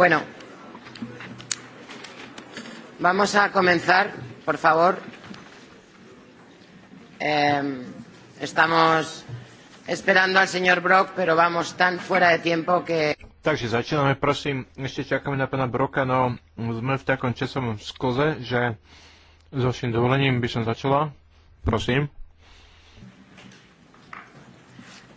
Bueno, vamos a comenzar, por favor. Eh, estamos esperando al señor Brock, pero vamos tan fuera de tiempo que... Takže začíname, prosím, ešte čakáme na pána Broka, no sme v takom časom skoze, že s vašim dovolením by som začala. Prosím.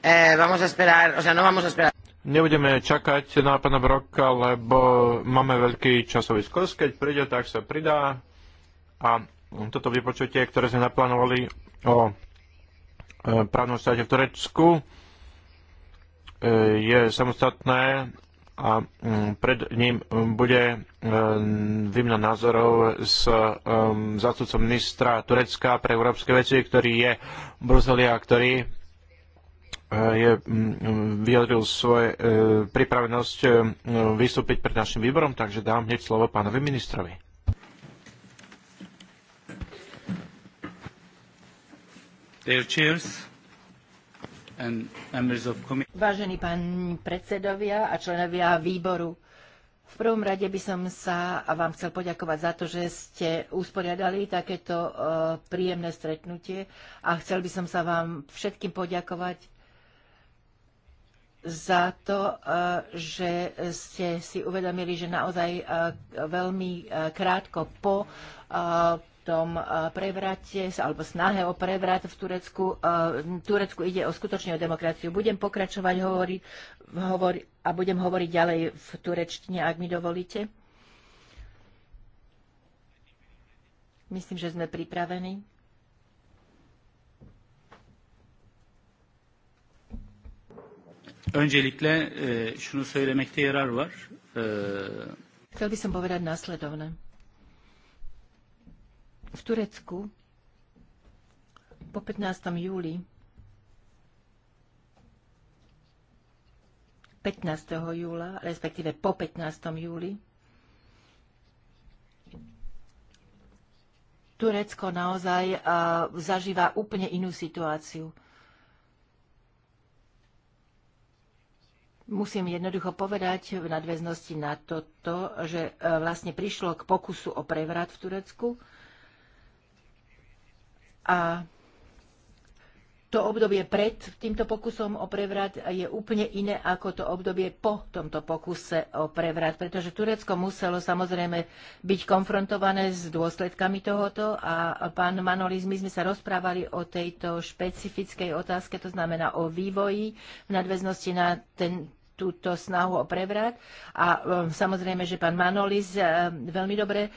Eh, vamos a esperar, o sea, no vamos a esperar. Nebudeme čakať na pána Broka, lebo máme veľký časový skos. Keď príde, tak sa pridá. A toto vypočutie, ktoré sme naplánovali o e, právnom štáte v Turecku, e, je samostatné a mm, pred ním bude e, výmna názorov s zástupcom ministra Turecka pre európske veci, ktorý je v Bruseli a ktorý je, mm, vyjadril svoje e, pripravenosť e, vystúpiť pred našim výborom, takže dám hneď slovo pánovi ministrovi. Vážení páni predsedovia a členovia výboru, v prvom rade by som sa a vám chcel poďakovať za to, že ste usporiadali takéto e, príjemné stretnutie a chcel by som sa vám všetkým poďakovať za to, e, že ste si uvedomili, že naozaj e, veľmi e, krátko po tom prevrate alebo snahe o prevrat v Turecku. Turecku ide o skutočne o demokraciu. Budem pokračovať hovoriť hovori, a budem hovoriť ďalej v turečtine, ak mi dovolíte. Myslím, že sme pripravení. Öncelikle e, şunu söylemekte yarar var. E... Chcel by som povedať následovné. V Turecku po 15. júli 15. júla, respektíve po 15. júli Turecko naozaj e, zažíva úplne inú situáciu. Musím jednoducho povedať v nadväznosti na toto, že e, vlastne prišlo k pokusu o prevrat v Turecku a to obdobie pred týmto pokusom o prevrat je úplne iné ako to obdobie po tomto pokuse o prevrat, pretože Turecko muselo samozrejme byť konfrontované s dôsledkami tohoto a pán Manolis, my sme sa rozprávali o tejto špecifickej otázke, to znamená o vývoji v nadväznosti na ten túto snahu o prevrat. A um, samozrejme, že pán Manolis um, veľmi dobre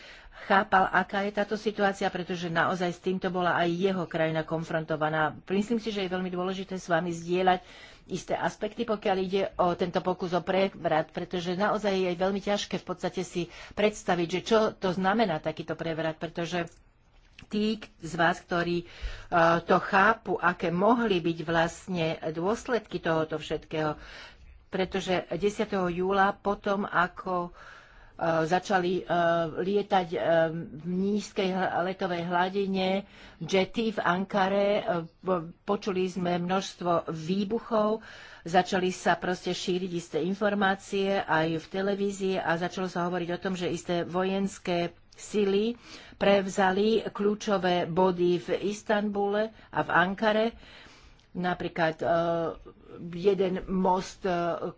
chápal, aká je táto situácia, pretože naozaj s týmto bola aj jeho krajina konfrontovaná. Myslím si, že je veľmi dôležité s vami zdieľať isté aspekty, pokiaľ ide o tento pokus o prevrat, pretože naozaj je veľmi ťažké v podstate si predstaviť, že čo to znamená takýto prevrat, pretože tí z vás, ktorí e, to chápu, aké mohli byť vlastne dôsledky tohoto všetkého, pretože 10. júla potom, ako uh, E, začali e, lietať e, v nízkej letovej hladine jety v Ankare. Počuli sme množstvo výbuchov, začali sa proste šíriť isté informácie aj v televízii a začalo sa hovoriť o tom, že isté vojenské sily prevzali kľúčové body v Istanbule a v Ankare. Napríklad jeden most, e,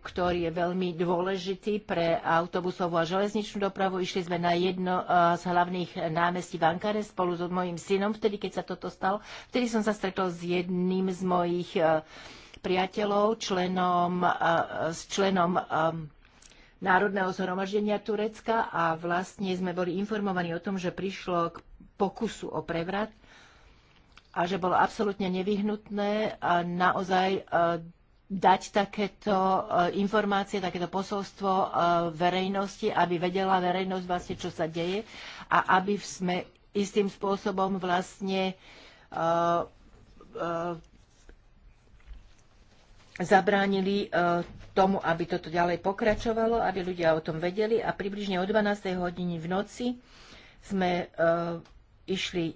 ktorý je veľmi dôležitý pre autobusovú a železničnú dopravu. Išli sme na jedno e, z hlavných námestí v Ankare spolu s mojim synom, vtedy, keď sa toto stalo. Vtedy som sa stretol s jedným z mojich e, priateľov, členom, s členom Národného zhromaždenia Turecka a vlastne sme boli informovaní o tom, že prišlo k pokusu o prevrat a že bolo absolútne nevyhnutné a naozaj dať takéto e, informácie, takéto posolstvo e, verejnosti, aby vedela verejnosť vlastne, čo sa deje a aby sme istým spôsobom vlastne e, zabránili tomu, aby toto ďalej pokračovalo, aby ľudia o tom vedeli a približne o 12. hodiny v noci sme išli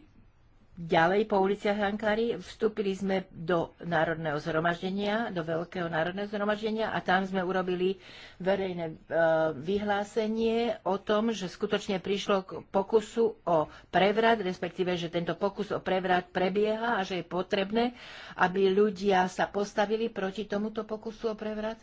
ďalej po uliciach Ankary. Vstúpili sme do národného zhromaždenia, do veľkého národného zhromaždenia a tam sme urobili verejné e, vyhlásenie o tom, že skutočne prišlo k pokusu o prevrat, respektíve, že tento pokus o prevrat prebieha a že je potrebné, aby ľudia sa postavili proti tomuto pokusu o prevrat?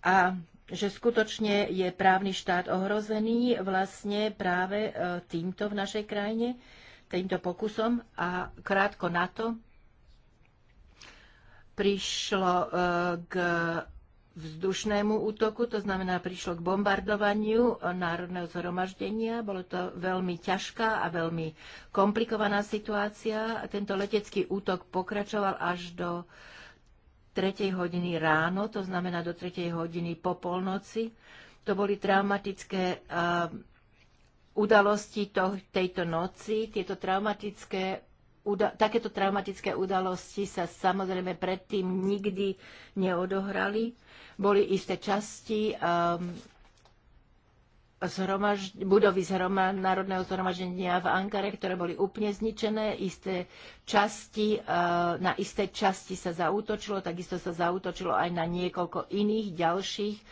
A že skutočne je právny štát ohrozený vlastne práve e, týmto v našej krajine, týmto pokusom a krátko na to prišlo e, k vzdušnému útoku, to znamená prišlo k bombardovaniu e, národného zhromaždenia. Bolo to veľmi ťažká a veľmi komplikovaná situácia. Tento letecký útok pokračoval až do 3. hodiny ráno, to znamená do 3. hodiny po polnoci. To boli traumatické uh, udalosti to, tejto noci. Tieto traumatické, uda- takéto traumatické udalosti sa samozrejme predtým nikdy neodohrali. Boli isté časti um, zhromaž, budovy zhroma, Národného zhromaždenia v Ankare, ktoré boli úplne zničené. Isté časti, e, na isté časti sa zautočilo, takisto sa zautočilo aj na niekoľko iných ďalších e,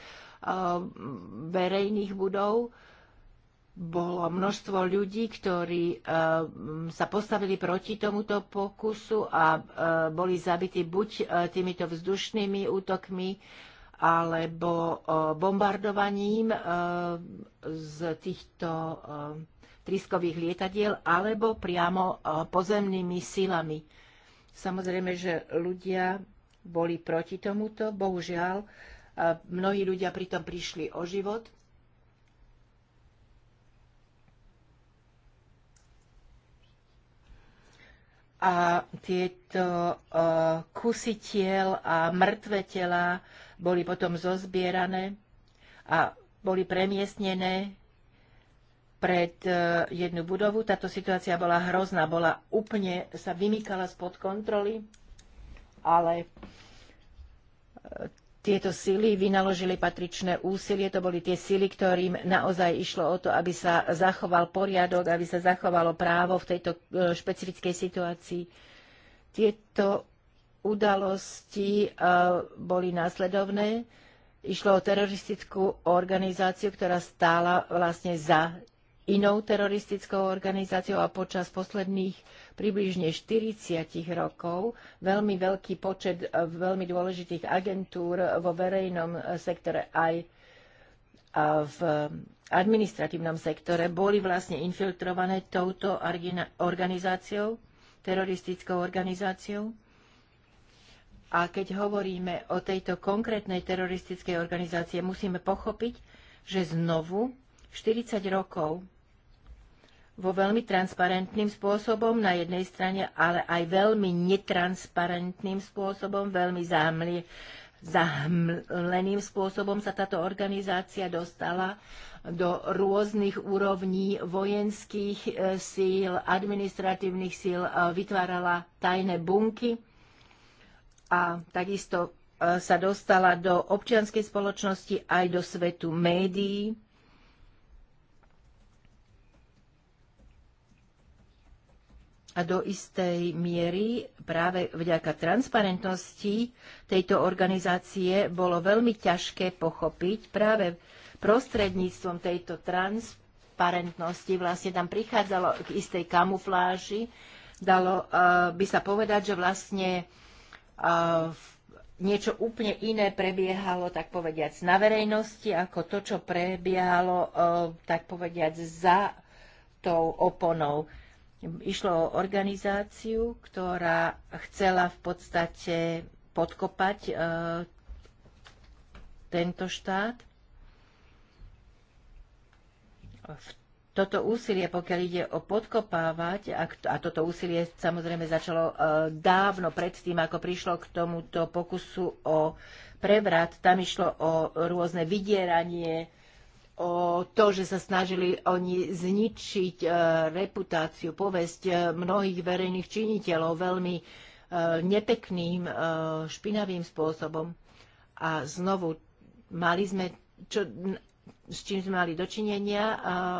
verejných budov. Bolo množstvo ľudí, ktorí e, sa postavili proti tomuto pokusu a boli zabití buď týmito vzdušnými útokmi, alebo bombardovaním z týchto triskových lietadiel alebo priamo pozemnými silami. Samozrejme, že ľudia boli proti tomuto, bohužiaľ, mnohí ľudia pritom prišli o život. A tieto kusy tiel a mŕtve tela boli potom zozbierané a boli premiestnené pred e, jednu budovu. Táto situácia bola hrozná, bola úplne, sa vymýkala spod kontroly, ale e, tieto sily vynaložili patričné úsilie. To boli tie sily, ktorým naozaj išlo o to, aby sa zachoval poriadok, aby sa zachovalo právo v tejto e, špecifickej situácii. Tieto udalosti eh, boli následovné. Išlo o teroristickú organizáciu, ktorá stála vlastne za inou teroristickou organizáciou a počas posledných približne 40 rokov veľmi veľký počet eh, veľmi dôležitých agentúr vo verejnom eh, sektore aj v administratívnom sektore boli vlastne infiltrované touto organizáciou, teroristickou organizáciou. A keď hovoríme o tejto konkrétnej teroristickej organizácie, musíme pochopiť, že znovu 40 rokov vo veľmi transparentným spôsobom na jednej strane, ale aj veľmi netransparentným spôsobom, veľmi zámli, zahmleným spôsobom sa táto organizácia dostala do rôznych úrovní vojenských eh, síl, administratívnych síl, eh, vytvárala tajné bunky a takisto e, sa dostala do občianskej spoločnosti aj do svetu médií. A do istej miery práve vďaka transparentnosti tejto organizácie bolo veľmi ťažké pochopiť práve prostredníctvom tejto transparentnosti. Vlastne tam prichádzalo k istej kamufláži. Dalo e, by sa povedať, že vlastne niečo úplne iné prebiehalo, tak povediac, na verejnosti, ako to, čo prebiehalo, e, tak povediac, za tou oponou. Išlo o organizáciu, ktorá chcela v podstate podkopať e, tento štát. V toto úsilie, pokiaľ ide o podkopávať, a, toto úsilie samozrejme začalo e, dávno predtým, ako prišlo k tomuto pokusu o prevrat, tam išlo o rôzne vydieranie, o to, že sa snažili oni zničiť e, reputáciu, povesť e, mnohých verejných činiteľov veľmi nepekným, špinavým spôsobom. A znovu, mali sme čo, s čím sme mali dočinenia.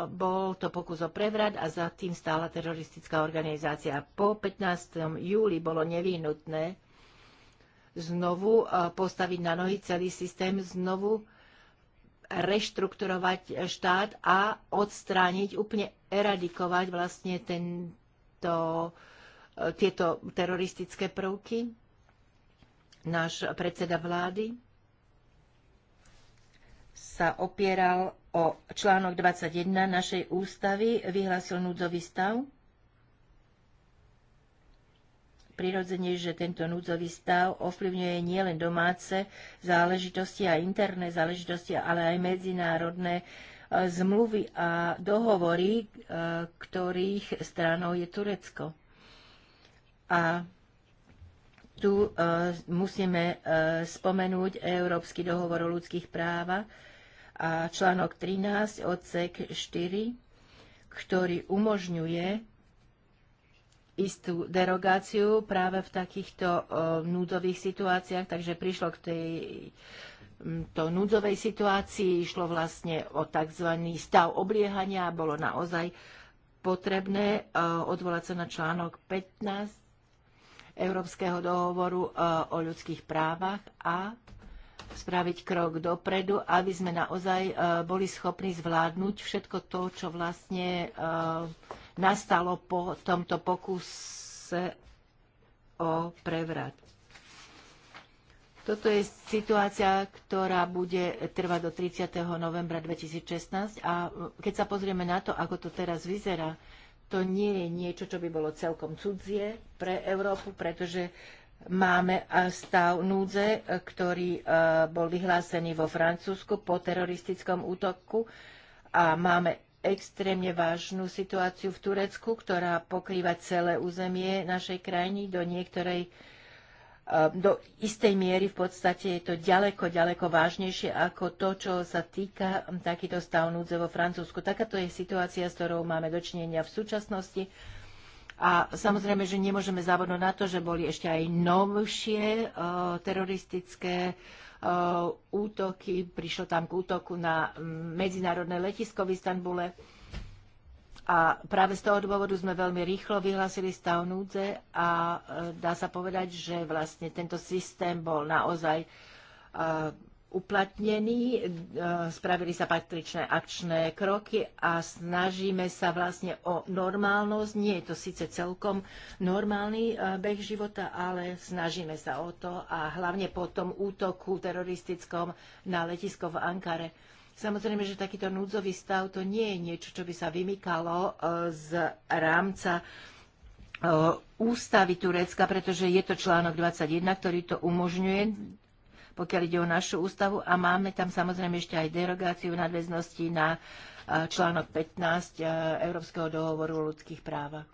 Bol to pokus o prevrat a za tým stála teroristická organizácia. Po 15. júli bolo nevyhnutné znovu postaviť na nohy celý systém, znovu reštrukturovať štát a odstrániť, úplne eradikovať vlastne tento, tieto teroristické prvky. Náš predseda vlády sa opieral o článok 21 našej ústavy, vyhlásil núdzový stav. Prirodzene, že tento núdzový stav ovplyvňuje nielen domáce záležitosti a interné záležitosti, ale aj medzinárodné e, zmluvy a dohovory, e, ktorých stranou je Turecko. A tu e, musíme spomenúť Európsky dohovor o ľudských právach, a článok 13 odsek 4, ktorý umožňuje istú derogáciu práve v takýchto núdzových situáciách, takže prišlo k tej to núdzovej situácii, išlo vlastne o tzv. stav obliehania a bolo naozaj potrebné odvolať sa na článok 15 Európskeho dohovoru o ľudských právach a spraviť krok dopredu, aby sme naozaj e, boli schopní zvládnuť všetko to, čo vlastne e, nastalo po tomto pokuse o prevrat. Toto je situácia, ktorá bude trvať do 30. novembra 2016 a e, keď sa pozrieme na to, ako to teraz vyzerá, to nie je niečo, čo by bolo celkom cudzie pre Európu, pretože máme stav núdze, ktorý e, bol vyhlásený vo Francúzsku po teroristickom útoku a máme extrémne vážnu situáciu v Turecku, ktorá pokrýva celé územie našej krajiny do niektorej e, do istej miery v podstate je to ďaleko, ďaleko vážnejšie ako to, čo sa týka takýto stav núdze vo Francúzsku. Takáto je situácia, s ktorou máme dočinenia v súčasnosti a samozrejme, že nemôžeme závodnúť na to, že boli ešte aj novšie e, teroristické e, útoky. Prišlo tam k útoku na medzinárodné letisko v Istanbule. A práve z toho dôvodu sme veľmi rýchlo vyhlásili stav núdze a e, dá sa povedať, že vlastne tento systém bol naozaj uplatnený, e, spravili sa patričné akčné kroky a snažíme sa vlastne o normálnosť. Nie je to síce celkom normálny e, beh života, ale snažíme sa o to a hlavne po tom útoku teroristickom na letisko v Ankare. Samozrejme, že takýto núdzový stav to nie je niečo, čo by sa vymykalo e, z rámca ústavy Turecka, pretože je to článok 21, ktorý to umožňuje pokiaľ ide o našu ústavu a máme tam samozrejme ešte aj derogáciu v nadväznosti na e, článok 15 e, Európskeho dohovoru o ľudských právach.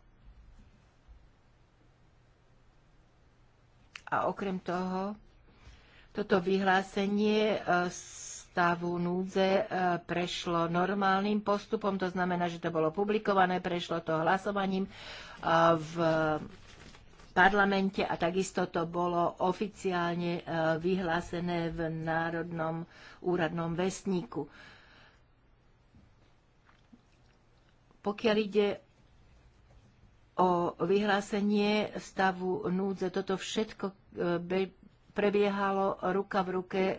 A okrem toho, toto vyhlásenie e, stavu núdze prešlo normálnym postupom, to znamená, že to bolo publikované, prešlo to hlasovaním v parlamente a takisto to bolo oficiálne e, vyhlásené v Národnom úradnom vestníku. Pokiaľ ide o vyhlásenie stavu núdze, toto všetko e, prebiehalo ruka v ruke e,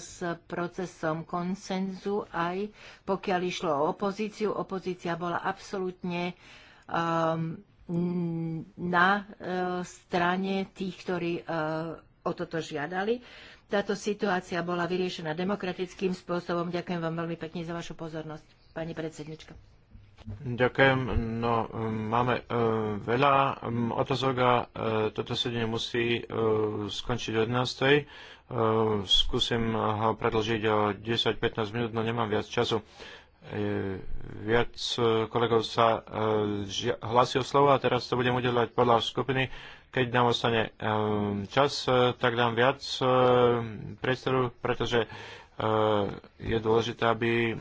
s procesom konsenzu, aj pokiaľ išlo o opozíciu. Opozícia bola absolútne um, Mm, na e, strane tých, ktorí e, o toto žiadali. Táto situácia bola vyriešená demokratickým spôsobom. Ďakujem vám veľmi pekne za vašu pozornosť, pani predsednička. Ďakujem. No, máme e, veľa otázok a e, toto sedenie musí e, skončiť o 11. E, skúsim ho predlžiť o 10-15 minút, no nemám viac času viac e, kolegov sa e, hlási o slovo a teraz to budem udelovať podľa skupiny. Keď nám ostane e, čas, tak dám viac priestoru, pretože je dôležité, aby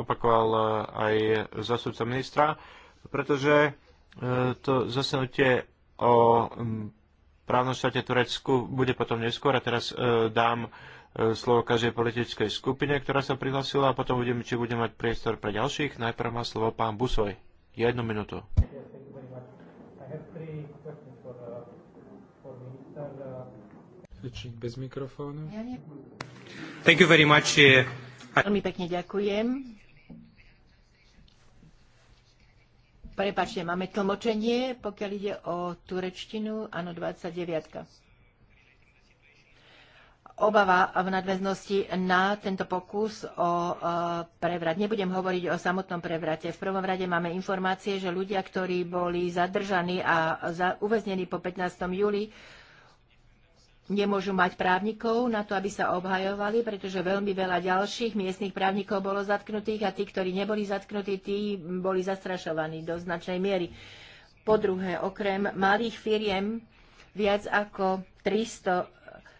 opakoval aj zastupca ministra, pretože to zasenutie o právnom štáte Turecku bude potom neskôr a teraz dám E, slovo každej politickej skupine, ktorá sa prihlasila a potom budeme, či budeme mať priestor pre ďalších. Najprv má slovo pán Busoj. Jednu minútu. bez mikrofónu. Thank you very much. Eh, Veľmi pekne ďakujem. Prepačte, máme tlmočenie, pokiaľ ide o turečtinu, áno, 29 obava v nadväznosti na tento pokus o e, prevrat. Nebudem hovoriť o samotnom prevrate. V prvom rade máme informácie, že ľudia, ktorí boli zadržaní a uväznení po 15. júli, nemôžu mať právnikov na to, aby sa obhajovali, pretože veľmi veľa ďalších miestnych právnikov bolo zatknutých a tí, ktorí neboli zatknutí, tí boli zastrašovaní do značnej miery. Po druhé, okrem malých firiem viac ako 300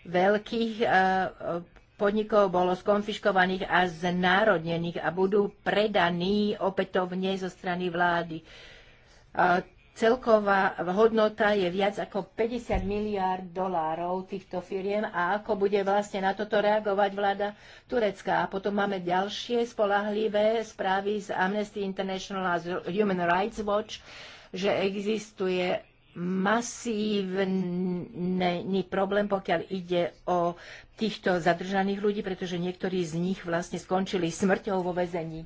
veľkých eh, eh, podnikov bolo skonfiškovaných a znárodnených a budú predaní opätovne zo strany vlády. Eh, celková hodnota je viac ako 50 miliárd dolárov týchto firiem a ako bude vlastne na toto reagovať vláda Turecka. A potom máme ďalšie spolahlivé správy z Amnesty International a z Human Rights Watch, že existuje masívny problém, pokiaľ ide o týchto zadržaných ľudí, pretože niektorí z nich vlastne skončili smrťou vo vezení.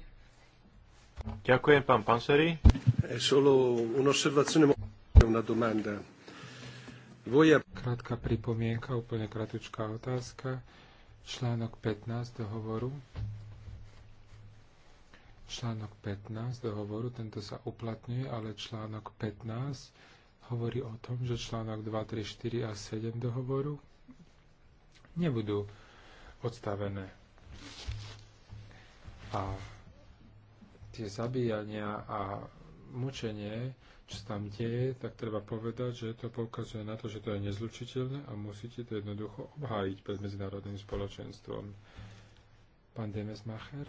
Ďakujem, pán Panseri. Eh, Krátka pripomienka, úplne kratučká otázka. Článok 15 dohovoru. Článok 15 dohovoru, tento sa uplatňuje, ale článok 15 hovorí o tom, že článok 2, 3, 4 a 7 dohovoru nebudú odstavené. A tie zabíjania a mučenie, čo tam deje, tak treba povedať, že to poukazuje na to, že to je nezlučiteľné a musíte to jednoducho obhájiť pred medzinárodným spoločenstvom. Pán Demesmacher.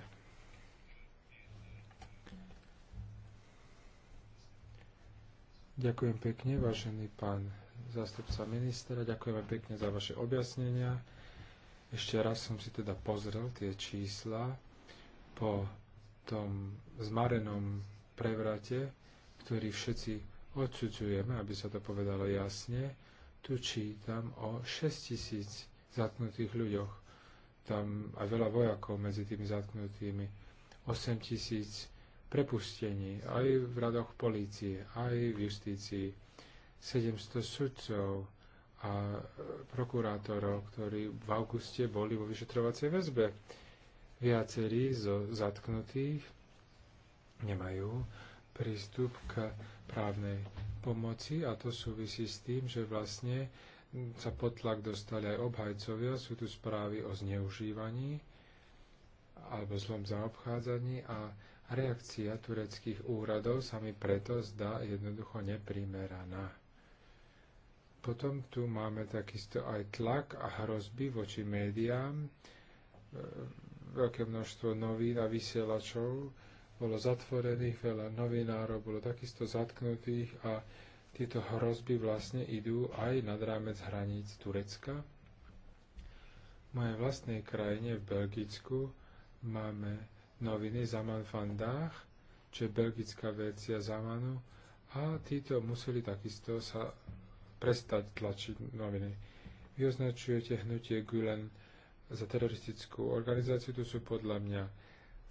Ďakujem pekne, vážený pán zástupca ministra. aj pekne za vaše objasnenia. Ešte raz som si teda pozrel tie čísla po tom zmarenom prevrate, ktorý všetci odsudzujeme, aby sa to povedalo jasne. Tu čítam o 6000 zatknutých ľuďoch. Tam aj veľa vojakov medzi tými zatknutými. 8 tisíc prepustení, aj v radoch polície, aj v justícii. 700 sudcov a prokurátorov, ktorí v auguste boli vo vyšetrovacej väzbe. Viacerí zo zatknutých nemajú prístup k právnej pomoci a to súvisí s tým, že vlastne sa pod tlak dostali aj obhajcovia, sú tu správy o zneužívaní alebo zlom zaobchádzaní a Reakcia tureckých úradov sa mi preto zdá jednoducho neprimeraná. Potom tu máme takisto aj tlak a hrozby voči médiám. E, veľké množstvo novín a vysielačov bolo zatvorených, veľa novinárov bolo takisto zatknutých a tieto hrozby vlastne idú aj nad rámec hraníc Turecka. V mojej vlastnej krajine v Belgicku máme noviny Zaman van Dach, čo je belgická verzia Zamanu, a títo museli takisto sa prestať tlačiť noviny. Vy označujete hnutie Gülen za teroristickú organizáciu, to sú podľa mňa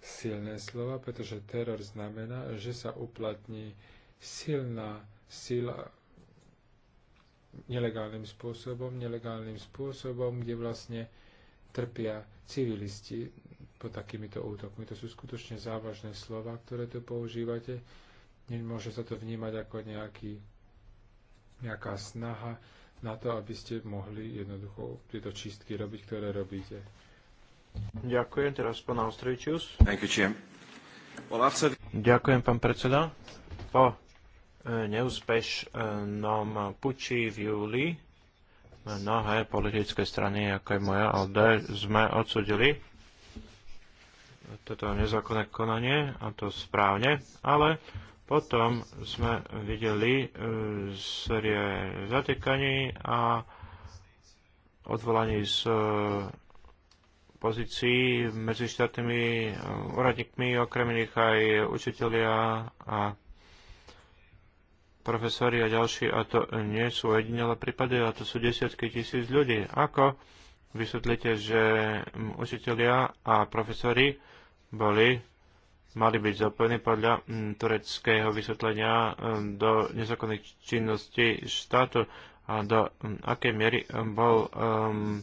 silné slova, pretože teror znamená, že sa uplatní silná sila nelegálnym spôsobom, nelegálnym spôsobom, kde vlastne trpia civilisti pod takýmito útokmi. To sú skutočne závažné slova, ktoré tu používate. Nemôže sa to vnímať ako nejaký, nejaká snaha na to, aby ste mohli jednoducho tieto čistky robiť, ktoré robíte. Ďakujem teraz pán Austričius. Ďakujem pán predseda. Po e, neúspešnom puči v júli mnohé politické strany, ako je moja LD, sme odsudili toto nezákonné konanie, a to správne, ale potom sme videli e, série zatýkaní a odvolaní z e, pozícií medzi štátnymi e, úradníkmi, okrem iných aj učitelia a profesori a ďalší, a to nie sú ojedinelé prípady, a to sú desiatky tisíc ľudí. Ako vysvetlíte, že učitelia a profesori boli mali byť zapojení podľa mm, tureckého vysvetlenia mm, do nezákonných činností štátu a do mm, akej miery bol um,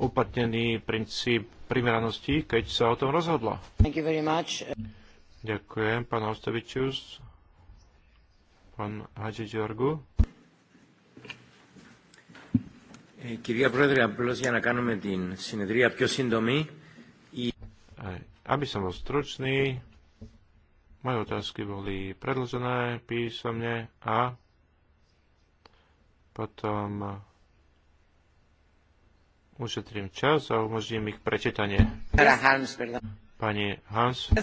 uplatnený princíp primeranosti, keď sa o tom rozhodlo. Thank you very much. Ďakujem, pán Ostovičius. Pán Hadži Georgu. Κυρία Πρόεδρε, απλώς για να κάνουμε την συνεδρία πιο σύντομη. Η... Aby som bol stručný, moje otázky boli predložené písomne a potom ušetrím čas a umožním ich prečítanie. Pani Hans,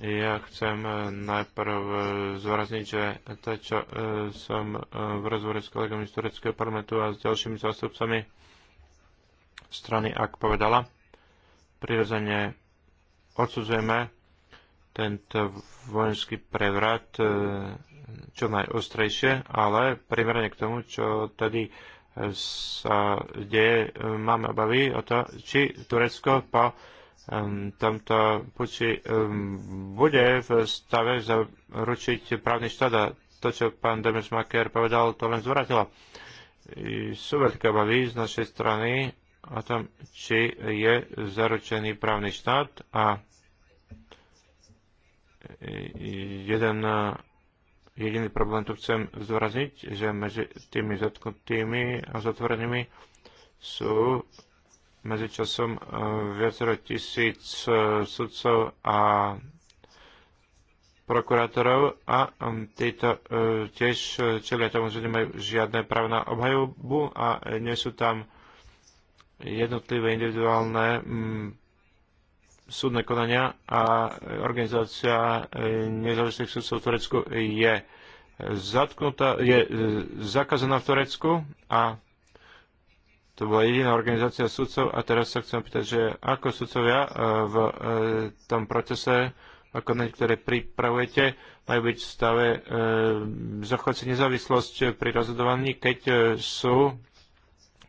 ja chcem e, najprv e, zvrazniť, že to, čo e, som v rozhovore s kolegami z Tureckého parlamentu a s ďalšími zástupcami strany AK povedala, prirodzene odsudzujeme tento vojenský prevrat e, čo najostrejšie, ale primerne k tomu, čo tedy e, sa deje, e, máme obavy o to, či Turecko po tomto puči bude v stave zaručiť právny štát a to, čo pán Maker povedal, to len zvratilo. Sú veľké obavy z našej strany o tom, či je zaručený právny štát a jeden jediný problém tu chcem zdôrazniť, že medzi tými zatknutými a zatvorenými sú medzičasom e, viacero tisíc e, sudcov a prokurátorov a títo e, tiež čelia tomu, že nemajú žiadne práv na obhajobu a nie sú tam jednotlivé individuálne mm, súdne konania a organizácia e, nezávislých sudcov v Turecku je zatknutá, je e, zakazaná v Turecku a to bola jediná organizácia sudcov a teraz sa chcem pýtať, že ako sudcovia e, v tom procese, ako na ktoré pripravujete, majú byť v stave zachovať si nezávislosť pri rozhodovaní, keď sú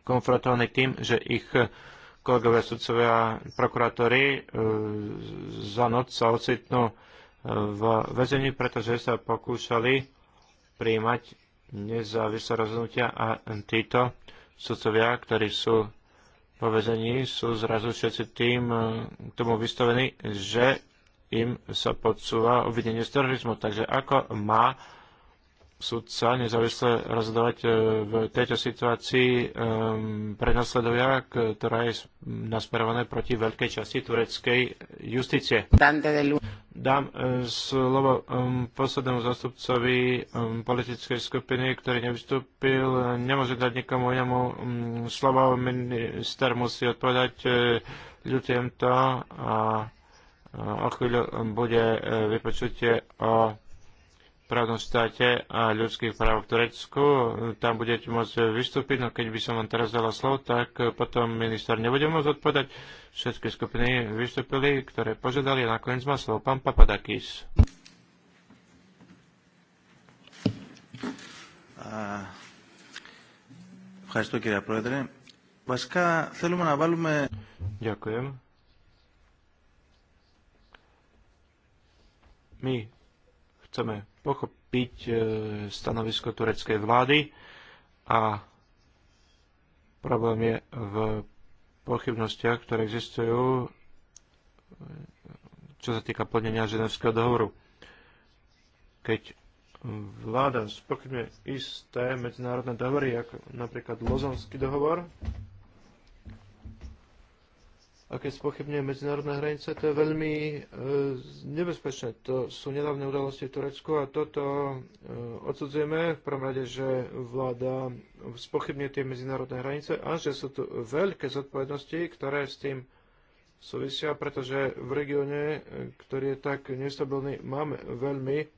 konfrontovaní tým, že ich eh, kolegovia sudcovia prokurátori eh, za noc sa ocitnú eh, v väzení, pretože sa pokúšali príjmať nezávislé rozhodnutia a títo sudcovia, ktorí sú po väzení, sú zrazu všetci tým k tomu vystavení, že im sa podsúva obvinenie z terorizmu. Takže ako má sudca nezávisle rozhodovať e, v tejto situácii um, prenasledovia, ktorá je nasmerované proti veľkej časti tureckej justície. Dám e, slovo poslednému zastupcovi politickej skupiny, ktorý nevystúpil. Nemôže dať nikomu inému mm, slovo. Minister musí odpovedať. Ľutujem to a o chvíľu bude vypočutie o právnom státe a ľudských práv v Turecku. Tam budete môcť vystúpiť, no keď by som vám teraz dala slovo, tak potom minister nebude môcť odpovedať. Všetky skupiny vystúpili, ktoré požiadali a nakoniec má slovo pán Papadakis. Ďakujem. My Chceme pochopiť e, stanovisko tureckej vlády a problém je v pochybnostiach, ktoré existujú, čo sa týka plnenia ženevského dohovoru. Keď vláda spokojne isté medzinárodné dohovory, ako napríklad Lozonský dohovor, a keď spochybňuje medzinárodné hranice, to je veľmi e, nebezpečné. To sú nedávne udalosti v Turecku a toto e, odsudzujeme v prvom rade, že vláda spochybňuje tie medzinárodné hranice a že sú tu veľké zodpovednosti, ktoré s tým súvisia, pretože v regióne, e, ktorý je tak nestabilný, máme veľmi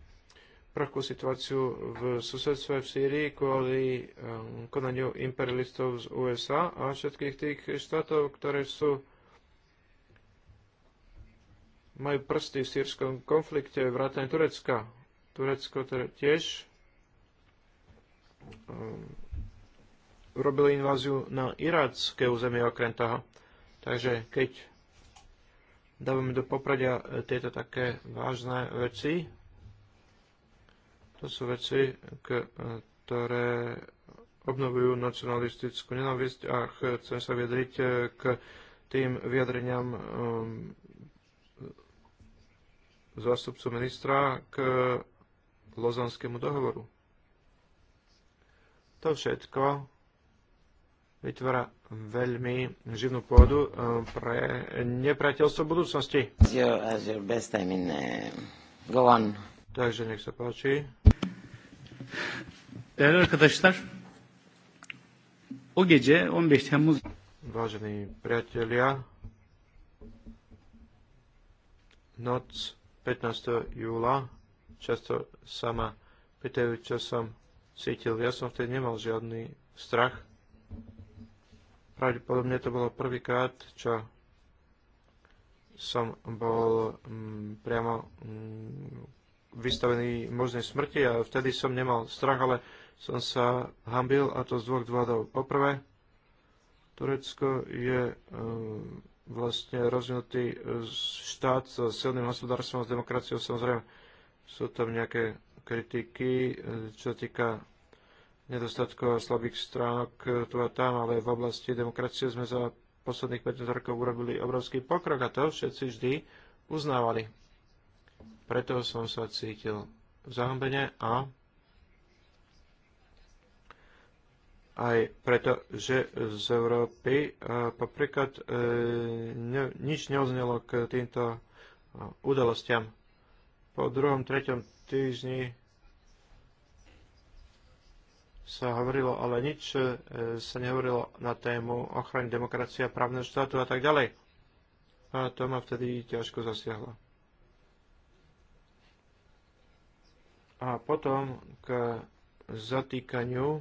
prachú situáciu v susedstve v Sýrii kvôli e, konaniu imperialistov z USA a všetkých tých štátov, ktoré sú majú prsty v sírskom konflikte, vrátane Turecka. Turecko teda tiež um, robili inváziu na irácké územie okrem toho. Takže keď dávame do popredia e, tieto také vážne veci, to sú veci, e, ktoré obnovujú nacionalistickú nenávisť a chcem sa vyjadriť e, k tým vyjadreniam um, zástupcu ministra k lozanskému dohovoru. To všetko vytvára veľmi živnú pôdu eh, pre nepriateľstvo budúcnosti. Takže nech sa páči. Değerli arkadaşlar, o gece 15 Temmuz... Vážení priatelia, noc 15. júla. Často sa ma pýtajú, čo som cítil. Ja som vtedy nemal žiadny strach. Pravdepodobne to bolo prvýkrát, čo som bol m, mm, priamo m, mm, vystavený možnej smrti a vtedy som nemal strach, ale som sa hambil a to z dvoch dôvodov. Poprvé, Turecko je mm, vlastne rozvinutý e, štát s silným hospodárstvom a s demokraciou. Samozrejme, sú tam nejaké kritiky, e, čo sa týka nedostatkov a slabých stránok e, tu a tam, ale v oblasti demokracie sme za posledných 15 rokov urobili obrovský pokrok a to všetci vždy uznávali. Preto som sa cítil zahambene a aj preto, že z Európy napríklad e, e, ne, nič neoznelo k týmto e, udalostiam. Po druhom, treťom týždni sa hovorilo, ale nič sa nehovorilo na tému ochrany demokracie, právneho štátu a tak ďalej. A to ma vtedy ťažko zasiahlo. A potom k zatýkaniu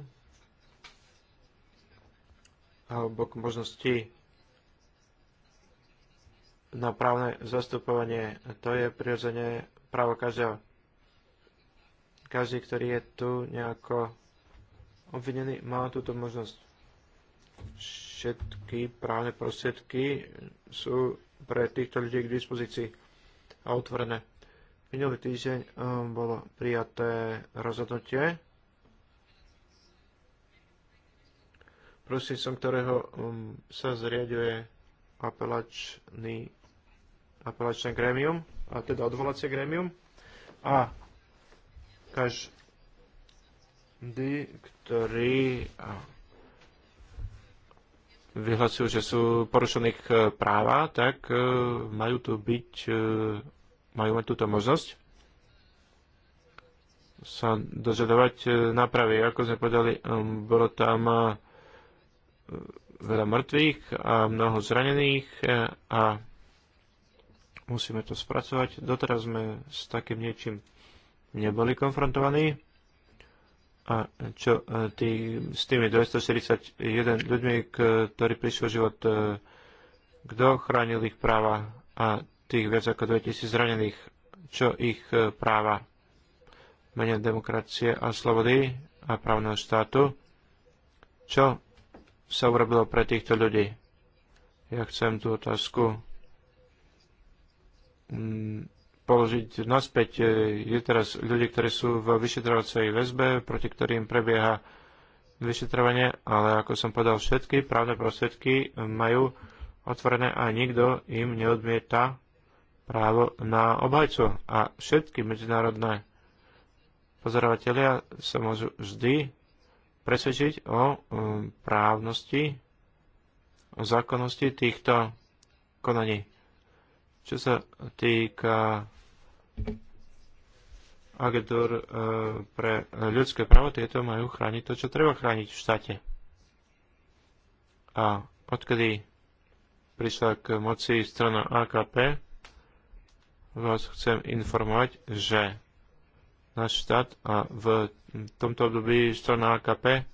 alebo k možnosti na právne zastupovanie. To je prirodzene právo každého. Každý, ktorý je tu nejako obvinený, má túto možnosť. Všetky právne prostriedky sú pre týchto ľudí k dispozícii a otvorené. Minulý týždeň um, bolo prijaté rozhodnutie Prosím, ktorého um, sa zriaduje apelačný, apelačné grémium, a teda odvolacie grémium. A každý, ktorý vyhlasujú, že sú porušených e, práva, tak e, majú tu byť, e, majú mať túto možnosť sa dožadovať nápravy. Ako sme povedali, um, bolo tam veľa mŕtvych a mnoho zranených e, a musíme to spracovať. Doteraz sme s takým niečím neboli konfrontovaní. A čo e, tý, s tými 241 ľuďmi, ktorí prišli o život, e, kto chránil ich práva a tých viac ako 2000 zranených, čo ich práva mene demokracie a slobody a právneho štátu, čo sa urobilo pre týchto ľudí. Ja chcem tú otázku mm, položiť naspäť. E, je teraz ľudí, ktorí sú v vyšetrovacej väzbe, proti ktorým prebieha vyšetrovanie, ale ako som povedal, všetky právne prostriedky majú otvorené a nikto im neodmieta právo na obhajcu. A všetky medzinárodné pozorovatelia sa môžu vždy presvedčiť o um, právnosti, o zákonnosti týchto konaní. Čo sa týka agentúr uh, pre ľudské právo, tieto majú chrániť to, čo treba chrániť v štáte. A odkedy prišla k moci strana AKP, vás chcem informovať, že náš štát a v tomto období strana AKP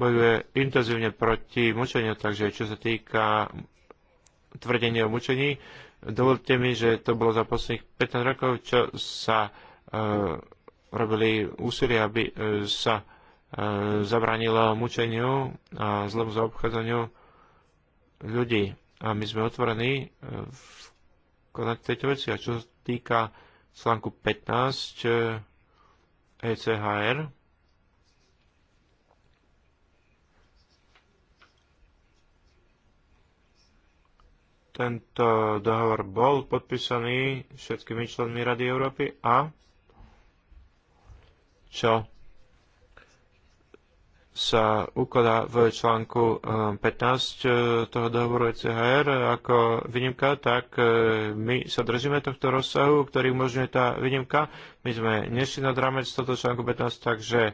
bojuje intenzívne proti mučeniu, takže čo sa týka tvrdenia o mučení, dovolte mi, že to bolo za posledných 15 rokov, čo sa e, robili úsilie, aby e, sa e, zabránilo mučeniu a zlému zaobchádzaniu ľudí. A my sme otvorení e, konať tejto veci. A čo sa týka článku 15 ECHR e tento dohovor bol podpísaný všetkými členmi Rady Európy a čo sa ukladá v článku 15 eh, eh, toho dohovoru ECHR ako výnimka, tak eh, my sa držíme tohto rozsahu, ktorý umožňuje tá výnimka. My sme nešli nad rámec tohto článku 15, takže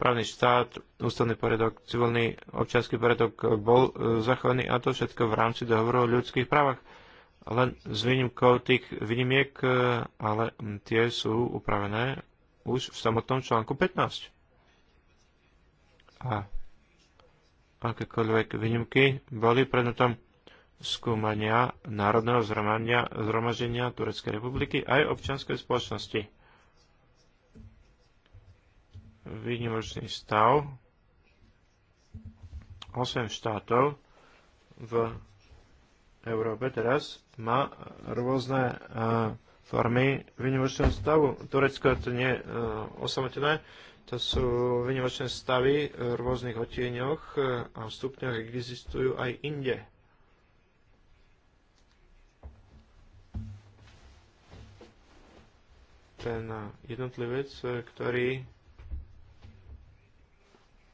právny štát, ústavný poriadok, civilný občianský poriadok bol zachovaný a to všetko v rámci dohovoru o ľudských právach. Len s výnimkou tých výnimiek, ale tie sú upravené už v samotnom článku 15 a akékoľvek výnimky boli predmetom skúmania Národného zhromaždenia, Tureckej republiky aj občianskej spoločnosti. Výnimočný stav 8 štátov v Európe teraz má rôzne e, formy výnimočného stavu. Turecko to nie je osamotené, to sú vynimočné stavy v rôznych otieňoch e, a v stupňoch existujú aj inde. Ten jednotlivec, e, ktorý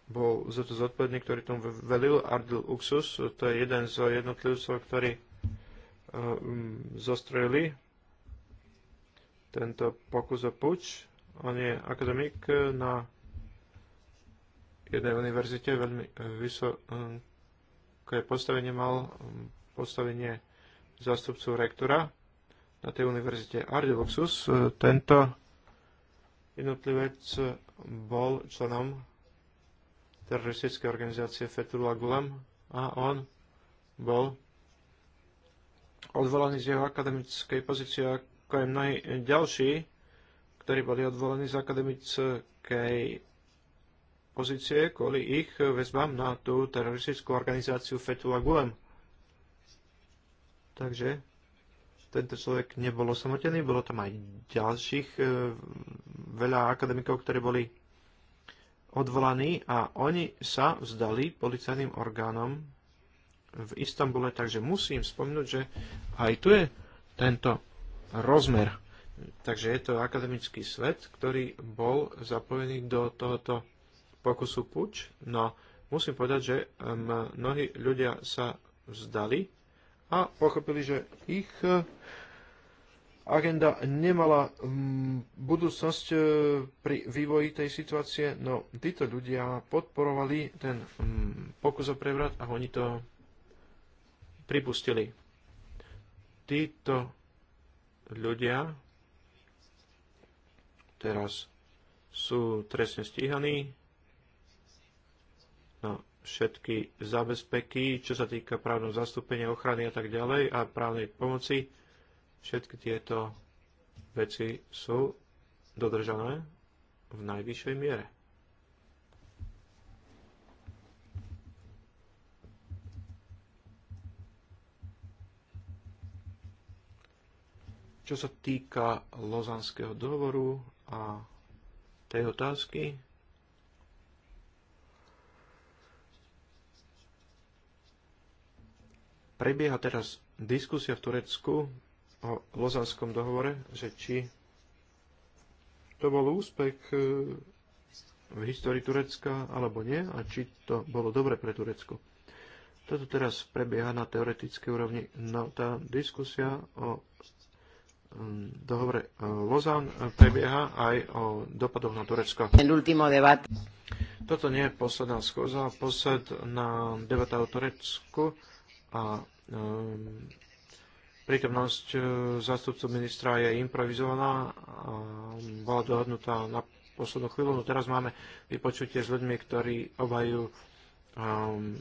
bol za to zodpovedný, ktorý tomu velil, Ardil Uxus, to je jeden z jednotlivcov, ktorí e, zostrojili tento pokus o puč on je akademik na jednej univerzite, veľmi e, vysoké postavenie mal, postavenie zástupcu rektora na tej univerzite Ardiluxus. E, tento jednotlivec bol členom teroristickej organizácie Fethullah Gulam a on bol odvolaný z jeho akademickej pozície ako aj mnohí ďalší ktorí boli odvolení z akademickej pozície kvôli ich väzbám na tú teroristickú organizáciu Fethullah Gulen. Takže tento človek nebol osamotený, bolo tam aj ďalších e, veľa akademikov, ktorí boli odvolaní a oni sa vzdali policajným orgánom v Istambule, takže musím spomenúť, že aj tu je tento rozmer. Takže je to akademický svet, ktorý bol zapojený do tohoto pokusu puč, no musím povedať, že mnohí ľudia sa vzdali a pochopili, že ich eh, agenda nemala budúcnosť eh, pri vývoji tej situácie, no títo ľudia podporovali ten pokus o prevrat a oni to pripustili. Títo ľudia teraz sú trestne stíhaní na no, všetky zabezpeky, čo sa týka právneho zastúpenia, ochrany a tak ďalej a právnej pomoci. Všetky tieto veci sú dodržané v najvyššej miere. Čo sa týka Lozanského dohovoru a tej otázky. Prebieha teraz diskusia v Turecku o Lozanskom dohovore, že či to bol úspech e, v histórii Turecka alebo nie a či to bolo dobre pre Turecko. Toto teraz prebieha na teoretickej úrovni. No, tá diskusia o dohovor e, Lozán e, prebieha aj o dopadoch na Turecko. Toto nie je posledná skôza, posledná debata o Turecku a um, prítomnosť zástupcu ministra je improvizovaná a bola dohodnutá na poslednú chvíľu. No teraz máme vypočutie s ľuďmi, ktorí obhajú um,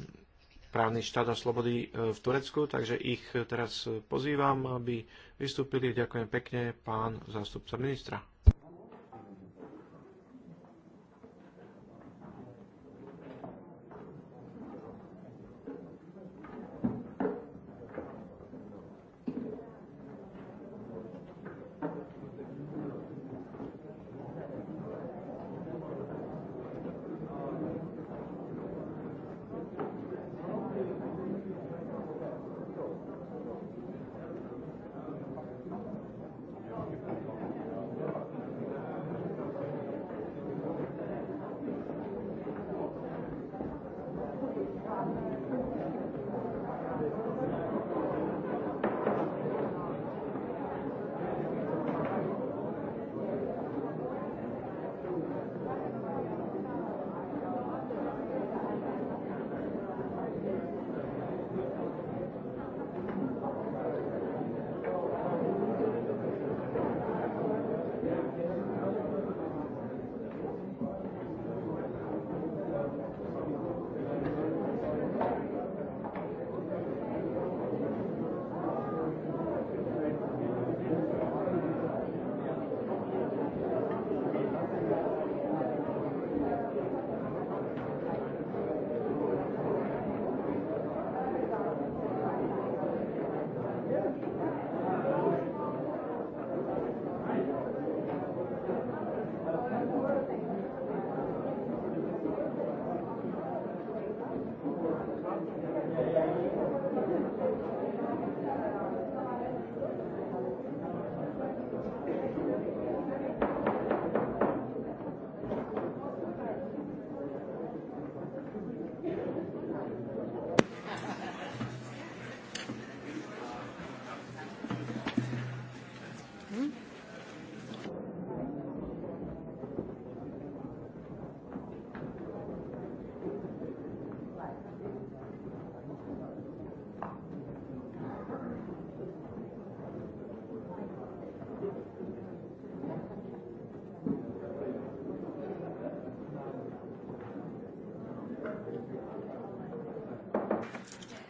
právny štát a slobody e, v Turecku, takže ich teraz pozývam, aby vystúpili. Ďakujem pekne, pán zástupca ministra.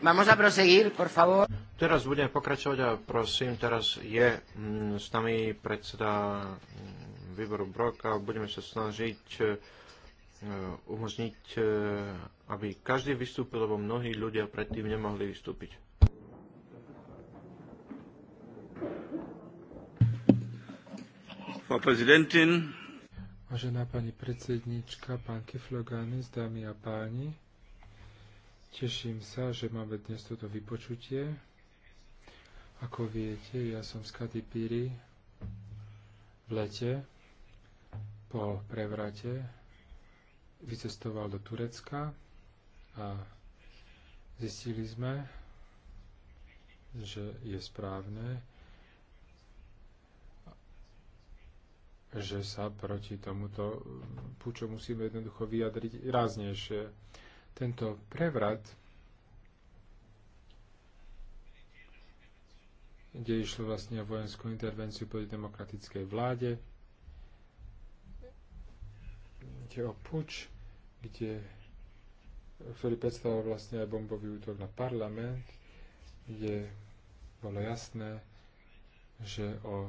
Vamos a proseguir, por favor. Teraz budeme pokračovať a prosím, teraz je mm, s nami predseda mm, výboru Brok a budeme sa snažiť e, umožniť, e, aby každý vystúpil, lebo mnohí ľudia predtým nemohli vystúpiť. Frau Präsidentin. Vážená pani predsednička, pán Kifloganis, dámy a páni, Teším sa, že máme dnes toto vypočutie. Ako viete, ja som z Katipíry v lete po prevrate vycestoval do Turecka a zistili sme, že je správne, že sa proti tomuto puču musíme jednoducho vyjadriť ráznejšie tento prevrat, kde išlo vlastne o vojenskú intervenciu proti demokratickej vláde, kde o puč, kde, ktorý predstavoval vlastne aj bombový útok na parlament, kde bolo jasné, že o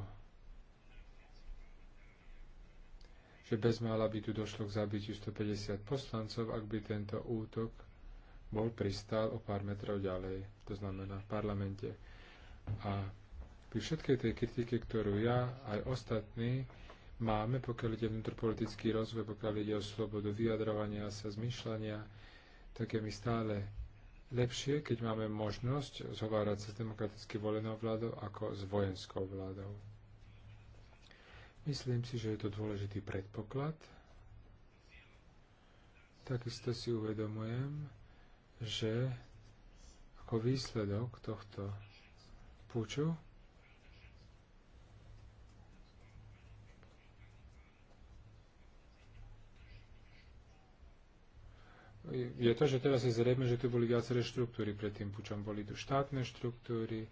že bez mála by tu došlo k zabitiu 150 poslancov, ak by tento útok bol pristál o pár metrov ďalej, to znamená v parlamente. A pri všetkej tej kritike, ktorú ja aj ostatní máme, pokiaľ ide vnútropolitický rozvoj, pokiaľ ide o slobodu vyjadrovania sa, zmyšľania, tak je mi stále lepšie, keď máme možnosť zhovárať sa s demokraticky volenou vládou ako s vojenskou vládou. Myslím si, že je to dôležitý predpoklad. Takisto si uvedomujem, že ako výsledok tohto púču. je to, že teraz je zrejme, že tu boli viaceré štruktúry. Pred tým pučom boli tu štátne štruktúry,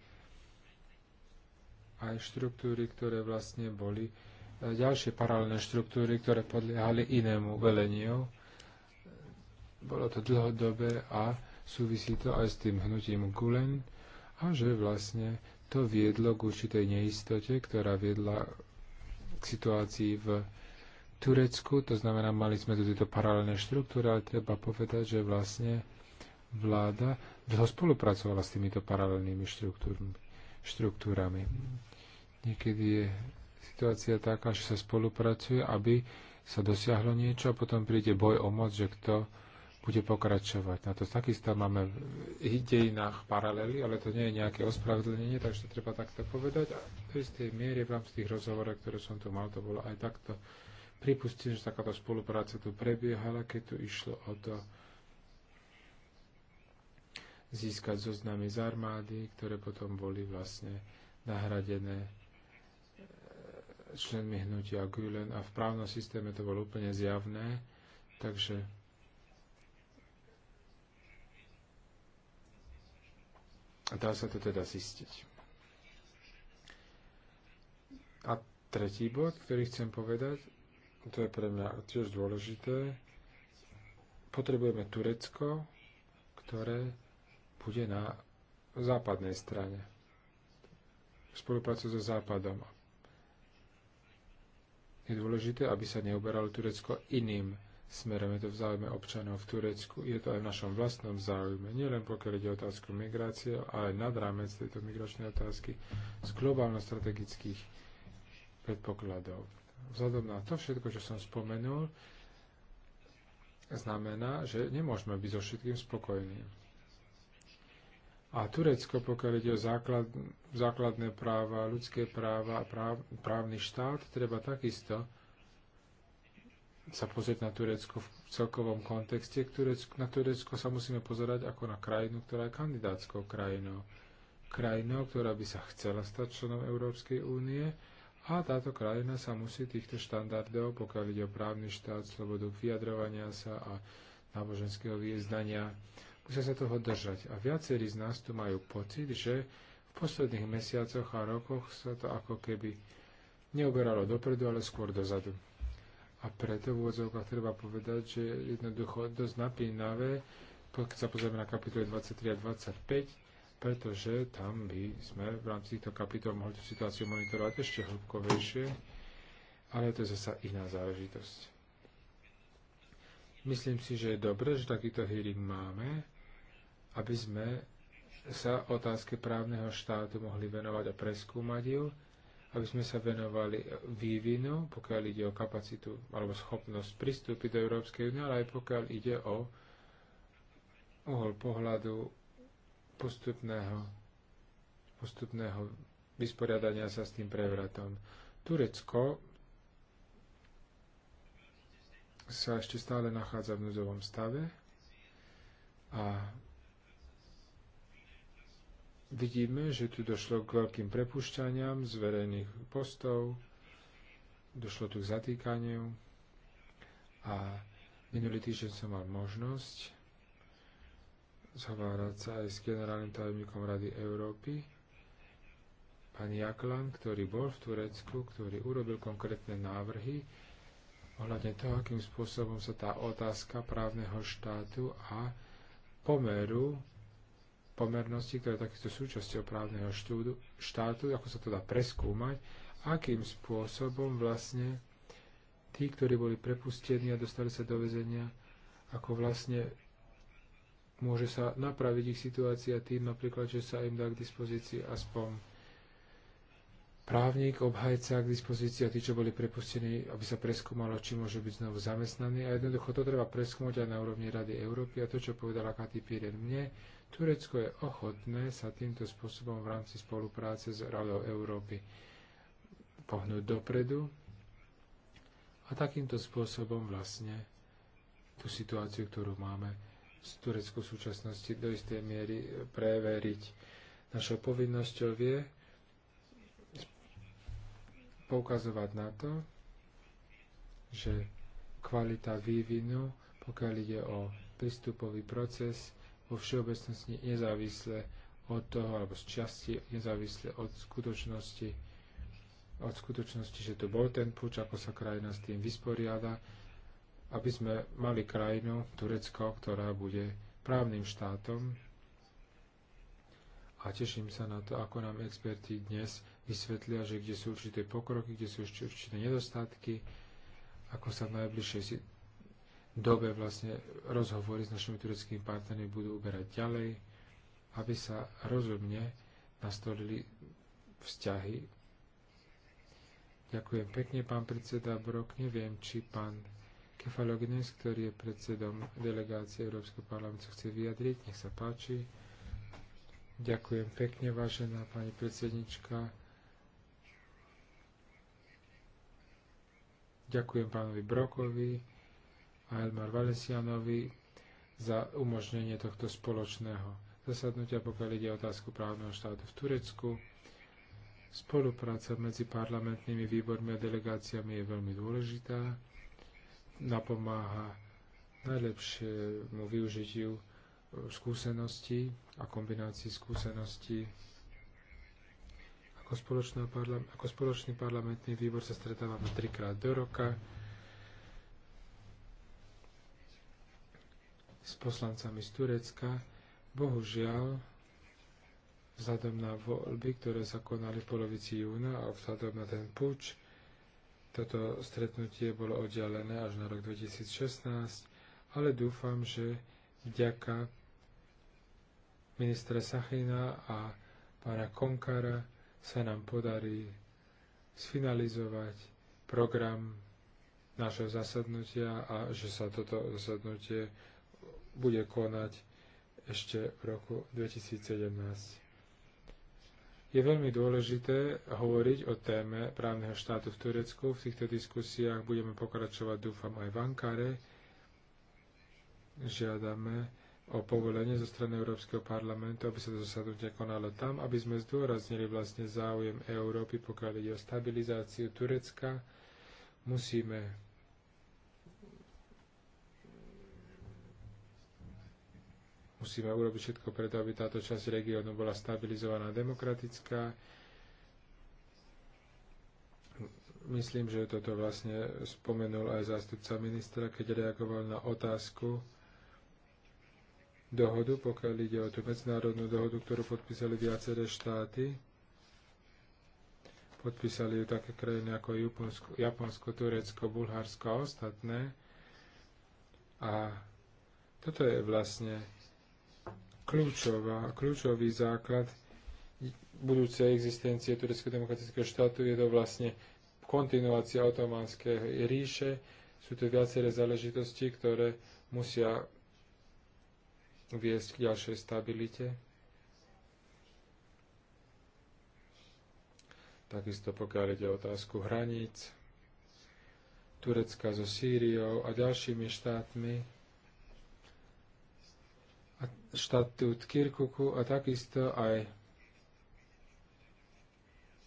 aj štruktúry, ktoré vlastne boli ďalšie paralelné štruktúry, ktoré podliehali inému veleniu. Bolo to dlhodobé a súvisí to aj s tým hnutím Gulen a že vlastne to viedlo k určitej neistote, ktorá viedla k situácii v Turecku, to znamená, mali sme tu tieto paralelné štruktúry, ale treba povedať, že vlastne vláda dlho spolupracovala s týmito paralelnými štruktúrami. Niekedy je situácia taká, že sa spolupracuje, aby sa dosiahlo niečo a potom príde boj o moc, že kto bude pokračovať. Na to takisto máme v dejinách paralely, ale to nie je nejaké ospravedlnenie, takže to treba takto povedať. A v istej miere v rámci tých rozhovorov, ktoré som tu mal, to bolo aj takto pripustím, že takáto spolupráca tu prebiehala, keď tu išlo o to získať zoznamy z armády, ktoré potom boli vlastne nahradené členmi hnutia Gülen a v právnom systéme to bolo úplne zjavné, takže dá sa to teda zistiť. A tretí bod, ktorý chcem povedať, to je pre mňa tiež dôležité, potrebujeme Turecko, ktoré bude na západnej strane. Spolupracujú so Západom je dôležité, aby sa neoberalo Turecko iným smerom. Je to v záujme občanov v Turecku, je to aj v našom vlastnom záujme, nielen pokiaľ ide o otázku migrácie, ale aj nad rámec tejto migračnej otázky z globálno-strategických predpokladov. Vzhľadom na to všetko, čo som spomenul, znamená, že nemôžeme byť so všetkým spokojní. A Turecko, pokiaľ ide o základ, základné práva, ľudské práva a práv, právny štát, treba takisto sa pozrieť na Turecko v celkovom kontexte. na Turecko sa musíme pozerať ako na krajinu, ktorá je kandidátskou krajinou. Krajinou, ktorá by sa chcela stať členom Európskej únie a táto krajina sa musí týchto štandardov, pokiaľ ide o právny štát, slobodu vyjadrovania sa a náboženského vyjezdania, musia sa toho držať. A viacerí z nás tu majú pocit, že v posledných mesiacoch a rokoch sa to ako keby neoberalo dopredu, ale skôr dozadu. A preto v úvodzovkách treba povedať, že jednoducho dosť napínavé, keď sa pozrieme na kapitoly 23 a 25, pretože tam by sme v rámci týchto kapitol mohli tú situáciu monitorovať ešte hĺbkovejšie, ale to je zasa iná záležitosť. Myslím si, že je dobré, že takýto hearing máme, aby sme sa otázke právneho štátu mohli venovať a preskúmať ju, aby sme sa venovali vývinu, pokiaľ ide o kapacitu alebo schopnosť pristúpiť do Európskej únie, ale aj pokiaľ ide o uhol pohľadu postupného, postupného vysporiadania sa s tým prevratom. Turecko sa ešte stále nachádza v núzovom stave a vidíme, že tu došlo k veľkým prepušťaniam z verejných postov, došlo tu k zatýkaniu a minulý týždeň som mal možnosť zhovárať sa aj s generálnym tajomníkom Rady Európy, pani Jaklan, ktorý bol v Turecku, ktorý urobil konkrétne návrhy ohľadne toho, akým spôsobom sa tá otázka právneho štátu a pomeru pomernosti, ktoré je takýto súčasťou právneho štúdu, štátu, ako sa to dá preskúmať, akým spôsobom vlastne tí, ktorí boli prepustení a dostali sa do väzenia, ako vlastne môže sa napraviť ich situácia tým napríklad, že sa im dá k dispozícii aspoň právnik, obhajca k dispozícii a tí, čo boli prepustení, aby sa preskúmalo, či môže byť znovu zamestnaní. A jednoducho to treba preskúmať aj na úrovni Rady Európy. A to, čo povedala Katy Piren mne, Turecko je ochotné sa týmto spôsobom v rámci spolupráce s Radou Európy pohnúť dopredu a takýmto spôsobom vlastne tú situáciu, ktorú máme z Turecku v súčasnosti do istej miery preveriť. Našou povinnosťou je poukazovať na to, že kvalita vývinu, pokiaľ ide o prístupový proces, vo všeobecnosti nezávisle od toho, alebo z časti nezávisle od skutočnosti, od skutočnosti, že to bol ten puč, ako sa krajina s tým vysporiada, aby sme mali krajinu, Turecko, ktorá bude právnym štátom. A teším sa na to, ako nám experti dnes vysvetlia, že kde sú určité pokroky, kde sú ešte určité nedostatky, ako sa v najbližšej dobe vlastne rozhovory s našimi tureckými partnermi budú uberať ďalej, aby sa rozumne nastolili vzťahy. Ďakujem pekne, pán predseda Brok. Neviem, či pán Kefalognes, ktorý je predsedom delegácie Európskeho parlamentu, chce vyjadriť. Nech sa páči. Ďakujem pekne, vážená pani predsednička. Ďakujem pánovi Brokovi a Elmar Valesianovi za umožnenie tohto spoločného zasadnutia, pokiaľ ide o otázku právneho štátu v Turecku. Spolupráca medzi parlamentnými výbormi a delegáciami je veľmi dôležitá. Napomáha najlepšiemu využitiu eh, skúseností a kombinácii skúseností. Ako, ako spoločný parlamentný výbor sa stretávame trikrát do roka s poslancami z Turecka. Bohužiaľ, vzhľadom na voľby, ktoré sa konali v polovici júna a vzhľadom na ten puč, toto stretnutie bolo oddialené až na rok 2016, ale dúfam, že vďaka ministra Sachina a pána Konkara sa nám podarí sfinalizovať program našeho zasadnutia a že sa toto zasadnutie bude konať ešte v roku 2017. Je veľmi dôležité hovoriť o téme právneho štátu v Turecku. V týchto diskusiách budeme pokračovať, dúfam, aj v Ankare. Žiadame o povolenie zo strany Európskeho parlamentu, aby sa to zasadnutie konalo tam, aby sme zdôraznili vlastne záujem Európy, pokiaľ ide o stabilizáciu Turecka. Musíme Musíme urobiť všetko preto, aby táto časť regiónu bola stabilizovaná demokratická. Myslím, že toto vlastne spomenul aj zástupca ministra, keď reagoval na otázku dohodu, pokiaľ ide o tú medzinárodnú dohodu, ktorú podpísali viaceré štáty. Podpísali ju také krajiny ako Japonsko, Japonsko Turecko, Bulharsko a ostatné. A toto je vlastne kľúčová, kľúčový základ budúcej existencie Tureckého demokratického štátu. Je to vlastne kontinuácia otomanskej ríše. Sú to viaceré záležitosti, ktoré musia viesť k ďalšej stabilite. Takisto pokiaľ ide o otázku hraníc Turecka so Sýriou a ďalšími štátmi, štatút Kirkuku a takisto aj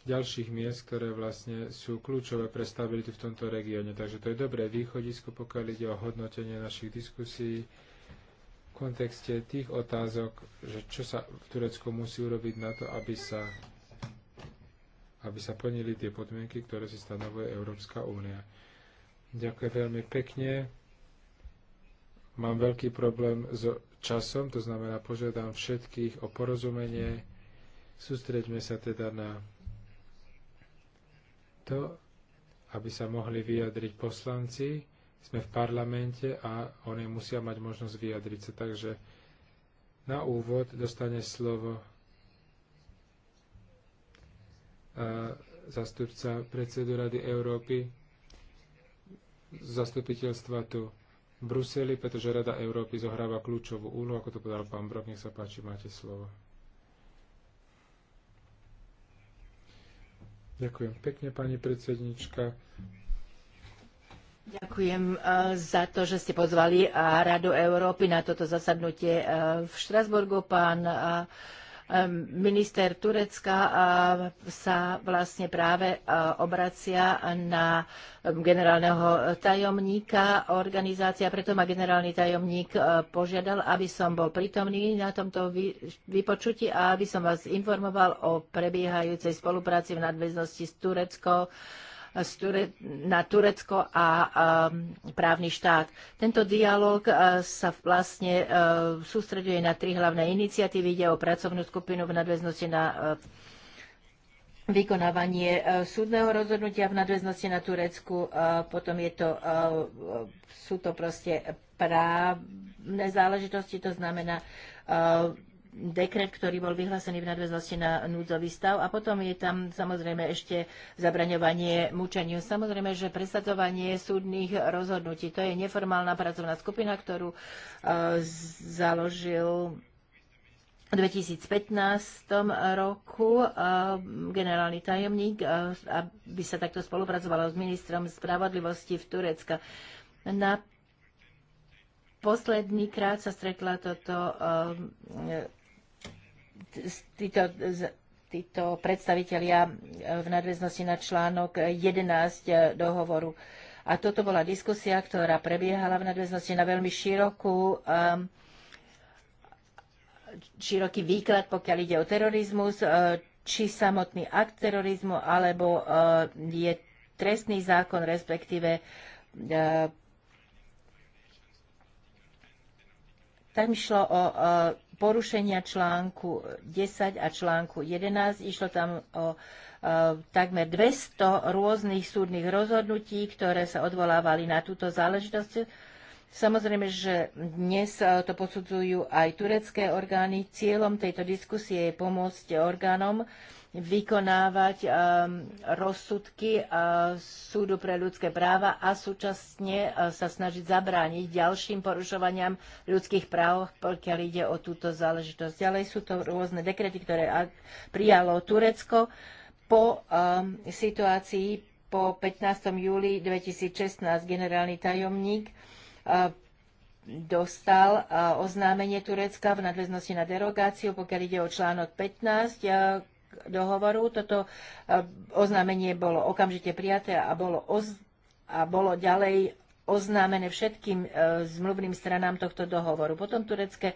ďalších miest, ktoré vlastne sú kľúčové pre stabilitu v tomto regióne. Takže to je dobré východisko, pokiaľ ide o hodnotenie našich diskusí v kontexte tých otázok, že čo sa v Turecku musí urobiť na to, aby sa, aby sa plnili tie podmienky, ktoré si stanovuje Európska únia. Ďakujem veľmi pekne. Mám veľký problém s časom, to znamená, požiadam všetkých o porozumenie. Sústreďme sa teda na to, aby sa mohli vyjadriť poslanci. Sme v parlamente a oni musia mať možnosť vyjadriť sa. Takže na úvod dostane slovo e, zastupca predsedu Rady Európy, zastupiteľstva tu Bruseli, pretože Rada Európy zohráva kľúčovú úlohu, ako to povedal pán Brok, nech sa páči, máte slovo. Ďakujem pekne, pani predsednička. Ďakujem eh, za to, že ste pozvali eh, Radu Európy na toto zasadnutie eh, v Štrasburgu. Pán Minister Turecka eh, sa vlastne práve eh, obracia na generálneho eh, tajomníka organizácia, preto ma generálny tajomník požiadal, aby som bol prítomný na tomto vypočutí a aby som vás informoval o prebiehajúcej spolupráci v nadväznosti s Tureckou na Turecko a právny štát. Tento dialog sa vlastne e, sústreduje na tri hlavné iniciatívy. Ide o pracovnú skupinu v nadväznosti na e, vykonávanie e, súdneho rozhodnutia v nadväznosti na Turecku. Potom je to, sú to proste právne záležitosti, to znamená dekret, ktorý bol vyhlásený v nadväznosti na núdzový stav a potom je tam samozrejme ešte zabraňovanie mučeniu. Samozrejme, že presadzovanie súdnych rozhodnutí, to je neformálna pracovná skupina, ktorú e, založil v 2015 roku e, generálny tajomník, e, aby sa takto spolupracovalo s ministrom spravodlivosti v Turecka. Na posledný krát sa stretla toto títo, títo predstavitelia e, v nadväznosti na článok 11 e, dohovoru. A toto bola diskusia, ktorá prebiehala v nadväznosti na veľmi širokú e, široký výklad, pokiaľ ide o terorizmus, či samotný akt terorizmu, alebo je trestný zákon, respektíve tam šlo o porušenia článku 10 a článku 11. Išlo tam o e, takmer 200 rôznych súdnych rozhodnutí, ktoré sa odvolávali na túto záležitosť. Samozrejme, že dnes e, to posudzujú aj turecké orgány. Cieľom tejto diskusie je pomôcť orgánom, vykonávať ehm, rozsudky e, súdu pre ľudské práva a súčasne e, sa snažiť zabrániť ďalším porušovaniam ľudských práv, pokiaľ ide o túto záležitosť. Ďalej sú to rôzne dekrety, ktoré prijalo Turecko po ehm, situácii po 15. júli 2016 generálny tajomník e, dostal oznámenie Turecka v nadväznosti na derogáciu, pokiaľ ide o článok 15 dohovoru. Toto e, oznámenie bolo okamžite prijaté a bolo, oz- a bolo ďalej oznámené všetkým e, zmluvným stranám tohto dohovoru. Potom turecké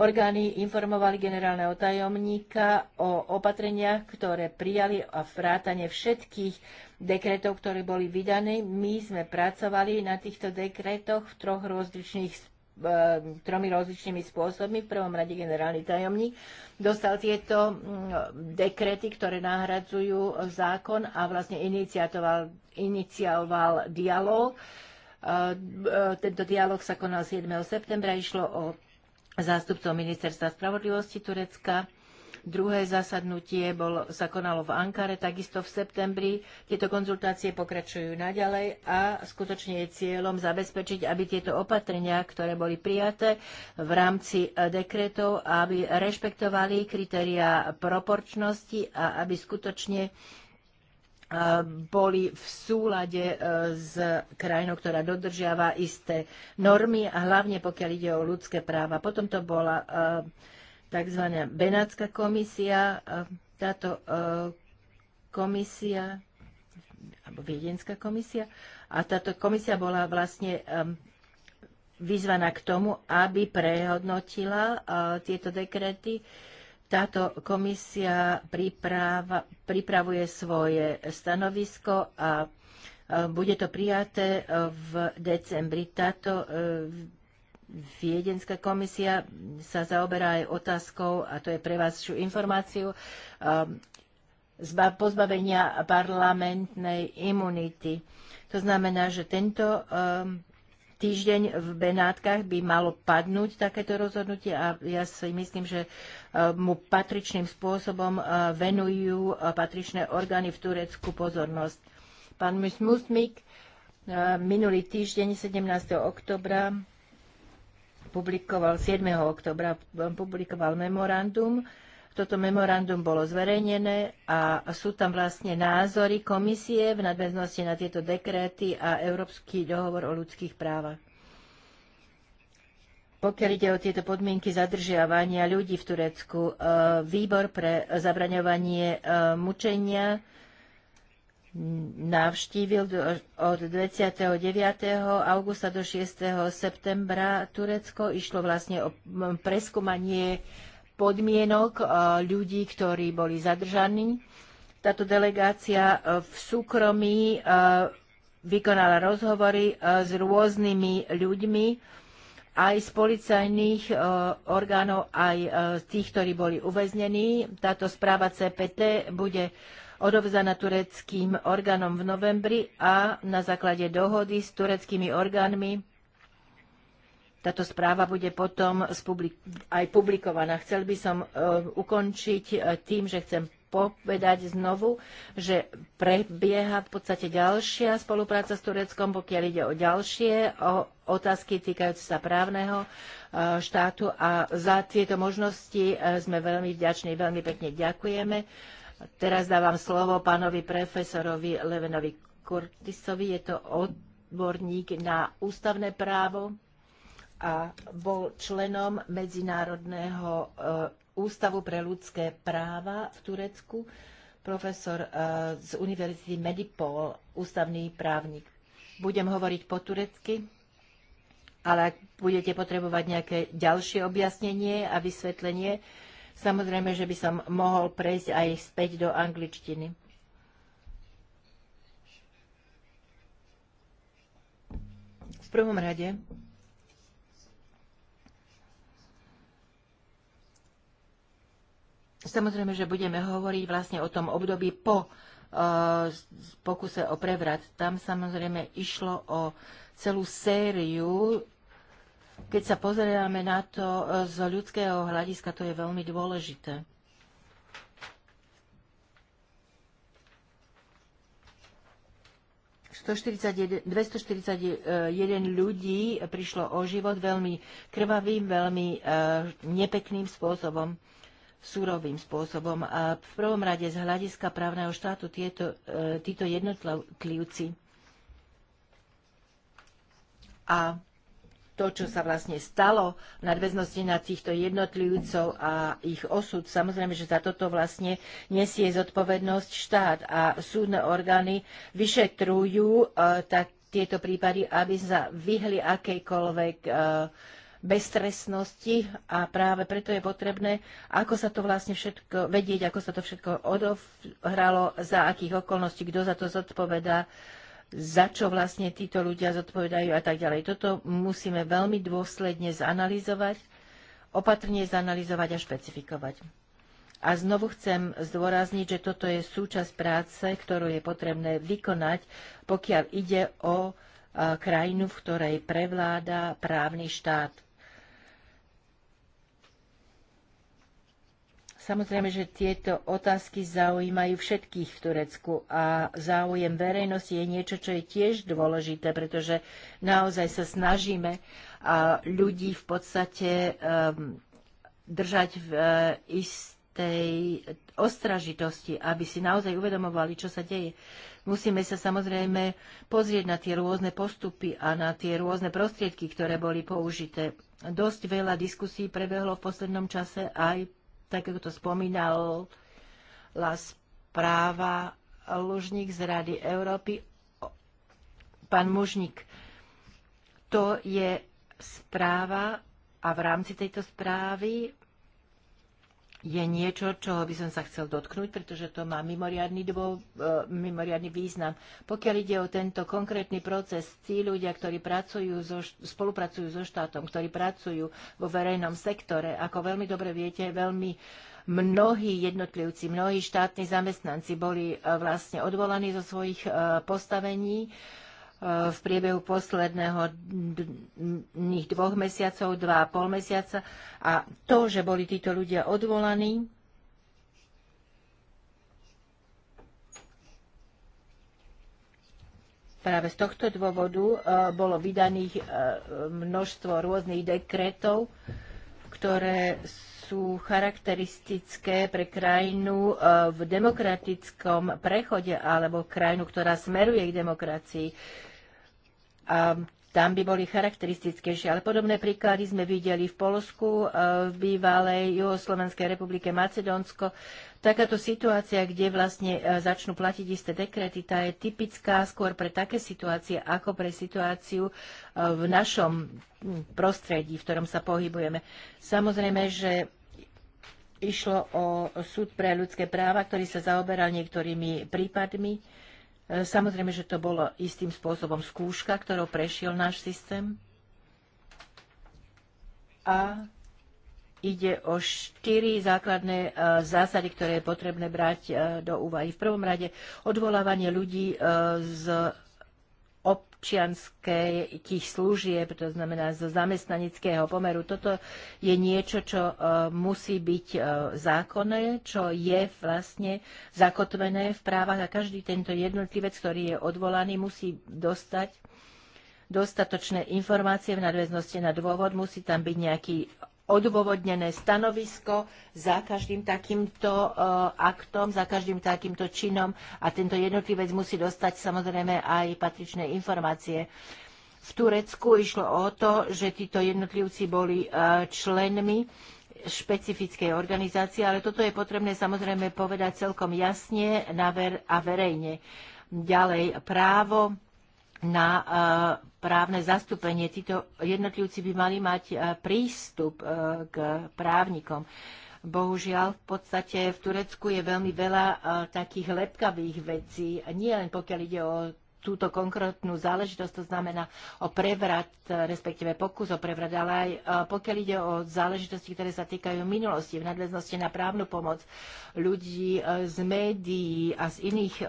orgány informovali generálneho tajomníka o opatreniach, ktoré prijali a vrátane všetkých dekretov, ktoré boli vydané. My sme pracovali na týchto dekretoch v troch rozličných E, tromi rozličnými spôsobmi. V prvom rade generálny tajomník dostal tieto dekrety, ktoré nahradzujú zákon a vlastne iniciatoval, inicioval dialog. E, e, tento dialog sa konal 7. septembra, išlo o zástupcov ministerstva spravodlivosti Turecka, Druhé zasadnutie bol, sa konalo v Ankare, takisto v septembri. Tieto konzultácie pokračujú naďalej a skutočne je cieľom zabezpečiť, aby tieto opatrenia, ktoré boli prijaté v rámci e, dekretov, aby rešpektovali kritéria proporčnosti a aby skutočne e, boli v súlade e, s krajinou, ktorá dodržiava isté normy a hlavne pokiaľ ide o ľudské práva. Potom to bola tzv. Benátska komisia. Táto e, komisia, alebo Viedenská komisia, a táto komisia bola vlastne vyzvaná k tomu, aby prehodnotila e, tieto dekrety. Táto komisia pripravuje svoje stanovisko a e, bude to prijaté v decembri. Táto Viedenská komisia sa zaoberá aj otázkou, a to je pre vás informáciu, um, pozbavenia parlamentnej imunity. To znamená, že tento um, týždeň v Benátkach by malo padnúť takéto rozhodnutie a ja si myslím, že um, mu patričným spôsobom uh, venujú uh, patričné orgány v Turecku pozornosť. Pán Musmik uh, minulý týždeň 17. oktobra publikoval 7. oktobra, publikoval memorandum. Toto memorandum bolo zverejnené a sú tam vlastne názory komisie v nadväznosti na tieto dekréty a Európsky dohovor o ľudských právach. Pokiaľ ide o tieto podmienky zadržiavania ľudí v Turecku, e, výbor pre zabraňovanie e, mučenia navštívil od 29. augusta do 6. septembra Turecko. Išlo vlastne o preskúmanie podmienok e, ľudí, ktorí boli zadržaní. Táto delegácia e, v súkromí e, vykonala rozhovory s rôznymi ľuďmi, aj z policajných orgánov, aj z tých, ktorí boli uväznení. Táto správa CPT bude odovzdaná tureckým orgánom v novembri a na základe dohody s tureckými orgánmi táto správa bude potom aj publikovaná. Chcel by som e, ukončiť e, tým, že chcem povedať znovu, že prebieha v podstate ďalšia spolupráca s Tureckom, pokiaľ ide o ďalšie o otázky týkajúce sa právneho e, štátu a za tieto možnosti sme veľmi vďační, veľmi pekne ďakujeme. Teraz dávam slovo pánovi profesorovi Levenovi Kurtisovi. Je to odborník na ústavné právo a bol členom Medzinárodného e, ústavu pre ľudské práva v Turecku, profesor e, z Univerzity Medipol, ústavný právnik. Budem hovoriť po turecky, ale ak budete potrebovať nejaké ďalšie objasnenie a vysvetlenie, Samozrejme, že by som mohol prejsť aj späť do angličtiny. V prvom rade Samozrejme, že budeme hovoriť vlastne o tom období po uh, pokuse o prevrat. Tam samozrejme išlo o celú sériu keď sa pozeráme na to e, z ľudského hľadiska, to je veľmi dôležité. ,241 ľudí prišlo o život veľmi krvavým, veľmi e, nepekným spôsobom súrovým spôsobom. A v prvom rade z hľadiska právneho štátu tieto, e, títo jednotlivci a to, čo sa vlastne stalo v nadväznosti na týchto jednotlivcov a ich osud. Samozrejme, že za toto vlastne nesie zodpovednosť štát a súdne orgány vyšetrujú uh, e, tak, tieto prípady, aby sa vyhli akejkoľvek uh, a práve preto je potrebné, ako sa to vlastne všetko, vedieť, ako sa to všetko odohralo, za akých okolností, kto za to zodpovedá za čo vlastne títo ľudia zodpovedajú a tak ďalej. Toto musíme veľmi dôsledne zanalizovať, opatrne zanalizovať a špecifikovať. A znovu chcem zdôrazniť, že toto je súčasť práce, ktorú je potrebné vykonať, pokiaľ ide o krajinu, v ktorej prevláda právny štát. Samozrejme, že tieto otázky zaujímajú všetkých v Turecku a záujem verejnosti je niečo, čo je tiež dôležité, pretože naozaj sa snažíme a ľudí v podstate um, držať v uh, istej ostražitosti, aby si naozaj uvedomovali, čo sa deje. Musíme sa samozrejme pozrieť na tie rôzne postupy a na tie rôzne prostriedky, ktoré boli použité. Dosť veľa diskusí prebehlo v poslednom čase aj tak ako to spomínal správa Lužník z Rady Európy, pán Mužník. To je správa a v rámci tejto správy je niečo, čoho by som sa chcel dotknúť, pretože to má mimoriadný, dvo, e, mimoriadný význam. Pokiaľ ide o tento konkrétny proces, tí ľudia, ktorí pracujú so, spolupracujú so štátom, ktorí pracujú vo verejnom sektore, ako veľmi dobre viete, veľmi mnohí jednotlivci, mnohí štátni zamestnanci boli e, vlastne odvolaní zo svojich e, postavení Eh, v priebehu posledného dných dvoch mesiacov, dva a pol mesiaca. A to, že boli títo ľudia odvolaní, práve z tohto dôvodu eh, bolo vydaných eh, množstvo rôznych dekretov, ktoré sú sú charakteristické pre krajinu e, v demokratickom prechode alebo krajinu, ktorá smeruje k demokracii. A tam by boli charakteristickejšie. Ale podobné príklady sme videli v Polsku, e, v bývalej Juhoslovenskej republike Macedónsko. Takáto situácia, kde vlastne e, začnú platiť isté dekrety, tá je typická skôr pre také situácie, ako pre situáciu v našom prostredí, v ktorom sa pohybujeme. Samozrejme, že Išlo o súd pre ľudské práva, ktorý sa zaoberal niektorými prípadmi. E, samozrejme, že to bolo istým spôsobom skúška, ktorou prešiel náš systém. A ide o štyri základné e, zásady, ktoré je potrebné brať e, do úvahy. V prvom rade odvolávanie ľudí z občianských služieb, to znamená zo zamestnaneckého pomeru. Toto je niečo, čo e, musí byť e, zákonné, čo je vlastne zakotvené v právach a každý tento jednotlivec, ktorý je odvolaný, musí dostať dostatočné informácie v nadväznosti na dôvod, musí tam byť nejaký odôvodnené stanovisko za každým takýmto eh, aktom, za každým takýmto činom a tento jednotlivec musí dostať samozrejme aj patričné informácie. V Turecku išlo o to, že títo jednotlivci boli eh, členmi špecifickej organizácie, ale toto je potrebné samozrejme povedať celkom jasne a verejne. Ďalej právo na e, právne zastúpenie. Títo jednotlivci by mali mať e, prístup e, k právnikom. Bohužiaľ, v podstate v Turecku je veľmi veľa takých lepkavých vecí, nie len pokiaľ ide o túto konkrétnu záležitosť, to znamená o prevrat, respektíve pokus o prevrat, ale aj pokiaľ ide o záležitosti, ktoré sa týkajú minulosti, v nadväznosti na právnu pomoc ľudí z médií a z iných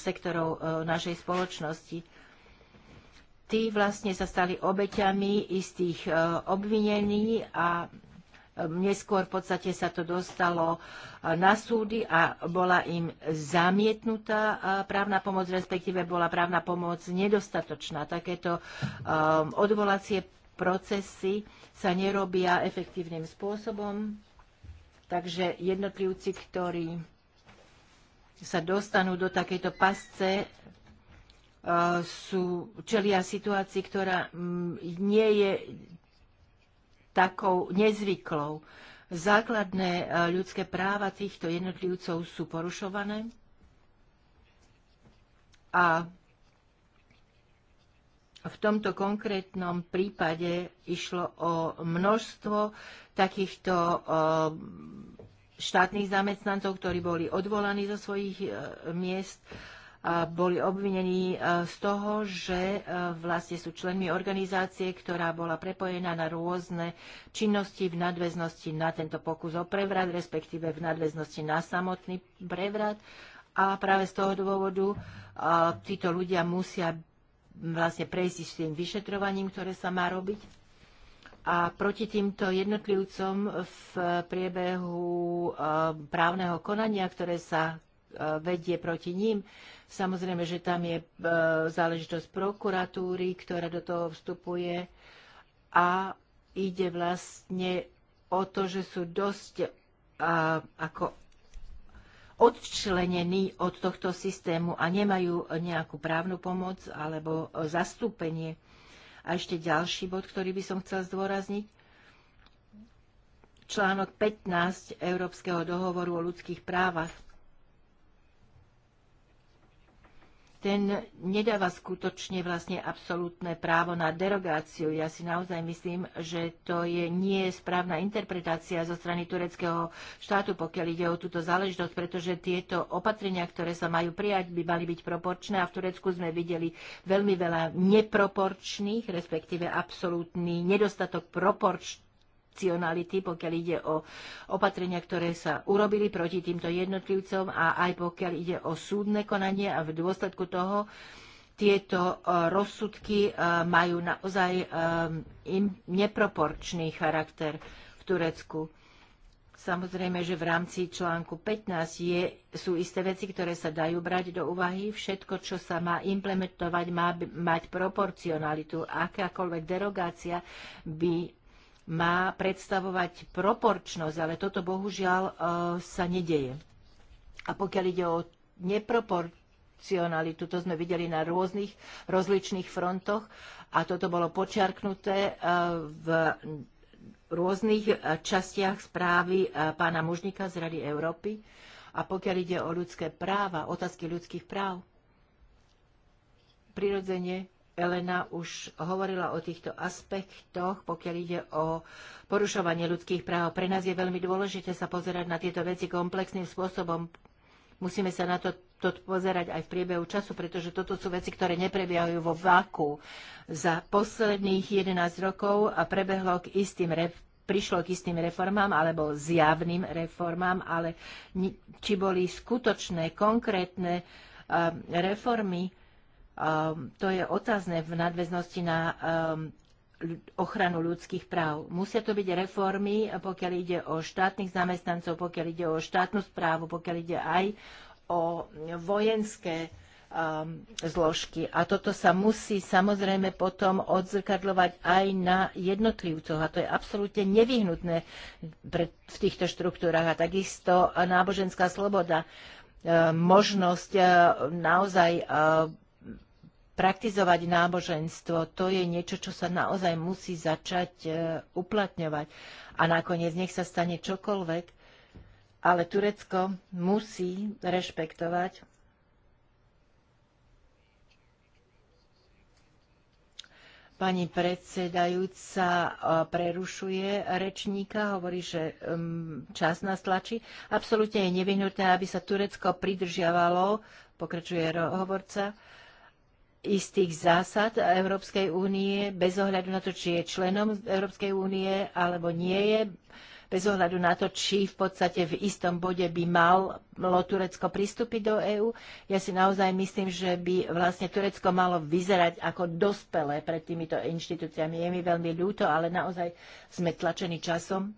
sektorov našej spoločnosti tí vlastne sa stali obeťami istých e, obvinení a e, neskôr v podstate sa to dostalo e, na súdy a bola im zamietnutá právna pomoc, respektíve bola právna pomoc nedostatočná. Takéto odvolacie procesy sa nerobia efektívnym spôsobom, takže jednotlivci, ktorí sa dostanú do takejto pasce, sú, čelia situácii, ktorá mm, nie je takou nezvyklou. Základné e, ľudské práva týchto jednotlivcov sú porušované a v tomto konkrétnom prípade išlo o množstvo takýchto e, štátnych zamestnancov, ktorí boli odvolaní zo svojich e, miest boli obvinení e, z toho, že e, vlastne sú členmi organizácie, ktorá bola prepojená na rôzne činnosti v nadväznosti na tento pokus o prevrat, respektíve v nadväznosti na samotný prevrat. A práve z toho dôvodu e, títo ľudia musia vlastne prejsť s tým vyšetrovaním, ktoré sa má robiť. A proti týmto jednotlivcom v priebehu právneho konania, ktoré sa E, vedie proti ním. Samozrejme, že tam je e, záležitosť prokuratúry, ktorá do toho vstupuje a ide vlastne o to, že sú dosť e, ako odčlenení od tohto systému a nemajú nejakú právnu pomoc alebo zastúpenie. A ešte ďalší bod, ktorý by som chcel zdôrazniť. Článok 15 Európskeho dohovoru o ľudských právach ten nedáva skutočne vlastne absolútne právo na derogáciu. Ja si naozaj myslím, že to je nie správna interpretácia zo strany tureckého štátu, pokiaľ ide o túto záležitosť, pretože tieto opatrenia, ktoré sa majú prijať, by mali byť proporčné a v Turecku sme videli veľmi veľa neproporčných, respektíve absolútny nedostatok proporčných proporcionality, pokiaľ ide o opatrenia, ktoré sa urobili proti týmto jednotlivcom a aj pokiaľ ide o súdne konanie a v dôsledku toho tieto e, rozsudky e, majú naozaj e, neproporčný charakter v Turecku. Samozrejme, že v rámci článku 15 je, sú isté veci, ktoré sa dajú brať do úvahy. Všetko, čo sa má implementovať, má mať proporcionalitu. Akákoľvek derogácia by má predstavovať proporčnosť, ale toto bohužiaľ e, sa nedeje. A pokiaľ ide o neproporcionalitu, to sme videli na rôznych rozličných frontoch a toto bolo počiarknuté e, v rôznych e, častiach správy pána Mužnika z Rady Európy. A pokiaľ ide o ľudské práva, otázky ľudských práv, prirodzene Elena už hovorila o týchto aspektoch, pokiaľ ide o porušovanie ľudských práv. Pre nás je veľmi dôležité sa pozerať na tieto veci komplexným spôsobom. Musíme sa na to, to pozerať aj v priebehu času, pretože toto sú veci, ktoré neprebiehajú vo váku. Za posledných 11 rokov a prebehlo k istým rep- prišlo k istým reformám alebo zjavným reformám, ale či boli skutočné, konkrétne eh, reformy, Um, to je otázne v nadväznosti na um, ochranu ľudských práv. Musia to byť reformy, pokiaľ ide o štátnych zamestnancov, pokiaľ ide o štátnu správu, pokiaľ ide aj o vojenské um, zložky. A toto sa musí samozrejme potom odzrkadľovať aj na jednotlivcoch. A to je absolútne nevyhnutné pre, v týchto štruktúrach. A takisto náboženská sloboda, um, možnosť uh, naozaj uh, praktizovať náboženstvo. To je niečo, čo sa naozaj musí začať e, uplatňovať. A nakoniec nech sa stane čokoľvek, ale Turecko musí rešpektovať Pani predsedajúca e, prerušuje rečníka, hovorí, že čas nás tlačí. Absolutne je nevyhnutné, aby sa Turecko pridržiavalo, pokračuje hovorca, istých zásad Európskej únie, bez ohľadu na to, či je členom Európskej únie alebo nie je, bez ohľadu na to, či v podstate v istom bode by malo Turecko pristúpiť do EÚ. Ja si naozaj myslím, že by vlastne Turecko malo vyzerať ako dospelé pred týmito inštitúciami. Je mi veľmi ľúto, ale naozaj sme tlačení časom.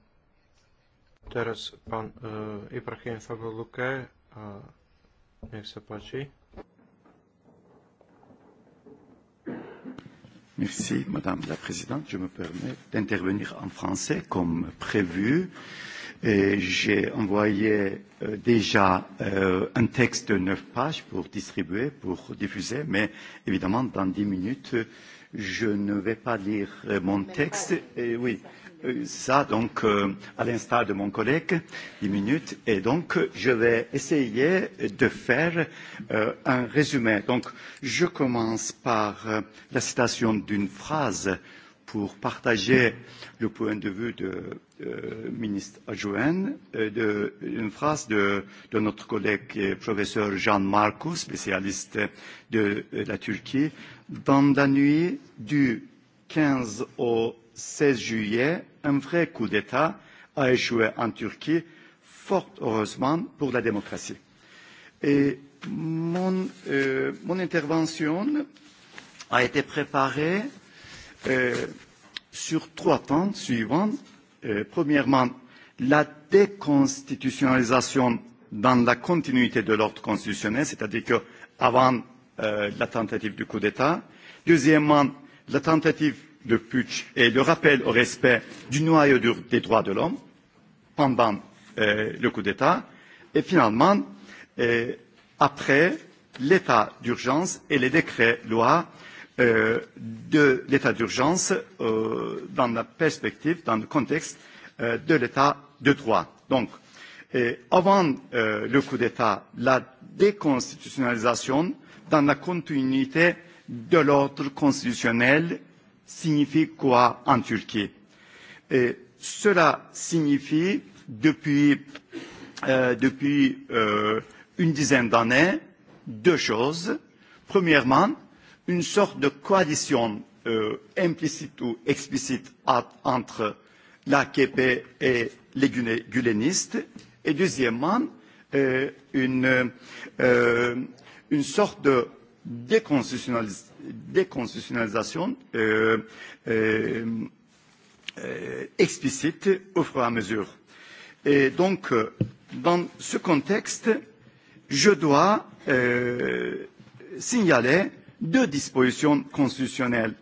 Teraz pán uh, Ibrahim Fabuluke, uh, eh, nech sa páči. Merci, Madame la Présidente. Je me permets d'intervenir en français comme prévu. J'ai envoyé euh, déjà euh, un texte de neuf pages pour distribuer, pour diffuser, mais évidemment, dans dix minutes, je ne vais pas lire mon texte. Et, oui. Euh, ça donc euh, à l'instar de mon collègue, dix minutes, et donc je vais essayer de faire euh, un résumé. Donc je commence par euh, la citation d'une phrase pour partager le point de vue de euh, ministre adjoint, euh, de, une phrase de, de notre collègue professeur Jean Marcus, spécialiste de, de euh, la Turquie, dans la nuit du 15 au 16 juillet un vrai coup d'État a échoué en Turquie, fort heureusement pour la démocratie. Et mon, euh, mon intervention a été préparée euh, sur trois points suivants. Euh, premièrement, la déconstitutionnalisation dans la continuité de l'ordre constitutionnel, c'est-à-dire qu'avant euh, la tentative du coup d'État. Deuxièmement, la tentative le putsch et le rappel au respect du noyau dur des droits de l'homme pendant euh, le coup d'État et finalement euh, après l'état d'urgence et les décrets lois euh, de l'état d'urgence euh, dans la perspective, dans le contexte euh, de l'état de droit. Donc, euh, avant euh, le coup d'État, la déconstitutionnalisation dans la continuité de l'ordre constitutionnel signifie quoi en Turquie Et euh, Cela signifie depuis, euh, depuis euh, une dizaine d'années deux choses. Premièrement, une sorte de coalition euh, implicite ou explicite entre l'AKP et les gulenistes. Et deuxièmement, euh, une, euh, une sorte de déconstitutionnalisation, euh, euh, euh, explicite au fur et à mesure. Et donc, euh, dans ce contexte, je dois euh, signaler deux dispositions constitutionnelles.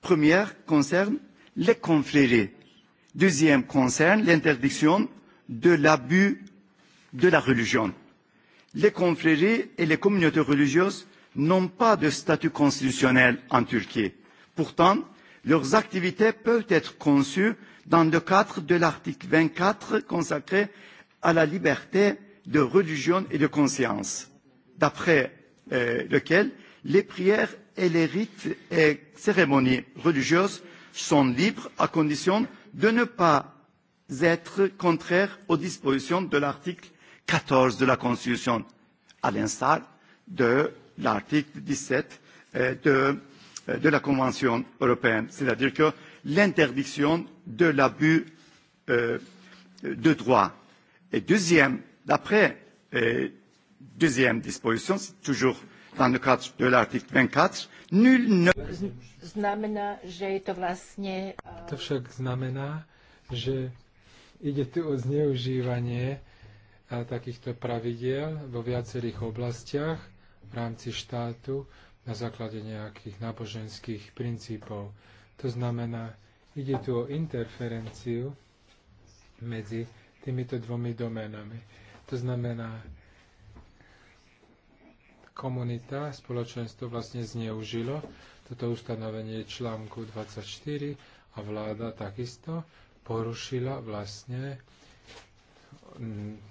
Première concerne les conflits. Deuxième concerne l'interdiction de l'abus de la religion les confréries et les communautés religieuses n'ont pas de statut constitutionnel en Turquie. Pourtant, leurs activités peuvent être conçues dans le cadre de l'article vingt quatre consacré à la liberté de religion et de conscience, d'après euh, lequel les prières et les rites et cérémonies religieuses sont libres à condition de ne pas être contraires aux dispositions de l'article 14 de la Constitution, à l'instar de l'article 17 euh, de, euh, de la Convention européenne, c'est-à-dire que l'interdiction de l'abus euh, de droit. Et deuxième, d'après euh, deuxième disposition, c'est toujours dans le cadre de l'article 24, nul ne... Znamená, že je to vlastne... To však znamená, že ide tu o zneužívanie takýchto pravidiel vo viacerých oblastiach v rámci štátu na základe nejakých náboženských princípov. To znamená, ide tu o interferenciu medzi týmito dvomi domenami. To znamená, komunita, spoločenstvo vlastne zneužilo toto ustanovenie článku 24 a vláda takisto porušila vlastne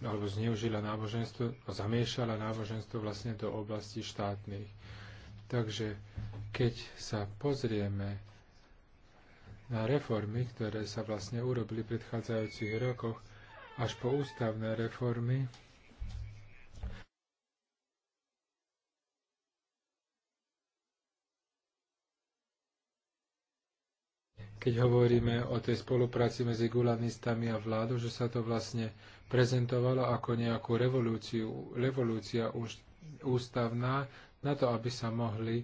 alebo zneužila náboženstvo a zamiešala náboženstvo vlastne do oblasti štátnych. Takže keď sa pozrieme na reformy, ktoré sa vlastne urobili v predchádzajúcich rokoch, až po ústavné reformy, keď hovoríme o tej spolupráci medzi gulanistami a vládou, že sa to vlastne prezentovalo ako nejakú revolúciu, revolúcia ústavná na to, aby sa mohli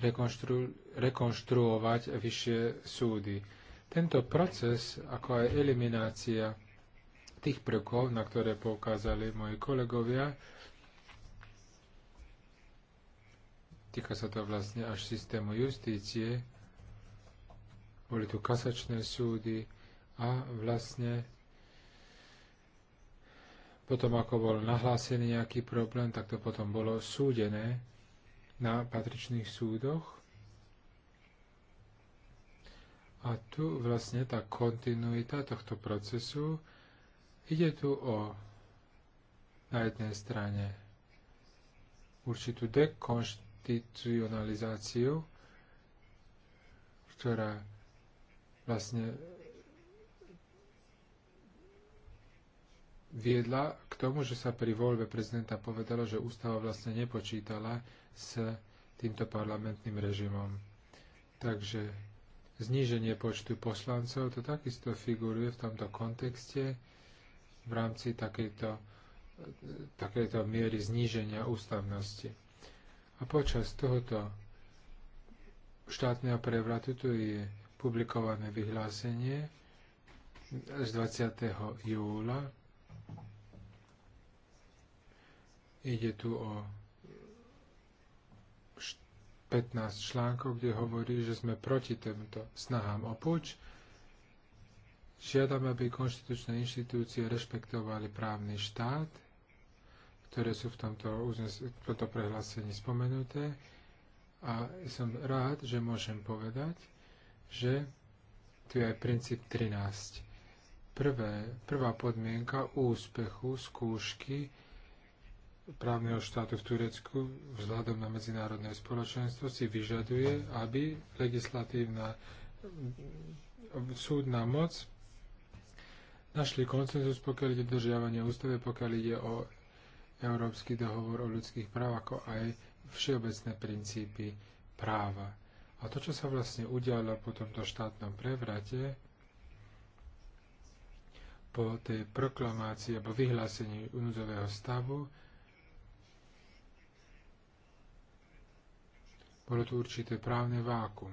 rekonštru, rekonštruovať vyššie súdy. Tento proces, ako aj eliminácia tých prvkov, na ktoré poukázali moji kolegovia, týka sa to vlastne až systému justície, boli tu kasačné súdy a vlastne potom ako bol nahlásený nejaký problém, tak to potom bolo súdené na patričných súdoch. A tu vlastne tá kontinuita tohto procesu ide tu o na jednej strane určitú dekonstitucionalizáciu, ktorá vlastne viedla k tomu, že sa pri voľbe prezidenta povedalo, že ústava vlastne nepočítala s týmto parlamentným režimom. Takže zníženie počtu poslancov to takisto figuruje v tomto kontexte v rámci takejto, takejto miery zníženia ústavnosti. A počas tohoto štátneho prevratu tu je publikované vyhlásenie z 20. júla Ide tu o 15 článkov, kde hovorí, že sme proti týmto snahám o púč. Žiadame, aby konštitučné inštitúcie rešpektovali právny štát, ktoré sú v tomto, uznes- v tomto prehlásení spomenuté. A som rád, že môžem povedať, že tu je aj princíp 13. Prvé, prvá podmienka úspechu skúšky právneho štátu v Turecku vzhľadom na medzinárodné spoločenstvo si vyžaduje, aby legislatívna súdna moc našli koncenzus, pokiaľ ide držiavanie ústave, pokiaľ ide o Európsky dohovor o ľudských právach, ako aj všeobecné princípy práva. A to, čo sa vlastne udialo po tomto štátnom prevrate, po tej proklamácii alebo vyhlásení núdzového stavu, Bolo tu určité právne vákum.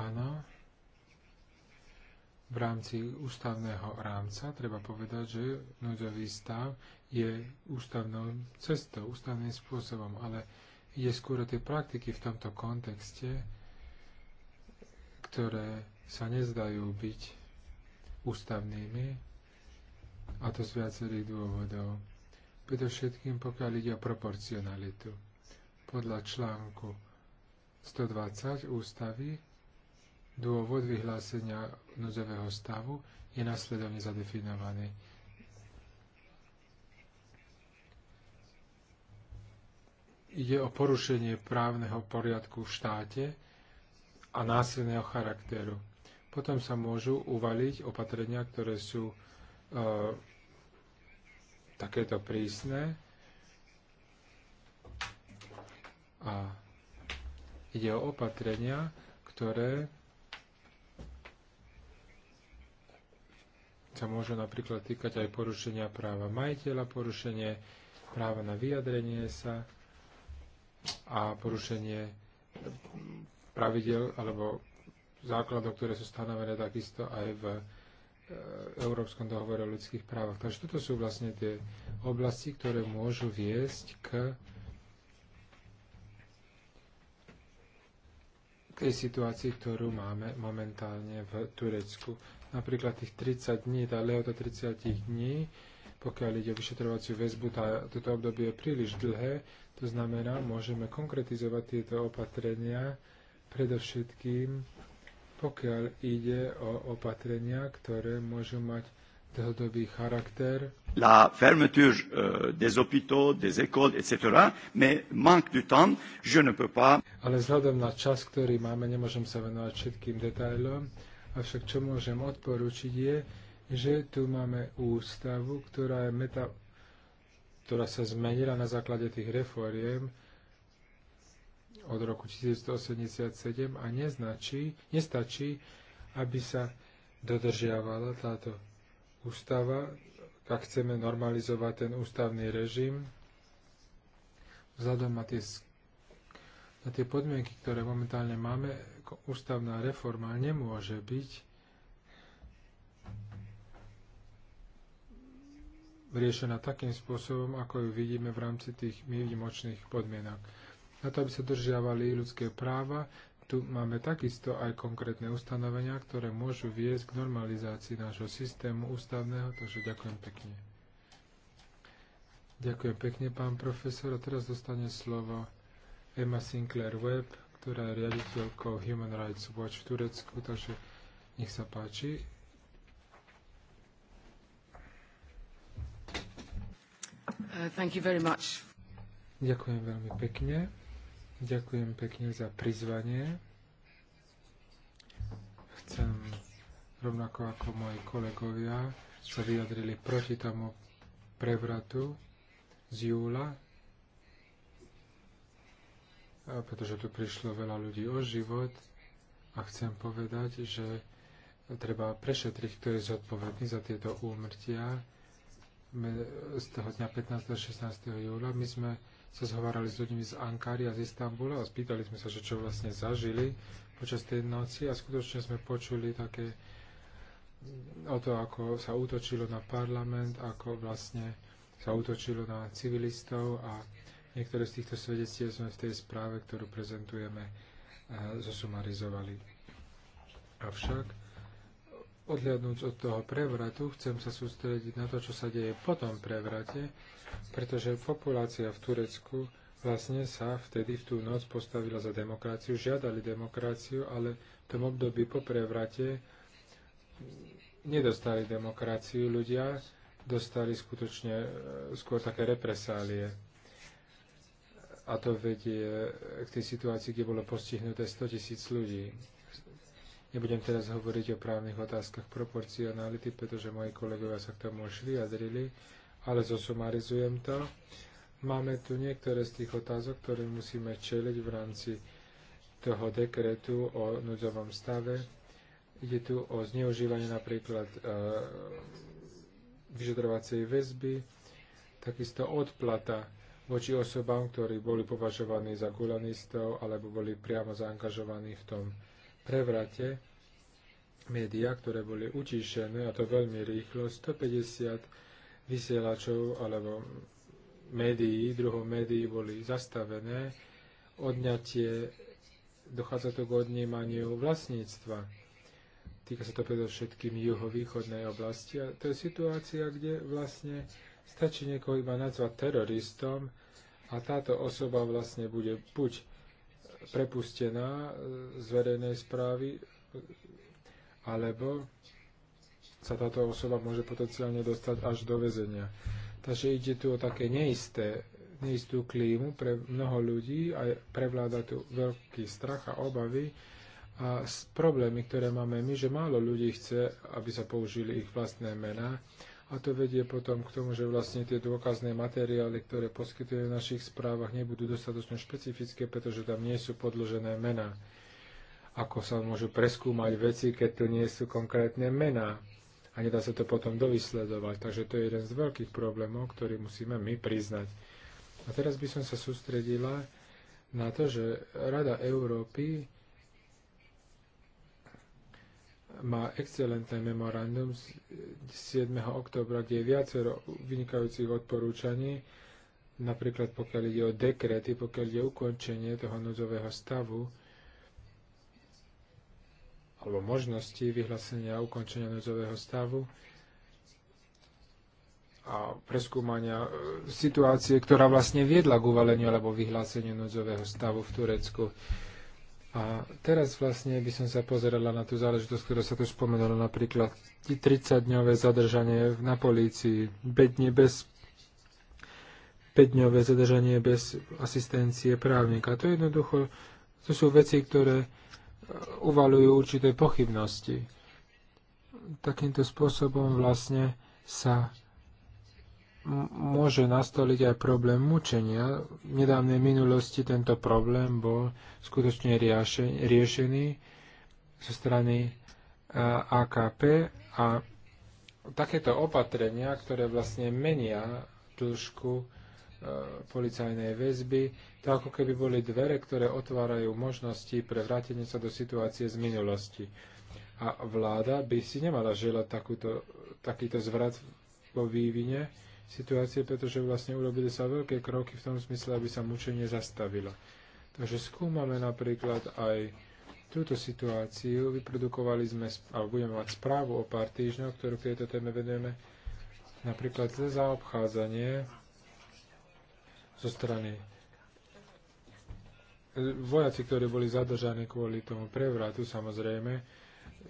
Áno, v rámci ústavného rámca treba povedať, že núdzový stav je ústavnou cestou, ústavným spôsobom, ale je skôr o tie praktiky v tomto kontexte, ktoré sa nezdajú byť ústavnými, a to z viacerých dôvodov predovšetkým pokiaľ ide o proporcionalitu. Podľa článku 120 ústavy dôvod vyhlásenia núdzového stavu je následovne zadefinovaný. Ide o porušenie právneho poriadku v štáte a násilného charakteru. Potom sa môžu uvaliť opatrenia, ktoré sú eh, takéto prísne. A ide o opatrenia, ktoré sa môžu napríklad týkať aj porušenia práva majiteľa, porušenie práva na vyjadrenie sa a porušenie pravidel alebo základov, ktoré sú stanovené takisto aj v E, Európskom dohovore o ľudských právach. Takže toto sú vlastne tie oblasti, ktoré môžu viesť k tej situácii, ktorú máme momentálne v Turecku. Napríklad tých 30 dní, tá lehota 30 dní, pokiaľ ide o vyšetrovaciu väzbu, tá, toto obdobie je príliš dlhé, to znamená, môžeme konkretizovať tieto opatrenia predovšetkým pokiaľ ide o opatrenia, ktoré môžu mať dlhodobý charakter. La fermeture euh, des hôpitaux, des écoles, etc. Mais manque du temps, je ne peux pas. Ale vzhľadom na čas, ktorý máme, nemôžem sa venovať všetkým detailom. Avšak čo môžem odporučiť je, že tu máme ústavu, ktorá, je meta, ktorá sa zmenila na základe tých reforiem, od roku 1987 a neznačí, nestačí, aby sa dodržiavala táto ústava, ak chceme normalizovať ten ústavný režim, vzhľadom na tie, na tie podmienky, ktoré momentálne máme, ústavná reforma nemôže byť riešená takým spôsobom, ako ju vidíme v rámci tých výnimočných podmienok na to, aby sa držiavali ľudské práva. Tu máme takisto aj konkrétne ustanovenia, ktoré môžu viesť k normalizácii nášho systému ústavného, takže ďakujem pekne. Ďakujem pekne, pán profesor. A teraz dostane slovo Emma Sinclair Webb, ktorá je riaditeľkou Human Rights Watch v Turecku, takže nech sa páči. Uh, thank you very much. Ďakujem veľmi pekne. Ďakujem pekne za prizvanie. Chcem rovnako ako moji kolegovia sa vyjadrili proti tomu prevratu z júla, pretože tu prišlo veľa ľudí o život a chcem povedať, že treba prešetriť, kto je zodpovedný za tieto úmrtia z toho dňa 15. a 16. júla. My sme sa zhovárali s ľuďmi z Ankary a z Istanbulu a spýtali sme sa, že čo vlastne zažili počas tej noci a skutočne sme počuli také o to, ako sa útočilo na parlament, ako vlastne sa útočilo na civilistov a niektoré z týchto svedectiev sme v tej správe, ktorú prezentujeme, eh, zosumarizovali. Avšak, odhľadnúť od toho prevratu, chcem sa sústrediť na to, čo sa deje po tom prevrate, pretože populácia v Turecku vlastne sa vtedy v tú noc postavila za demokraciu, žiadali demokraciu, ale v tom období po prevrate nedostali demokraciu ľudia, dostali skutočne e, skôr také represálie. A to vedie k tej situácii, kde bolo postihnuté 100 tisíc ľudí. Nebudem teraz hovoriť o právnych otázkach proporcionality, pretože moji kolegovia sa k tomu už vyjadrili ale zosumarizujem to. Máme tu niektoré z tých otázok, ktoré musíme čeliť v rámci toho dekretu o núdzovom stave. Ide tu o zneužívanie napríklad e, vyšetrovacej väzby, takisto odplata voči osobám, ktorí boli považovaní za gulanistov alebo boli priamo zaangažovaní v tom prevrate. Média, ktoré boli utišené, a to veľmi rýchlo, 150 vysielačov alebo médií, druhov médií boli zastavené, odňatie, dochádza to k odnímaniu vlastníctva. Týka sa to predovšetkým juhovýchodnej oblasti. A to je situácia, kde vlastne stačí niekoho iba nazvať teroristom a táto osoba vlastne bude buď prepustená z verejnej správy, alebo sa táto osoba môže potenciálne dostať až do väzenia. Takže ide tu o také neisté, neistú klímu pre mnoho ľudí a prevláda tu veľký strach a obavy a problémy, ktoré máme my, že málo ľudí chce, aby sa použili ich vlastné mená a to vedie potom k tomu, že vlastne tie dôkazné materiály, ktoré poskytujú v našich správach, nebudú dostatočne špecifické, pretože tam nie sú podložené mená. Ako sa môžu preskúmať veci, keď tu nie sú konkrétne mená? a nedá sa to potom dovysledovať. Takže to je jeden z veľkých problémov, ktorý musíme my priznať. A teraz by som sa sústredila na to, že Rada Európy má excelentné memorandum z 7. oktobra, kde je viacero vynikajúcich odporúčaní, napríklad pokiaľ ide o dekrety, pokiaľ ide o ukončenie toho núdzového stavu, alebo možnosti vyhlásenia ukončenia núdzového stavu a preskúmania e, situácie, ktorá vlastne viedla k uvaleniu alebo vyhláseniu núdzového stavu v Turecku. A teraz vlastne by som sa pozerala na tú záležitosť, ktorá sa tu spomenula, napríklad 30-dňové zadržanie na polícii, 5 bez 5-dňové zadržanie bez asistencie právnika. To jednoducho, to sú veci, ktoré uvalujú určité pochybnosti. Takýmto spôsobom vlastne sa môže nastoliť aj problém mučenia. V nedávnej minulosti tento problém bol skutočne riešený zo strany e, AKP a takéto opatrenia, ktoré vlastne menia dĺžku e, policajnej väzby, to ako keby boli dvere, ktoré otvárajú možnosti pre vrátenie sa do situácie z minulosti. A vláda by si nemala želať takúto, takýto zvrat vo vývine situácie, pretože vlastne urobili sa veľké kroky v tom smysle, aby sa mučenie zastavilo. Takže skúmame napríklad aj túto situáciu. Vyprodukovali sme, alebo budeme mať správu o pár týždňov, ktorú k tejto téme vedeme, napríklad za zaobchádzanie zo strany vojaci, ktorí boli zadržaní kvôli tomu prevratu, samozrejme,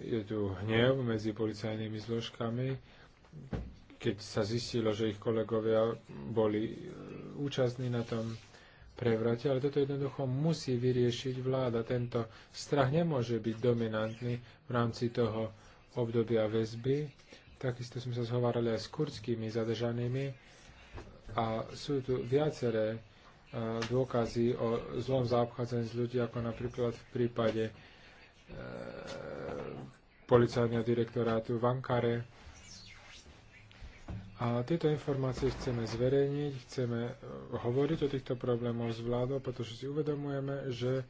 je tu hnev medzi policajnými zložkami, keď sa zistilo, že ich kolegovia boli e, účastní na tom prevrate, ale toto jednoducho musí vyriešiť vláda. Tento strach nemôže byť dominantný v rámci toho obdobia väzby. Takisto sme sa zhovárali aj s kurdskými zadržanými a sú tu viaceré dôkazy o zlom zaobchádzaní s ľudí, ako napríklad v prípade e, policajného direktorátu v Ankare. A tieto informácie chceme zverejniť, chceme e, hovoriť o týchto problémoch s vládou, pretože si uvedomujeme, že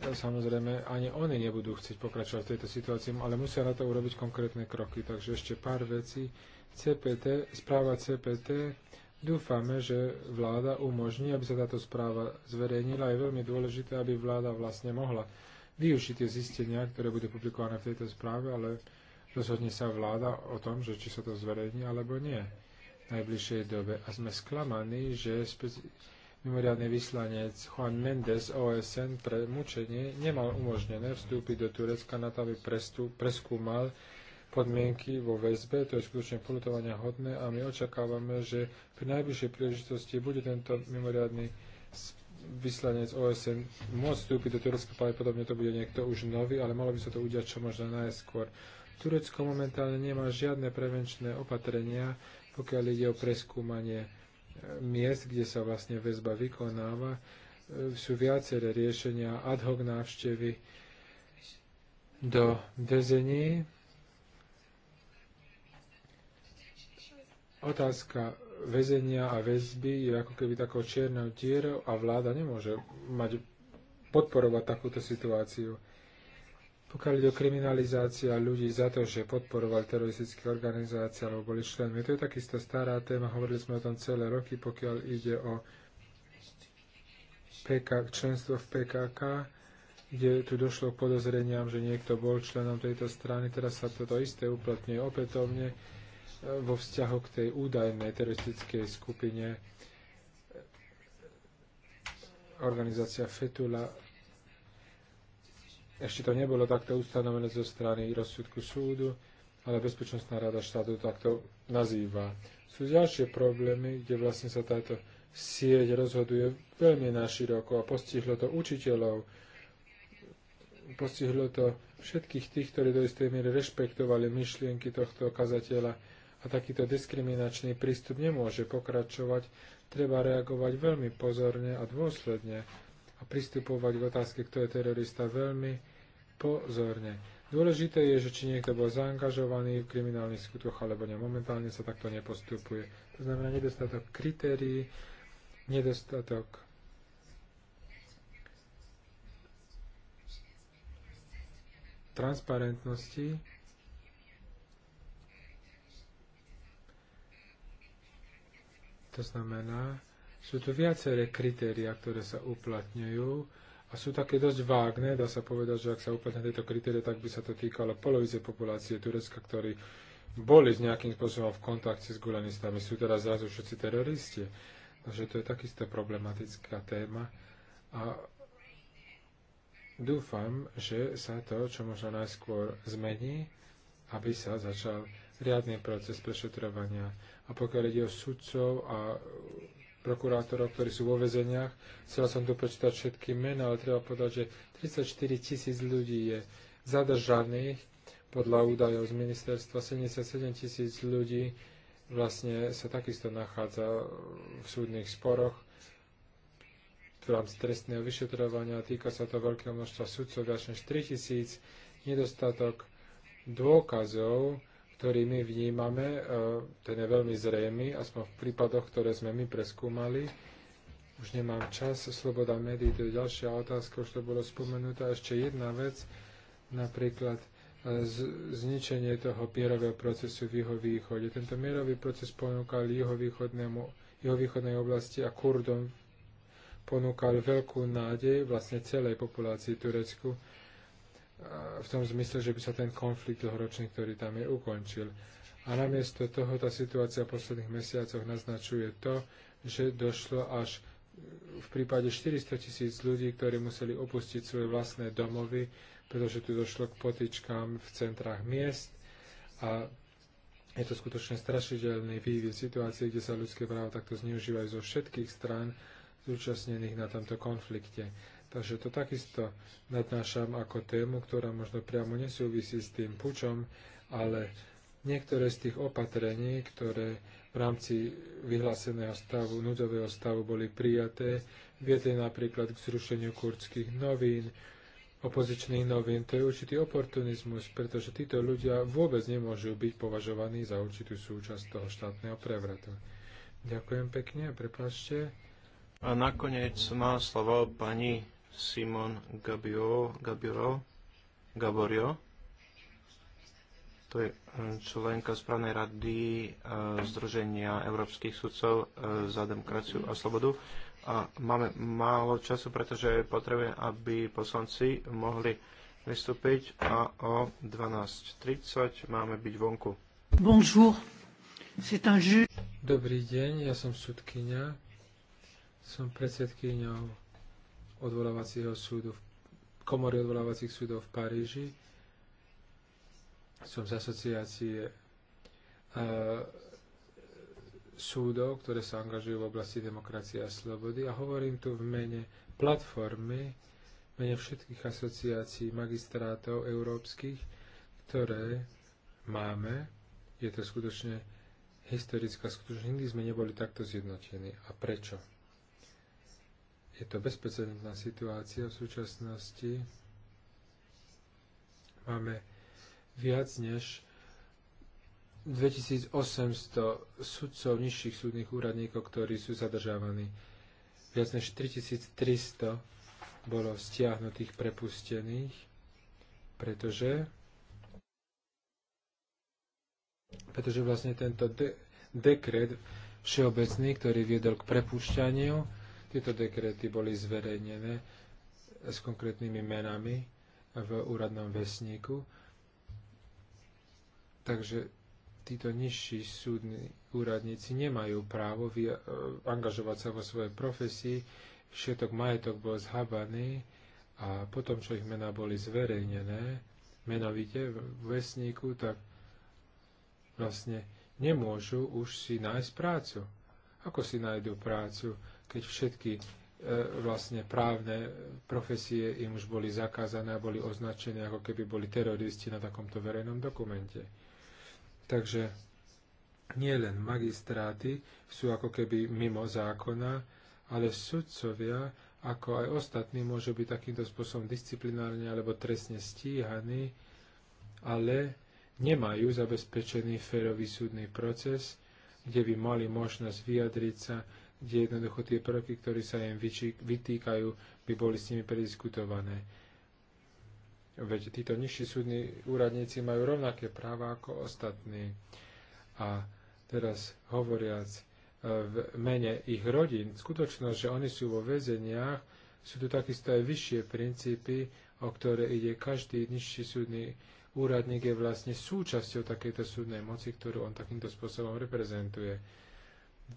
e, samozrejme ani oni nebudú chcieť pokračovať v tejto situácii, ale musia na to urobiť konkrétne kroky. Takže ešte pár vecí. CPT, správa CPT Dúfame, že vláda umožní, aby sa táto správa zverejnila. Je veľmi dôležité, aby vláda vlastne mohla využiť tie zistenia, ktoré budú publikované v tejto správe, ale rozhodne sa vláda o tom, že či sa to zverejní alebo nie v najbližšej dobe. A sme sklamaní, že speci- mimoriadný vyslanec Juan Mendes OSN pre mučenie nemal umožnené vstúpiť do Turecka na to, aby prestú- preskúmal podmienky vo väzbe, to je skutočne polutovania hodné a my očakávame, že pri najbližšej príležitosti bude tento mimoriadný vyslanec OSN môcť vstúpiť do Turecka, pravdepodobne to bude niekto už nový, ale malo by sa to udiať čo možno najskôr. Turecko momentálne nemá žiadne prevenčné opatrenia, pokiaľ ide o preskúmanie e, miest, kde sa vlastne väzba vykonáva. E, sú viaceré riešenia ad hoc návštevy do väzení, Otázka väzenia a väzby je ako keby takou čiernou dierou a vláda nemôže mať podporovať takúto situáciu. Pokiaľ ide o kriminalizácia ľudí za to, že podporovali teroristické organizácie alebo boli členmi, to je takisto stará téma, hovorili sme o tom celé roky, pokiaľ ide o PK, členstvo v PKK, kde tu došlo k podozreniam, že niekto bol členom tejto strany, teraz sa toto isté uplatňuje opätovne vo vzťahu k tej údajnej teroristickej skupine organizácia Fetula. Ešte to nebolo takto ustanovené zo strany rozsudku súdu, ale Bezpečnostná rada štátu takto nazýva. Sú ďalšie problémy, kde vlastne sa táto sieť rozhoduje veľmi naširoko a postihlo to učiteľov, postihlo to všetkých tých, ktorí do istej miery rešpektovali myšlienky tohto kazateľa, a takýto diskriminačný prístup nemôže pokračovať. Treba reagovať veľmi pozorne a dôsledne a pristupovať k otázke, kto je terorista, veľmi pozorne. Dôležité je, že či niekto bol zaangažovaný v kriminálnych skutkoch alebo ne. Momentálne sa takto nepostupuje. To znamená nedostatok kritérií, nedostatok transparentnosti To znamená, sú tu viaceré kritéria, ktoré sa uplatňujú a sú také dosť vágne. Dá sa povedať, že ak sa uplatňujú tieto kritéria, tak by sa to týkalo polovice populácie Turecka, ktorí boli s nejakým spôsobom v kontakte s gulanistami. Sú teraz zrazu všetci teroristi. Takže to je takisto problematická téma. A dúfam, že sa to čo možno najskôr zmení, aby sa začal riadny proces prešetrovania. A pokiaľ ide o sudcov a prokurátorov, ktorí sú vo vezeniach, chcela som tu prečítať všetky mená, ale treba povedať, že 34 tisíc ľudí je zadržaných podľa údajov z ministerstva, 77 tisíc ľudí vlastne sa takisto nachádza v súdnych sporoch v rámci trestného vyšetrovania. Týka sa to veľkého množstva sudcov, viac než 3 tisíc, nedostatok dôkazov, ktorý my vnímame, e, ten je veľmi zrejmy, aspoň v prípadoch, ktoré sme my preskúmali. Už nemám čas, sloboda médií, to je ďalšia otázka, už to bolo spomenutá. Ešte jedna vec, napríklad e, zničenie toho mierového procesu v východe. Tento mierový proces ponúkal východnej oblasti a Kurdom ponúkal veľkú nádej vlastne celej populácii Turecku v tom zmysle, že by sa ten konflikt dlhoročný, ktorý tam je, ukončil. A namiesto toho tá situácia v posledných mesiacoch naznačuje to, že došlo až v prípade 400 tisíc ľudí, ktorí museli opustiť svoje vlastné domovy, pretože tu došlo k potičkám v centrách miest a je to skutočne strašidelný vývoj situácie, kde sa ľudské práva takto zneužívajú zo všetkých strán zúčastnených na tomto konflikte. Takže to takisto nadnášam ako tému, ktorá možno priamo nesúvisí s tým pučom, ale niektoré z tých opatrení, ktoré v rámci vyhláseného stavu, núdzového stavu boli prijaté, viedli napríklad k zrušeniu kurdských novín, opozičných novín. To je určitý oportunizmus, pretože títo ľudia vôbec nemôžu byť považovaní za určitú súčasť toho štátneho prevratu. Ďakujem pekne a prepáčte. A nakoniec má slovo pani Simon Gabio, Gabiro, Gaborio. To je eh, členka správnej rady eh, Združenia európskych sudcov eh, za demokraciu a slobodu. A máme málo času, pretože potrebujeme, aby poslanci mohli vystúpiť a o 12.30 máme byť vonku. Bonjour. C'est un ju- Dobrý deň, ja som sudkynia. Som predsedkyňou odvolávacieho súdu, komory odvolávacích súdov v Paríži. Som z asociácie e, súdov, ktoré sa angažujú v oblasti demokracie a slobody a hovorím tu v mene platformy, v mene všetkých asociácií magistrátov európskych, ktoré máme. Je to skutočne historická skutočnosť, nikdy sme neboli takto zjednotení. A prečo? Je to bezprecedentná situácia v súčasnosti. Máme viac než 2800 sudcov nižších súdnych úradníkov, ktorí sú zadržávaní. Viac než 3300 bolo stiahnutých, prepustených, pretože pretože vlastne tento de- dekret všeobecný, ktorý viedol k prepušťaniu, tieto dekrety boli zverejnené s konkrétnymi menami v úradnom vesníku. Takže títo nižší súdni úradníci nemajú právo eh, angažovať sa vo svojej profesii. Všetok majetok bol zhabaný a potom, čo ich mená boli zverejnené, menovite v vesníku, tak vlastne nemôžu už si nájsť prácu. Ako si nájdu prácu? keď všetky e, vlastne právne profesie im už boli zakázané a boli označené, ako keby boli teroristi na takomto verejnom dokumente. Takže nie len magistráty sú ako keby mimo zákona, ale sudcovia, ako aj ostatní, môžu byť takýmto spôsobom disciplinárne alebo trestne stíhaní, ale nemajú zabezpečený férový súdny proces, kde by mali možnosť vyjadriť sa, kde jednoducho tie prvky, ktoré sa im vytýkajú, by boli s nimi prediskutované. Veď títo nižší súdni úradníci majú rovnaké práva ako ostatní. A teraz hovoriac e, v mene ich rodín, skutočnosť, že oni sú vo väzeniach, sú tu takisto aj vyššie princípy, o ktoré ide každý nižší súdny úradník je vlastne súčasťou takejto súdnej moci, ktorú on takýmto spôsobom reprezentuje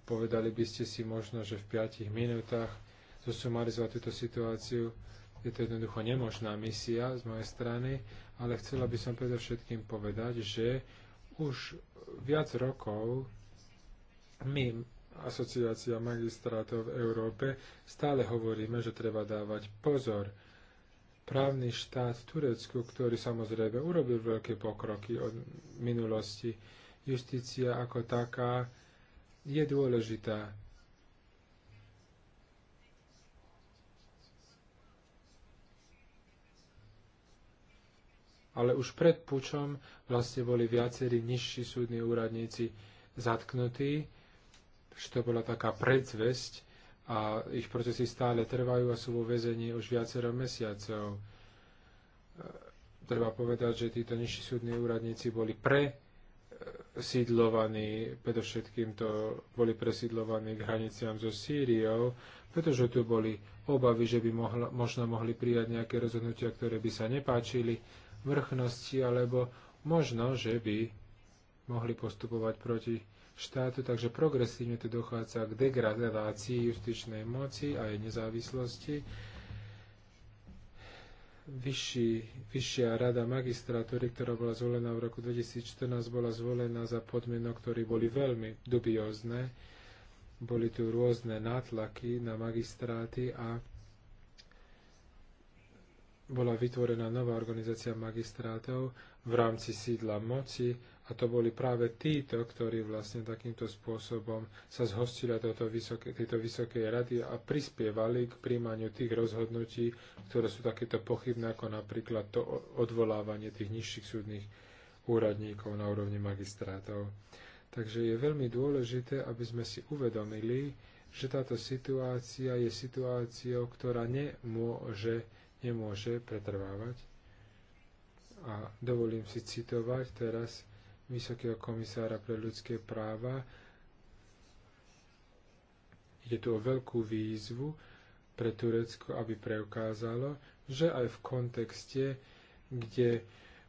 povedali by ste si možno, že v 5 minútach zosumarizovať túto situáciu. Je to jednoducho nemožná misia z mojej strany, ale chcela by som predovšetkým povedať, že už viac rokov my, asociácia magistrátov v Európe, stále hovoríme, že treba dávať pozor. Právny štát v Turecku, ktorý samozrejme urobil veľké pokroky od minulosti, justícia ako taká, je dôležitá. Ale už pred pučom vlastne boli viacerí nižší súdni úradníci zatknutí, že to bola taká predzvesť a ich procesy stále trvajú a sú vo väzení už viacero mesiacov. Treba povedať, že títo nižší súdni úradníci boli pre sídlovaní, predovšetkým to boli presídlovaní k hraniciam so Sýriou, pretože tu boli obavy, že by mohla, možno mohli prijať nejaké rozhodnutia, ktoré by sa nepáčili vrchnosti, alebo možno, že by mohli postupovať proti štátu, takže progresívne tu dochádza k degradácii justičnej moci a jej nezávislosti vyšší, vyššia rada magistratúry, ktorá bola zvolená v roku 2014, bola zvolená za podmienok, ktoré boli veľmi dubiózne. Boli tu rôzne nátlaky na magistráty a bola vytvorená nová organizácia magistrátov v rámci sídla moci a to boli práve títo, ktorí vlastne takýmto spôsobom sa zhostili tejto vysoké, vysokej rady a prispievali k príjmaniu tých rozhodnutí, ktoré sú takéto pochybné, ako napríklad to odvolávanie tých nižších súdnych úradníkov na úrovni magistrátov. Takže je veľmi dôležité, aby sme si uvedomili, že táto situácia je situáciou, ktorá nemôže, nemôže pretrvávať. A dovolím si citovať teraz Vysokého komisára pre ľudské práva. Ide tu o veľkú výzvu pre Turecko, aby preukázalo, že aj v kontexte, kde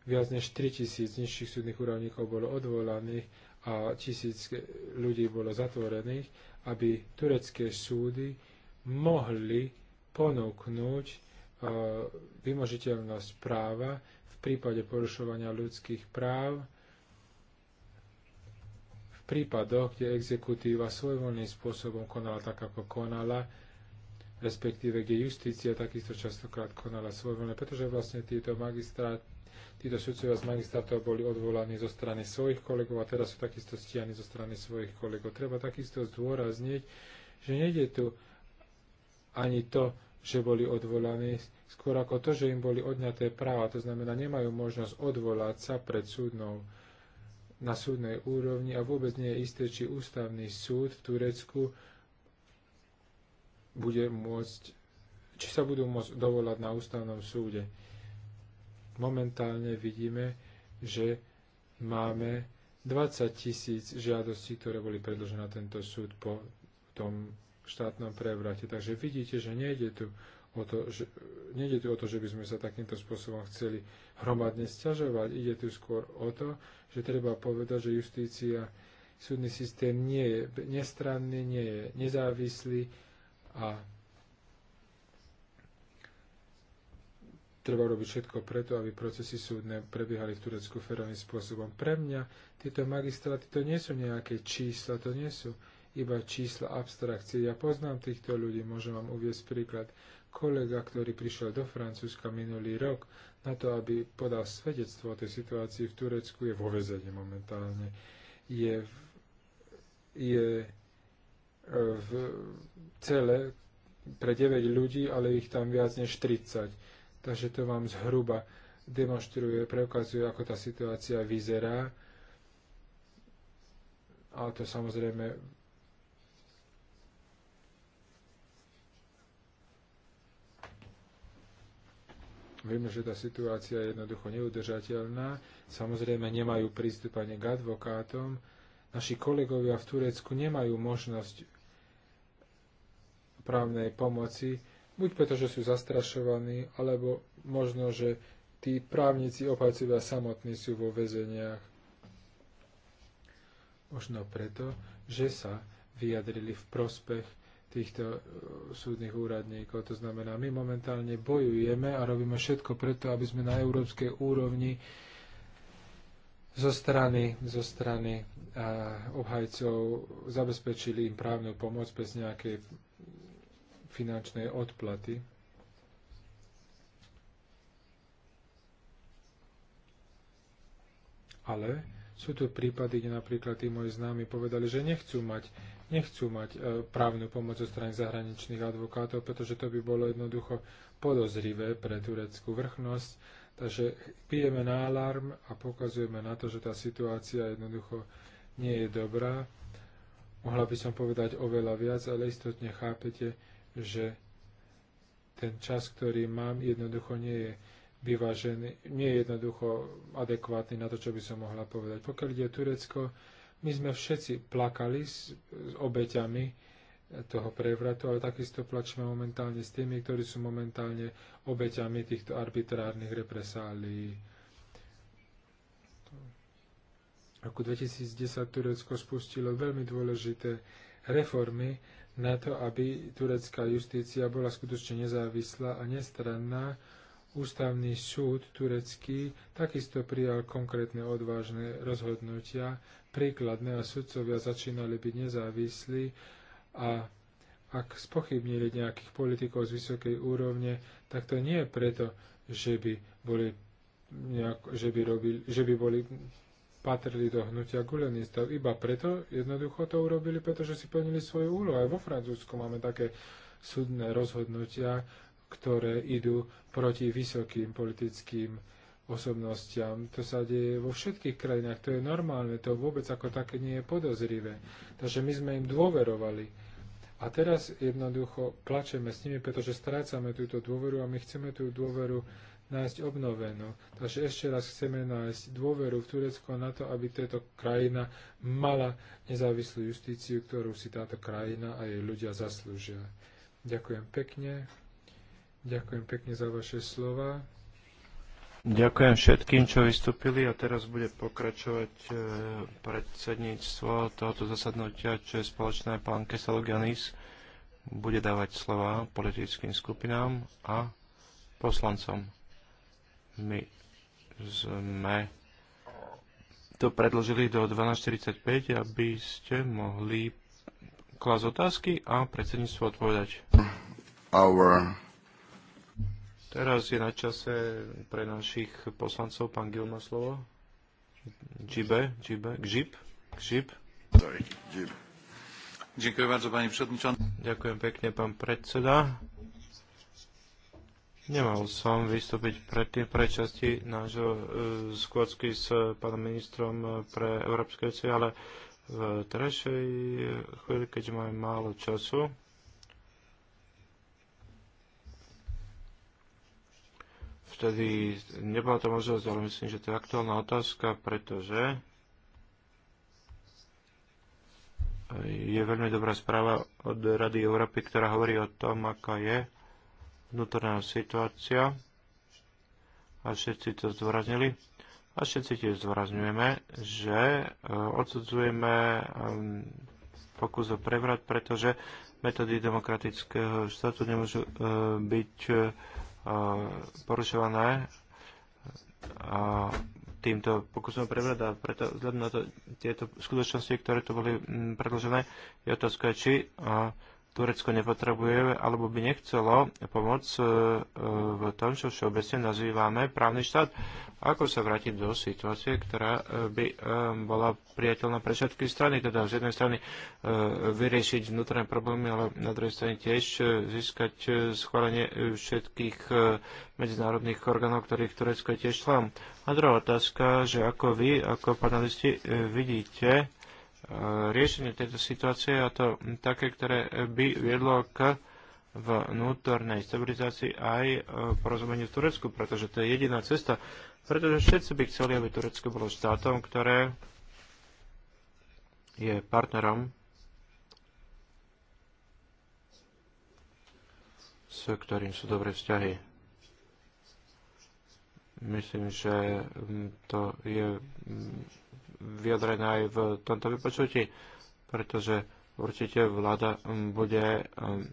viac než 3000 nižších súdnych úradníkov bolo odvolaných a tisíc ľudí bolo zatvorených, aby turecké súdy mohli ponúknuť eh, vymožiteľnosť práva v prípade porušovania ľudských práv prípadoch, kde exekutíva svojvoľným spôsobom konala tak, ako konala, respektíve kde justícia takisto častokrát konala svojvoľne, pretože vlastne títo magistrát, títo sudcovia z magistrátov boli odvolaní zo strany svojich kolegov a teraz sú takisto stianí zo strany svojich kolegov. Treba takisto zdôrazniť, že nejde tu ani to, že boli odvolaní, skôr ako to, že im boli odňaté práva, to znamená, nemajú možnosť odvolať sa pred súdnou na súdnej úrovni a vôbec nie je isté, či ústavný súd v Turecku bude môcť, či sa budú môcť dovolať na ústavnom súde. Momentálne vidíme, že máme 20 tisíc žiadostí, ktoré boli predložené na tento súd po tom štátnom prevrate. Takže vidíte, že nejde tu o to, že, nejde tu o to, že by sme sa takýmto spôsobom chceli hromadne sťažovať. Ide tu skôr o to, že treba povedať, že justícia, súdny systém nie je nestranný, nie je nezávislý a treba robiť všetko preto, aby procesy súdne prebiehali v Turecku ferovým spôsobom. Pre mňa tieto magistráty to nie sú nejaké čísla, to nie sú iba čísla abstrakcie. Ja poznám týchto ľudí, môžem vám uviezť príklad kolega, ktorý prišiel do Francúzska minulý rok na to, aby podal svedectvo o tej situácii v Turecku, je vo vezení momentálne. Je v, je e, v cele pre 9 ľudí, ale ich tam viac než 30. Takže to vám zhruba demonstruje, preukazuje, ako tá situácia vyzerá. A to samozrejme Vieme, že tá situácia je jednoducho neudržateľná. Samozrejme nemajú prístupanie k advokátom. Naši kolegovia v Turecku nemajú možnosť právnej pomoci, buď preto, že sú zastrašovaní, alebo možno, že tí právnici opajcovia samotní sú vo väzeniach. Možno preto, že sa vyjadrili v prospech týchto e, súdnych úradníkov. To znamená, my momentálne bojujeme a robíme všetko preto, aby sme na európskej úrovni zo strany, zo strany e, obhajcov zabezpečili im právnu pomoc bez nejakej finančnej odplaty. Ale sú tu prípady, kde napríklad tí moji známi povedali, že nechcú mať nechcú mať e, právnu pomoc zo strany zahraničných advokátov, pretože to by bolo jednoducho podozrivé pre tureckú vrchnosť. Takže pijeme na alarm a pokazujeme na to, že tá situácia jednoducho nie je dobrá. Mohla by som povedať oveľa viac, ale istotne chápete, že ten čas, ktorý mám, jednoducho nie je vyvážený, nie je jednoducho adekvátny na to, čo by som mohla povedať. Pokiaľ ide Turecko, my sme všetci plakali s, s obeťami toho prevratu, ale takisto plačíme momentálne s tými, ktorí sú momentálne obeťami týchto arbitrárnych represálií. V roku 2010 Turecko spustilo veľmi dôležité reformy na to, aby turecká justícia bola skutočne nezávislá a nestranná Ústavný súd turecký takisto prijal konkrétne odvážne rozhodnutia, príkladné a sudcovia začínali byť nezávislí a ak spochybnili nejakých politikov z vysokej úrovne, tak to nie je preto, že by boli, nejak, že by robili, že by boli patrili do hnutia gulenistov. Iba preto jednoducho to urobili, pretože si plnili svoju úlohu. Aj vo Francúzsku máme také súdne rozhodnutia, ktoré idú proti vysokým politickým osobnostiam. To sa deje vo všetkých krajinách, to je normálne, to vôbec ako také nie je podozrivé. Takže my sme im dôverovali. A teraz jednoducho plačeme s nimi, pretože strácame túto dôveru a my chceme tú dôveru nájsť obnovenú. Takže ešte raz chceme nájsť dôveru v Turecko na to, aby táto krajina mala nezávislú justíciu, ktorú si táto krajina a jej ľudia zaslúžia. Ďakujem pekne. Ďakujem pekne za vaše slova. Ďakujem všetkým, čo vystúpili a teraz bude pokračovať e, predsedníctvo tohoto zasadnutia, čo je spoločné pán Kesalogianis bude dávať slova politickým skupinám a poslancom. My sme to predložili do 12.45, aby ste mohli klásť otázky a predsedníctvo odpovedať. Our Teraz je na čase pre našich poslancov pán Gil má slovo. Gibe, Gibe, Gžip, Gžip. Sorry, Gžip. Ďakujem bardzo, pani przewodniczący. Ďakujem pekne, pán predseda. Nemal som vystúpiť pred tým predčasti nášho uh, e, skôdsky s pánom ministrom pre Európske veci, ale v terajšej chvíli, keď máme málo času, vtedy nebola to možnosť, ale myslím, že to je aktuálna otázka, pretože je veľmi dobrá správa od Rady Európy, ktorá hovorí o tom, aká je vnútorná situácia a všetci to zdôraznili. A všetci tiež zdôrazňujeme, že e, odsudzujeme e, pokus o prevrat, pretože metódy demokratického štátu nemôžu e, byť porušované a týmto pokusom prebrať a preto vzhľadom na to, tieto skutočnosti, ktoré tu boli predložené, je otázka, či a, Turecko nepotrebuje alebo by nechcelo pomoc e, e, v tom, čo všeobecne nazývame právny štát. Ako sa vrátiť do situácie, ktorá e, by bola priateľná pre všetky strany, teda z jednej strany vyriešiť vnútorné problémy, ale na druhej strane tiež získať schválenie všetkých medzinárodných orgánov, ktorých Turecko je tiež člen. A druhá otázka, že ako vy, ako panelisti, vidíte riešenie tejto situácie a to také, ktoré by viedlo k vnútornej stabilizácii aj e, porozumeniu v Turecku, pretože to je jediná cesta. Pretože všetci by chceli, aby Turecko bolo štátom, ktoré je partnerom, s ktorým sú dobré vzťahy. Myslím, že mm, to je mm, vyjadrené aj v tomto vypočutí, pretože určite vláda um, bude um,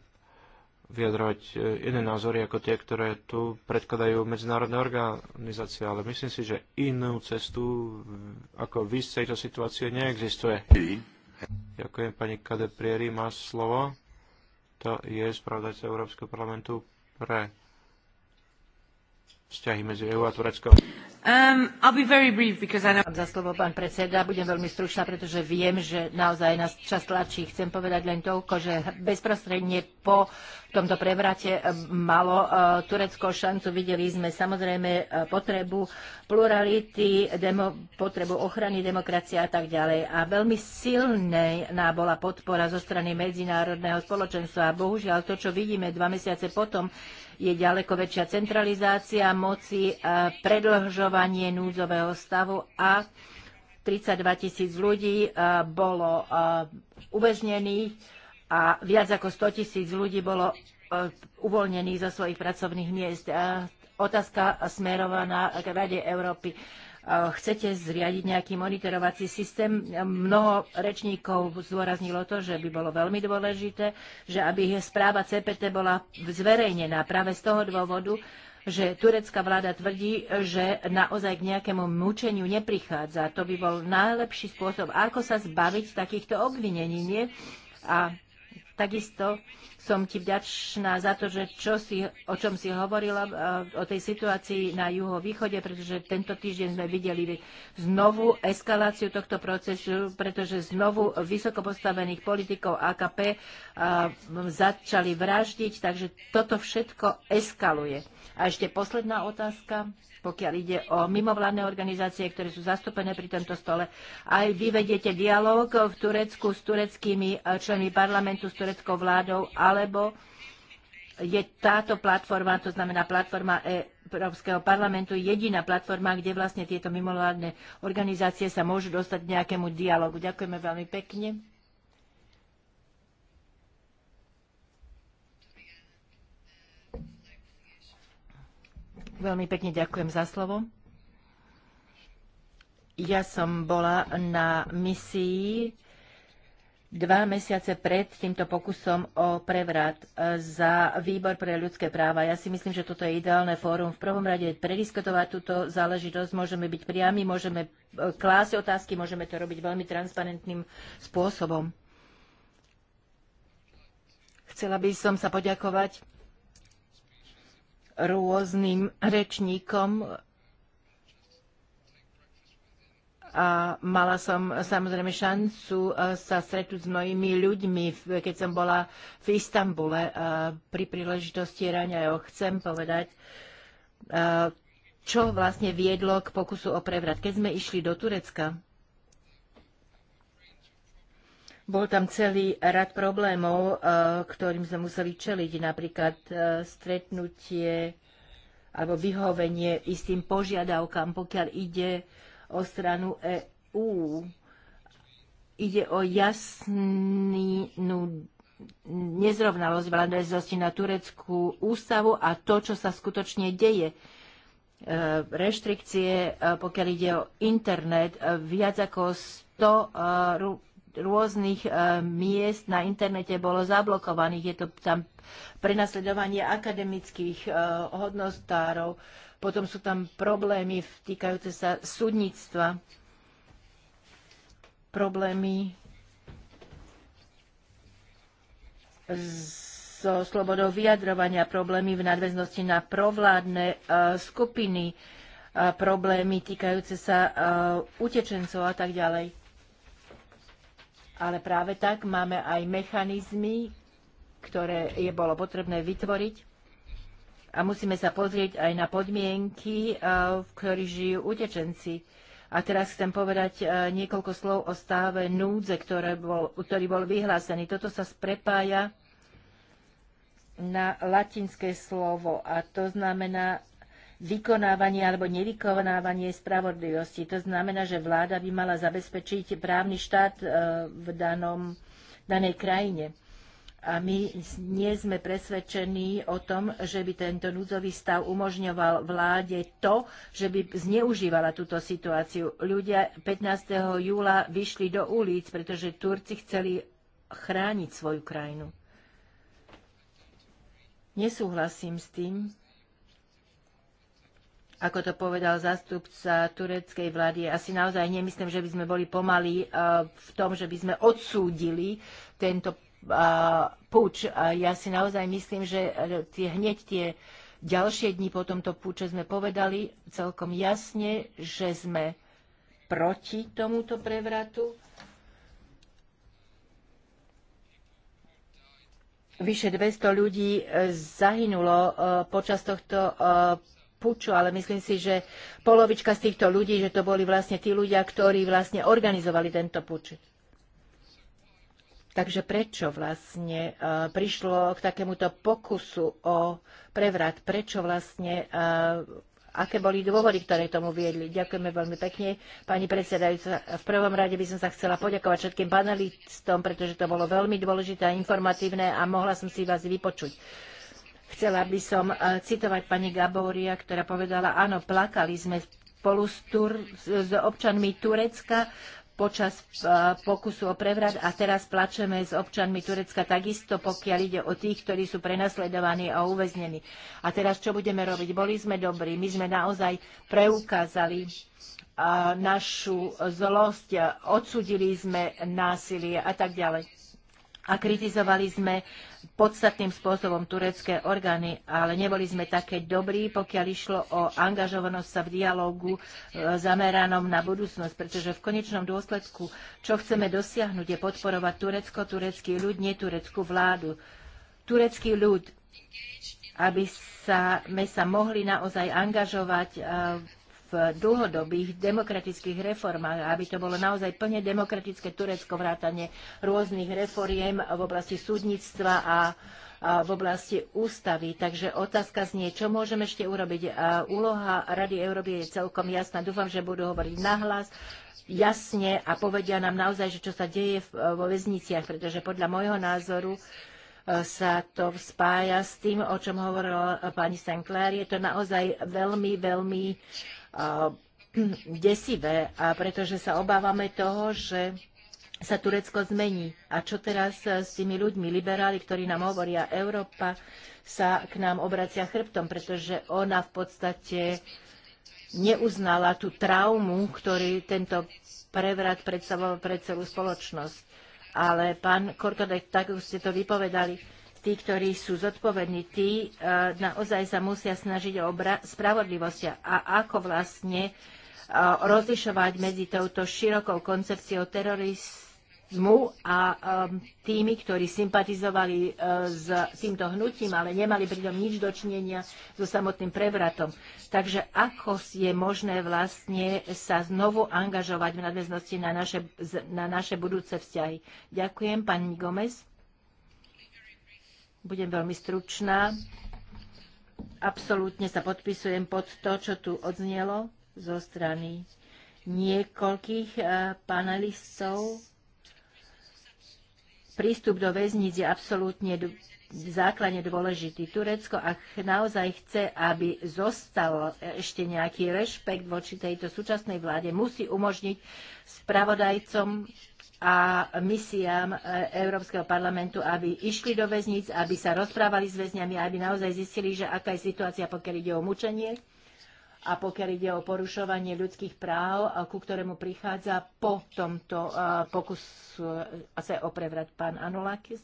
vyjadrovať e, iné názory ako tie, ktoré tu predkladajú medzinárodné organizácie, ale myslím si, že inú cestu ako výsť z tejto situácie neexistuje. Ďakujem pani Prieri má slovo. To je spravodajca Európskeho parlamentu pre vzťahy medzi EU a Tureckom. Um, Za slovo, pán predseda, budem veľmi stručná, pretože viem, že naozaj nás čas tlačí. Chcem povedať len toľko, že bezprostredne po tomto prevrate e, malo e, Turecko šancu. Videli sme samozrejme e, potrebu plurality, demo, potrebu ochrany demokracie a tak ďalej. A veľmi silná bola podpora zo strany medzinárodného spoločenstva. A bohužiaľ to, čo vidíme dva mesiace potom, je ďaleko väčšia centralizácia moci, predlžovanie núdzového stavu a 32 tisíc ľudí bolo uväznených a viac ako 100 tisíc ľudí bolo eh, uvoľnených zo svojich pracovných miest. otázka smerovaná k Rade Európy. Eh, chcete zriadiť nejaký monitorovací systém? Mnoho rečníkov zdôraznilo to, že by bolo veľmi dôležité, že aby správa CPT bola zverejnená práve z toho dôvodu, že turecká vláda tvrdí, že naozaj k nejakému mučeniu neprichádza. To by bol najlepší spôsob, ako sa zbaviť takýchto obvinení. Nie? A Takisto som ti vďačná za to, že čo si, o čom si hovorila, e, o tej situácii na juhovýchode, pretože tento týždeň sme videli znovu eskaláciu tohto procesu, pretože znovu vysoko postavených politikov AKP e, začali vraždiť, takže toto všetko eskaluje. A ešte posledná otázka, pokiaľ ide o mimovládne organizácie, ktoré sú zastúpené pri tomto stole. Aj vy vediete dialog v Turecku s tureckými e, členmi parlamentu, s tureckou vládou, ale alebo je táto platforma, to znamená platforma e- Európskeho parlamentu, jediná platforma, kde vlastne tieto mimoládne organizácie sa môžu dostať k nejakému dialogu. Ďakujeme veľmi pekne. Veľmi pekne ďakujem za slovo. Ja som bola na misii dva mesiace pred týmto pokusom o prevrat e, za Výbor pre ľudské práva. Ja si myslím, že toto je ideálne fórum. V prvom rade prediskutovať túto záležitosť, môžeme byť priami, môžeme e, klásť otázky, môžeme to robiť veľmi transparentným spôsobom. Chcela by som sa poďakovať rôznym rečníkom, a mala som samozrejme šancu e, sa stretnúť s mnohými ľuďmi, keď som bola v Istambule e, pri príležitosti Jo, Chcem povedať, e, čo vlastne viedlo k pokusu o prevrat. Keď sme išli do Turecka, bol tam celý rad problémov, ktorým sme museli čeliť, napríklad stretnutie alebo vyhovenie istým požiadavkám, pokiaľ ide o stranu EÚ. Ide o jasnú nezrovnalosť v nadväznosti na tureckú ústavu a to, čo sa skutočne deje e, reštrikcie, e, pokiaľ ide o internet, e, viac ako 100 rôznych miest na internete bolo zablokovaných. Je to tam prenasledovanie akademických hodnostárov, potom sú tam problémy týkajúce sa súdnictva, problémy so slobodou vyjadrovania, problémy v nadväznosti na provládne e, skupiny, e, problémy týkajúce sa e, utečencov a tak ďalej. Ale práve tak máme aj mechanizmy, ktoré je bolo potrebné vytvoriť a musíme sa pozrieť aj na podmienky, e, v ktorých žijú utečenci. A teraz chcem povedať e, niekoľko slov o stave núdze, ktoré bol, ktorý bol vyhlásený. Toto sa sprepája na latinské slovo a to znamená vykonávanie alebo nevykonávanie spravodlivosti. To znamená, že vláda by mala zabezpečiť právny štát e, v danom, danej krajine. A my nie sme presvedčení o tom, že by tento núdzový stav umožňoval vláde to, že by zneužívala túto situáciu. Ľudia 15. júla vyšli do ulic, pretože Turci chceli chrániť svoju krajinu. Nesúhlasím s tým, ako to povedal zástupca tureckej vlády. Asi naozaj nemyslím, že by sme boli pomalí eh, v tom, že by sme odsúdili tento púč. A ja si naozaj myslím, že e, tie, hneď tie ďalšie dni po tomto púče sme povedali celkom jasne, že sme proti tomuto prevratu. Vyše 200 ľudí e, zahynulo e, počas tohto puču, ale myslím si, že polovička z týchto ľudí, že to boli vlastne tí ľudia, ktorí vlastne organizovali tento puč. Takže prečo vlastne e, prišlo k takémuto pokusu o prevrat? Prečo vlastne, e, aké boli dôvody, ktoré tomu viedli? Ďakujeme veľmi pekne. Pani predsedajúca, v prvom rade by som sa chcela poďakovať všetkým panelistom, pretože to bolo veľmi dôležité a informatívne a mohla som si vás vypočuť. Chcela by som e, citovať pani Gaboria, ktorá povedala, áno, plakali sme spolu s, Tur- s občanmi Turecka počas e, pokusu o prevrat a teraz plačeme s občanmi Turecka takisto, pokiaľ ide o tých, ktorí sú prenasledovaní a uväznení. A teraz čo budeme robiť? Boli sme dobrí, my sme naozaj preukázali e, našu zlosť, odsudili sme násilie a tak ďalej. A kritizovali sme podstatným spôsobom turecké orgány, ale neboli sme také dobrí, pokiaľ išlo o angažovanosť sa v dialógu e, zameranom na budúcnosť, pretože v konečnom dôsledku, čo chceme dosiahnuť, je podporovať Turecko, turecký ľud, nie tureckú vládu. Turecký ľud, aby sa, sme sa mohli naozaj angažovať e, v dlhodobých demokratických reformách, aby to bolo naozaj plne demokratické Turecko, vrátanie rôznych reforiem v oblasti súdnictva a v oblasti ústavy. Takže otázka znie, čo môžeme ešte urobiť. úloha Rady Európy je celkom jasná. Dúfam, že budú hovoriť nahlas, jasne a povedia nám naozaj, že čo sa deje vo väzniciach, pretože podľa môjho názoru e, sa to spája s tým, o čom hovorila pani Sinclair. Je to naozaj veľmi, veľmi uh, Ehm, desivé, a pretože sa obávame toho, že sa Turecko zmení. A čo teraz e, s tými ľuďmi, liberáli, ktorí nám hovoria, Európa sa k nám obracia chrbtom, pretože ona v podstate neuznala tú traumu, ktorý tento prevrat predstavoval pre celú spoločnosť. Ale pán Korkodek, tak už ste to vypovedali, tí, ktorí sú zodpovední, tí e, naozaj sa musia snažiť o spravodlivosť a ako vlastne e, rozlišovať medzi touto širokou koncepciou terorizmu a e, tými, ktorí sympatizovali s týmto hnutím, ale nemali pritom nič dočinenia so samotným prevratom. Takže ako je možné vlastne sa znovu angažovať v nadväznosti na naše, na naše budúce vzťahy? Ďakujem, pani Gomez. Budem veľmi stručná. Absolútne sa podpisujem pod to, čo tu odznelo zo strany niekoľkých eh, panelistov. Prístup do väzníc je absolútne v základne dôležitý. Turecko, ak naozaj chce, aby zostal eh, ešte nejaký rešpekt voči tejto súčasnej vláde, musí umožniť spravodajcom a misiám e, Európskeho parlamentu, aby išli do väzníc, aby sa rozprávali s väzňami, aby naozaj zistili, že aká je situácia, pokiaľ ide o mučenie a pokiaľ ide o porušovanie ľudských práv, ku ktorému prichádza po tomto e, pokusu e, sa oprevrať pán Anulakis.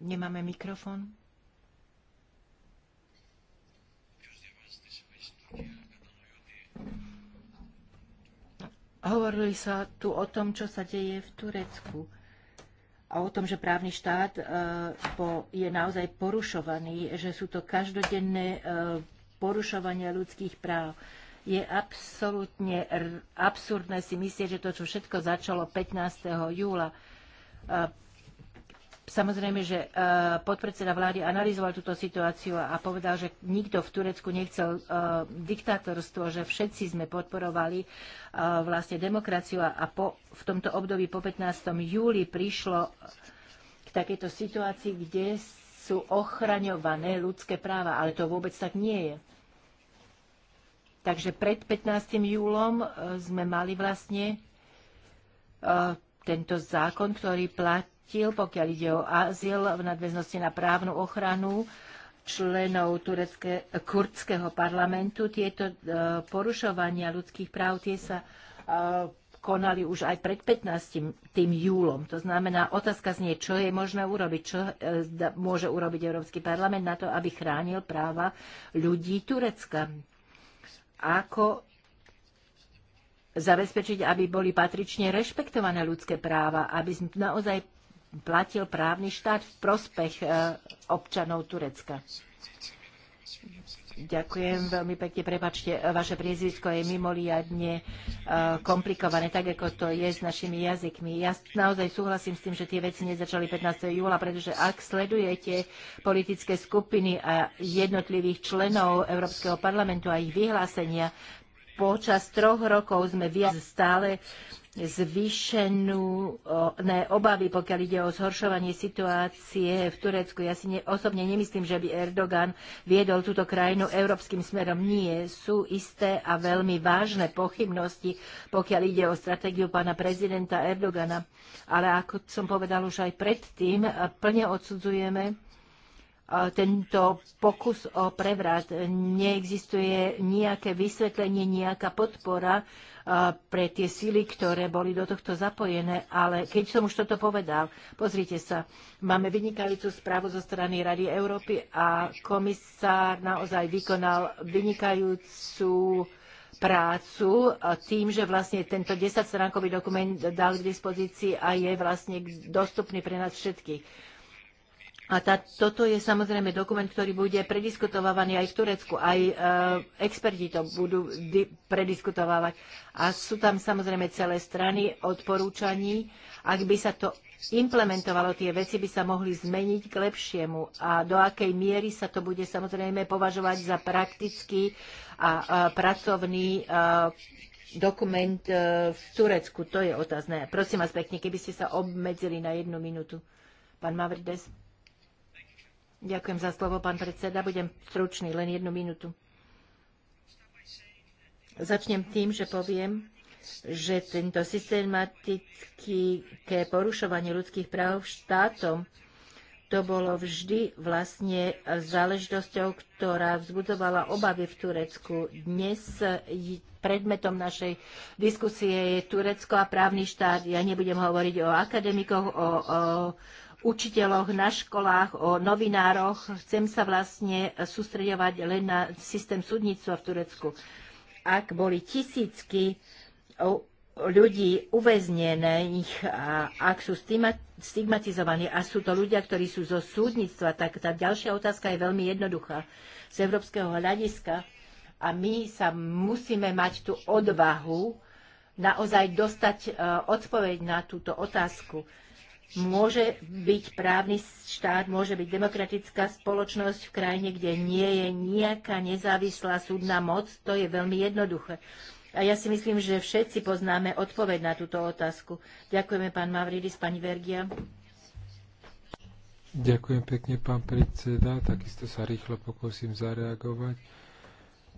Nemáme mikrofón. Hovorili sa tu o tom, čo sa deje v Turecku a o tom, že právny štát e, je naozaj porušovaný, že sú to každodenné e, porušovania ľudských práv. Je absolútne absurdné si myslieť, že to, čo všetko začalo 15. júla, e, Samozrejme, že e, podpredseda vlády analyzoval túto situáciu a povedal, že nikto v Turecku nechcel e, diktátorstvo, že všetci sme podporovali e, vlastne demokraciu a po, v tomto období po 15. júli prišlo k takejto situácii, kde sú ochraňované ľudské práva, ale to vôbec tak nie je. Takže pred 15. júlom sme mali vlastne tento zákon, ktorý plat, zistil, pokiaľ ide o azyl v nadväznosti na právnu ochranu členov turecké, kurdského parlamentu. Tieto e, porušovania ľudských práv tie sa e, konali už aj pred 15. tým júlom. To znamená, otázka znie, čo je možné urobiť, čo e, môže urobiť Európsky parlament na to, aby chránil práva ľudí Turecka. Ako zabezpečiť, aby boli patrične rešpektované ľudské práva, aby naozaj platil právny štát v prospech e, občanov Turecka. Ďakujem veľmi pekne. Prepačte, vaše priezvisko je mimoriadne e, komplikované, tak ako to je s našimi jazykmi. Ja naozaj súhlasím s tým, že tie veci nezačali 15. júla, pretože ak sledujete politické skupiny a jednotlivých členov Európskeho parlamentu a ich vyhlásenia, počas troch rokov sme viac stále zvýšenú ne, obavy, pokiaľ ide o zhoršovanie situácie v Turecku. Ja si ne, osobne nemyslím, že by Erdogan viedol túto krajinu európskym smerom. Nie, sú isté a veľmi vážne pochybnosti, pokiaľ ide o stratégiu pána prezidenta Erdogana. Ale ako som povedal už aj predtým, plne odsudzujeme tento pokus o prevrat. Neexistuje nejaké vysvetlenie, nejaká podpora pre tie sily, ktoré boli do tohto zapojené, ale keď som už toto povedal, pozrite sa, máme vynikajúcu správu zo strany Rady Európy a komisár naozaj vykonal vynikajúcu prácu tým, že vlastne tento 10 dokument dal k dispozícii a je vlastne dostupný pre nás všetkých a tá, toto je samozrejme dokument, ktorý bude prediskutovaný aj v Turecku, aj e, experti to budú di- prediskutovávať. A sú tam samozrejme celé strany odporúčaní. Ak by sa to implementovalo, tie veci by sa mohli zmeniť k lepšiemu. A do akej miery sa to bude samozrejme považovať za praktický a, a e, pracovný a, e, dokument a, e, v Turecku, to je otázne. Prosím vás pekne, keby ste sa obmedzili na jednu minútu. Pán Mavrides. Ďakujem za slovo, pán predseda. Budem stručný, len jednu minútu. Začnem tým, že poviem, že tento systematické porušovanie ľudských práv štátom to bolo vždy vlastne záležitosťou, ktorá vzbudzovala obavy v Turecku. Dnes predmetom našej diskusie je Turecko a právny štát. Ja nebudem hovoriť o akademikoch, o, o, učiteľoch na školách, o novinároch. Chcem sa vlastne sústredovať len na systém súdnictva v Turecku. Ak boli tisícky ľudí uväznených, a ak sú stigmatizovaní a sú to ľudia, ktorí sú zo súdnictva, tak tá ďalšia otázka je veľmi jednoduchá z európskeho hľadiska. A my sa musíme mať tú odvahu naozaj dostať e, odpoveď na túto otázku môže byť právny štát, môže byť demokratická spoločnosť v krajine, kde nie je nejaká nezávislá súdna moc. To je veľmi jednoduché. A ja si myslím, že všetci poznáme odpoveď na túto otázku. Ďakujeme, pán Mavridis, pani Vergia. Ďakujem pekne, pán predseda. Takisto sa rýchlo pokúsim zareagovať.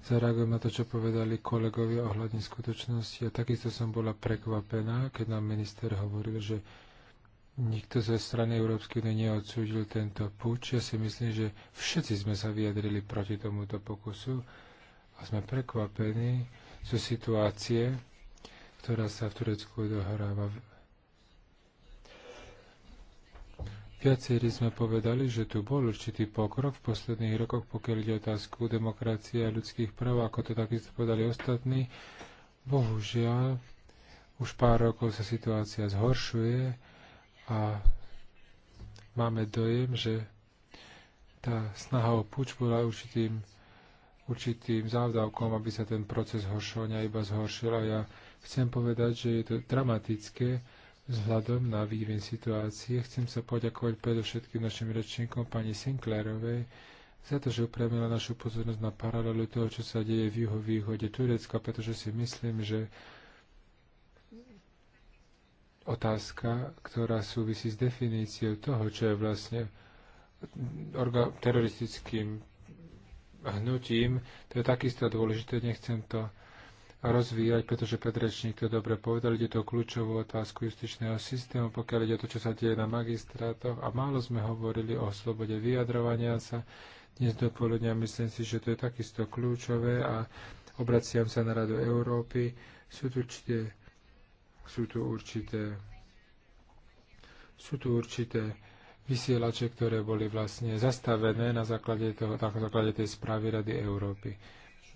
Zareagujem na to, čo povedali kolegovia ohľadne skutočnosti. A takisto som bola prekvapená, keď nám minister hovoril, že nikto zo strany Európskej únie neodsúdil tento puč. Ja si myslím, že všetci sme sa vyjadrili proti tomuto pokusu a sme prekvapení zo situácie, ktorá sa v Turecku dohráva. Viacerí sme povedali, že tu bol určitý pokrok v posledných rokoch, pokiaľ ide otázku demokracie a ľudských práv, ako to takisto povedali ostatní. Bohužiaľ, už pár rokov sa situácia zhoršuje a máme dojem, že tá snaha o puč bola určitým, určitým závdavkom, aby sa ten proces horšovania iba zhoršil a ja chcem povedať, že je to dramatické vzhľadom na vývin situácie. Chcem sa poďakovať predovšetkým našim rečníkom pani Sinclairovej, za to, že upravila našu pozornosť na paralelu toho, čo sa deje v juhovýchode Turecka, pretože si myslím, že otázka, ktorá súvisí s definíciou toho, čo je vlastne teroristickým hnutím. To je takisto dôležité, nechcem to rozvíjať, pretože predrečník to dobre povedal, ide to o kľúčovú otázku justičného systému, pokiaľ ide o to, čo sa deje na magistrátoch a málo sme hovorili o slobode vyjadrovania sa dnes do poludnia. Myslím si, že to je takisto kľúčové a obraciam sa na Radu Európy. Sú tu určite sú tu určité sú tu určité vysielače, ktoré boli vlastne zastavené na základe, toho, na základe tej správy Rady Európy.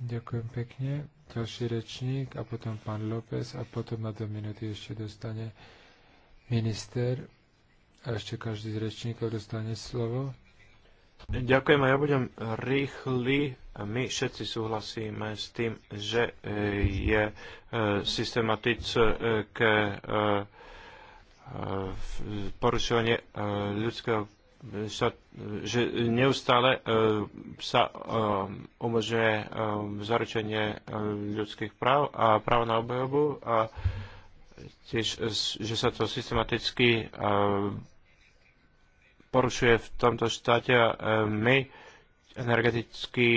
Ďakujem pekne. Ďalší rečník a potom pán López a potom na dve minúty ešte dostane minister a ešte každý z rečníkov dostane slovo. Ďakujem a ja budem rýchly. My všetci súhlasíme s tým, že e, je e, systematické e, porušovanie ľudského že neustále sa umožňuje zaručenie ľudských práv a práv na obehobu a tiež, že sa to systematicky porušuje v tomto štáte a e, my energeticky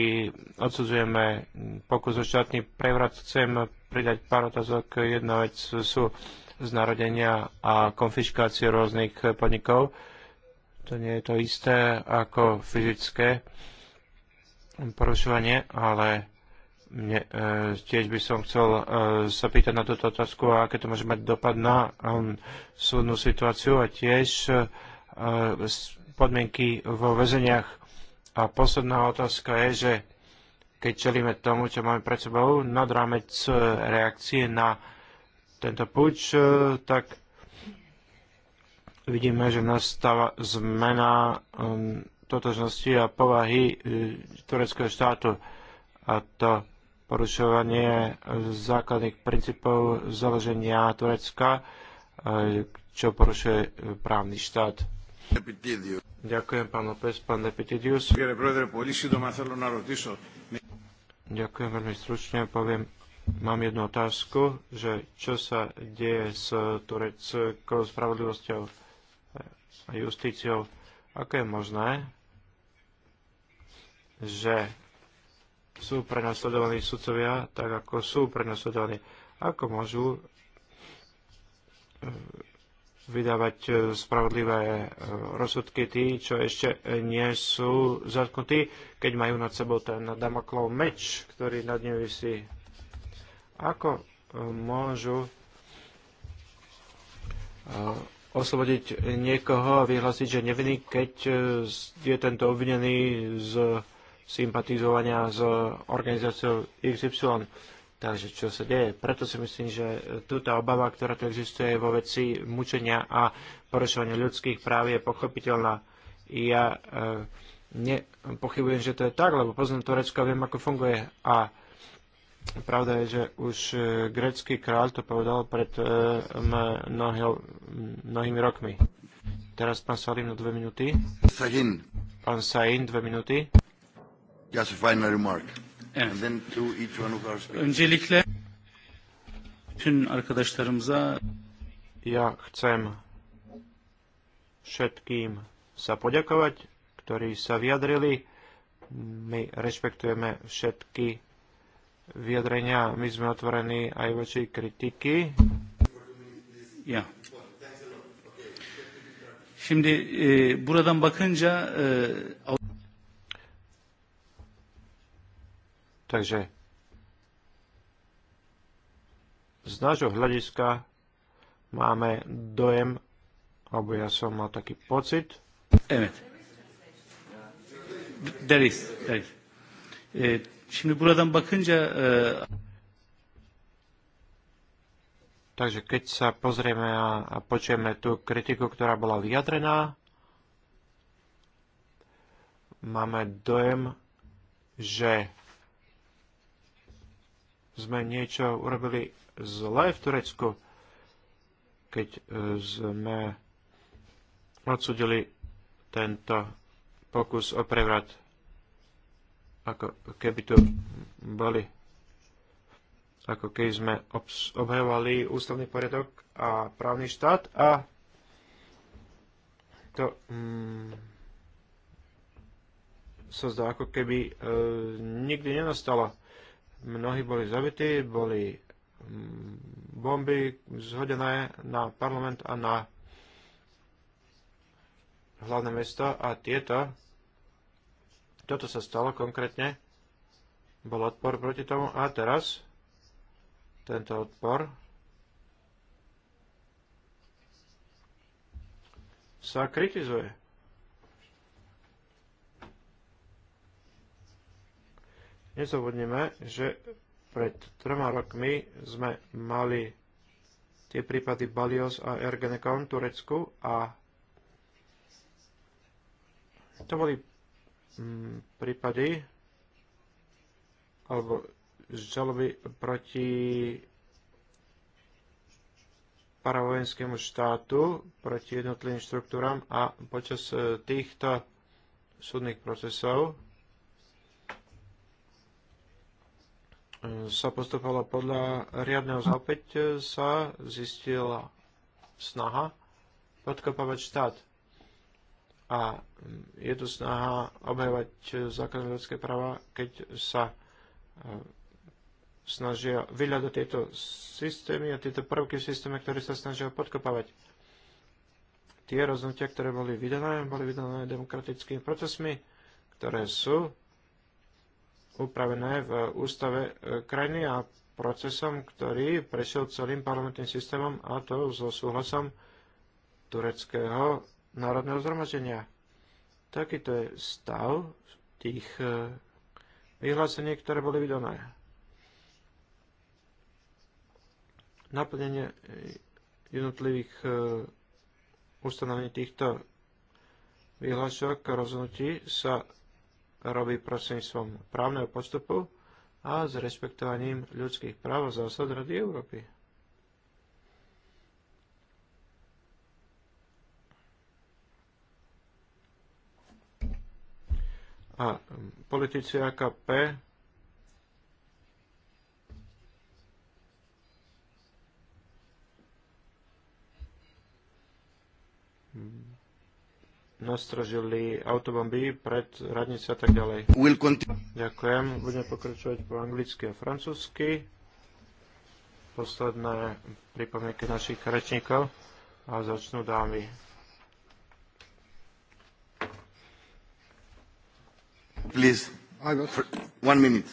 odsudzujeme pokus o štátny prevrat. Chcem pridať pár otázok. Jedna vec sú znarodenia a konfiškácie rôznych podnikov. To nie je to isté ako fyzické porušovanie, ale mne, e, tiež by som chcel e, sa pýtať na túto otázku, aké to môže mať dopad na e, súdnu situáciu a tiež e, E, podmienky vo väzeniach. A posledná otázka je, že keď čelíme tomu, čo máme pred sebou, nad rámec e, reakcie na tento puč, e, tak vidíme, že nastáva zmena um, totožnosti a povahy tureckého štátu a to porušovanie základných princípov založenia Turecka, čo porušuje právny štát. Ďakujem, pán López. Pán Ďakujem veľmi stručne. Poviem, mám jednu otázku, že čo sa deje s tureckou spravodlivosťou a justíciou. Ako je možné, že sú prenasledovaní sudcovia tak, ako sú prenasledovaní? Ako môžu vydávať e, spravodlivé e, rozsudky tí, čo ešte e, nie sú zatknutí, keď majú nad sebou ten Damoklov meč, ktorý nad ňou vysí. Ako môžu oslobodiť niekoho a vyhlásiť, že nevinný, keď je tento obvinený z sympatizovania s organizáciou XY. Takže čo sa deje? Preto si myslím, že túto obava, ktorá tu existuje vo veci mučenia a porušovania ľudských práv je pochopiteľná. Ja e, nepochybujem, že to je tak, lebo poznám Turecko a viem, ako funguje. A pravda je, že už e, grecký kráľ to povedal pred e, mnohý, mnohými rokmi. Teraz pán Salim na dve minúty. Sahin. Pán Sahin, dve minúty. Just a final remark. Öncelikle bütün arkadaşlarımıza ja chcem všetkým sa poďakovať, ktorí sa vyjadrili. My rešpektujeme všetky vyjadrenia. My sme otvorení aj voči kritiky. Ja. Şimdi e, buradan bakınca e, Takže z nášho hľadiska máme dojem, alebo ja som mal taký pocit. Evet. There is, E, şimdi buradan bakınca... E... Takže keď sa pozrieme a, a počujeme tú kritiku, ktorá bola vyjadrená, máme dojem, že sme niečo urobili zle v Turecku, keď e, sme odsudili tento pokus o prevrat, ako keby tu boli, ako keby sme obhajovali ústavný poriadok a právny štát a to mm, sa zdá, ako keby e, nikdy nenastalo mnohí boli zabití, boli mm, bomby zhodené na parlament a na hlavné mesto a tieto, toto sa stalo konkrétne, bol odpor proti tomu a teraz tento odpor sa kritizuje. Nezabudneme, že pred troma rokmi sme mali tie prípady Balios a Ergenekon v Turecku a to boli mm, prípady alebo žaloby proti paravojenskému štátu, proti jednotlivým štruktúram a počas e, týchto súdnych procesov sa postupovalo podľa riadneho zápäť, sa zistila snaha podkopávať štát. A je tu snaha obhajovať základné ľudské práva, keď sa e, snažia vyľadať tieto systémy a tieto prvky v systéme, ktoré sa snažia podkopávať. Tie rozhodnutia, ktoré boli vydané, boli vydané demokratickými procesmi, ktoré sú upravené v ústave e, krajiny a procesom, ktorý prešiel celým parlamentným systémom a to so súhlasom tureckého národného zhromaženia. Takýto je stav tých e, vyhlásení, ktoré boli vydané. Naplnenie e, jednotlivých ustanovení týchto vyhlášok rozhodnutí sa robí prostredníctvom právneho postupu a s rešpektovaním ľudských práv a zásad Rady Európy. A politici AKP nastražili autobomby pred radnice a tak ďalej. Ďakujem. Budeme pokračovať po anglicky a francúzsky. Posledné pripomienky našich rečníkov a začnú dámy. Please, I one minute.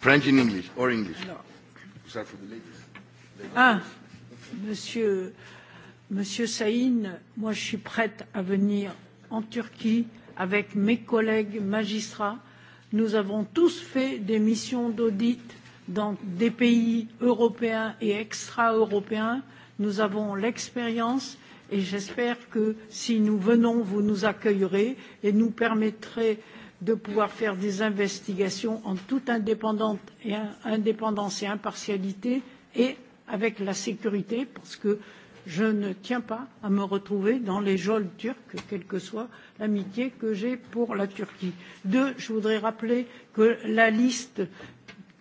French in English or English. No. Sorry for the ladies. Ah, monsieur. Monsieur Saïn, moi je suis prête à venir en Turquie avec mes collègues magistrats. Nous avons tous fait des missions d'audit dans des pays européens et extra-européens. Nous avons l'expérience et j'espère que si nous venons, vous nous accueillerez et nous permettrez de pouvoir faire des investigations en toute indépendance et impartialité et avec la sécurité parce que je ne tiens pas à me retrouver dans les geôles turques, quelle que soit l'amitié que j'ai pour la Turquie. Deux, je voudrais rappeler que la liste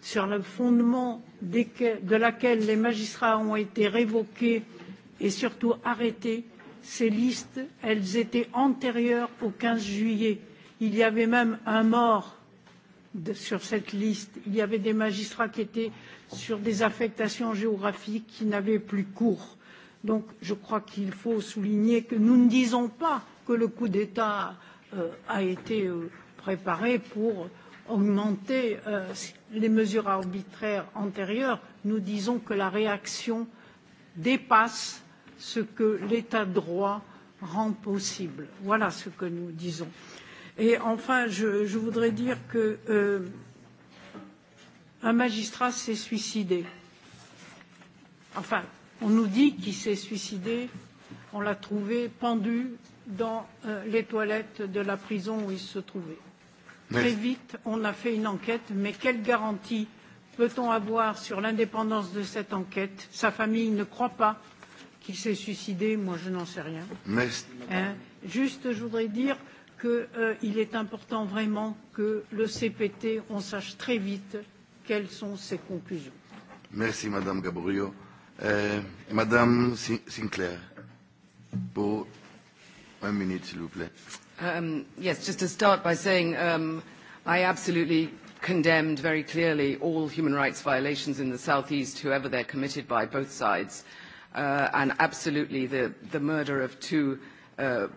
sur le fondement de laquelle les magistrats ont été révoqués et surtout arrêtés, ces listes, elles étaient antérieures au 15 juillet. Il y avait même un mort de, sur cette liste. Il y avait des magistrats qui étaient sur des affectations géographiques qui n'avaient plus cours Donc je crois qu'il faut souligner que nous ne disons pas que le coup d'État euh, a été euh, préparé pour augmenter euh, les mesures arbitraires antérieures. Nous disons que la réaction dépasse ce que l'état de droit rend possible. Voilà ce que nous disons. Et enfin, je, je voudrais dire que euh, un magistrat s'est suicidé. Enfin, on nous dit qu'il s'est suicidé. On l'a trouvé pendu dans euh, les toilettes de la prison où il se trouvait. Mais... Très vite, on a fait une enquête, mais quelle garantie peut-on avoir sur l'indépendance de cette enquête Sa famille ne croit pas qu'il s'est suicidé, moi je n'en sais rien. Mais... Hein Juste, je voudrais dire qu'il euh, est important vraiment que le CPT, on sache très vite quelles sont ses conclusions. Merci Madame Gabriel. Euh, Madame Sinclair, pour un minute, s'il vous plaît. Um, yes, just to start by saying um, I absolutely condemned very clearly all human rights violations in the southeast, whoever they're committed by, both sides, uh, and absolutely the, the murder of two uh,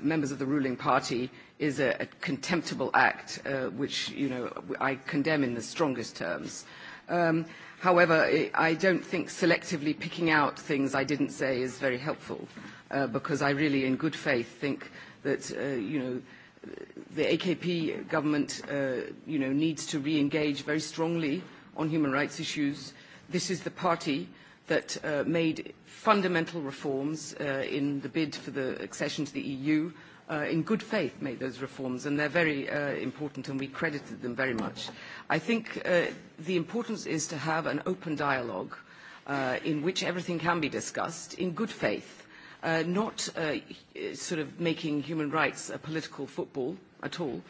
members of the ruling party is a, a contemptible act, uh, which you know I condemn in the strongest terms. Um, However, I don't think selectively picking out things I didn't say is very helpful uh, because I really, in good faith, think that, uh, you know, the AKP government, uh, you know, needs to re-engage very strongly on human rights issues. This is the party that uh, made fundamental reforms uh, in the bid for the accession to the EU, uh, in good faith made those reforms, and they're very uh, important, and we credited them very much. I think uh, the importance is to have an open dialogue uh, in which everything can be discussed in good faith, uh, not uh, sort of making human rights a political football at all,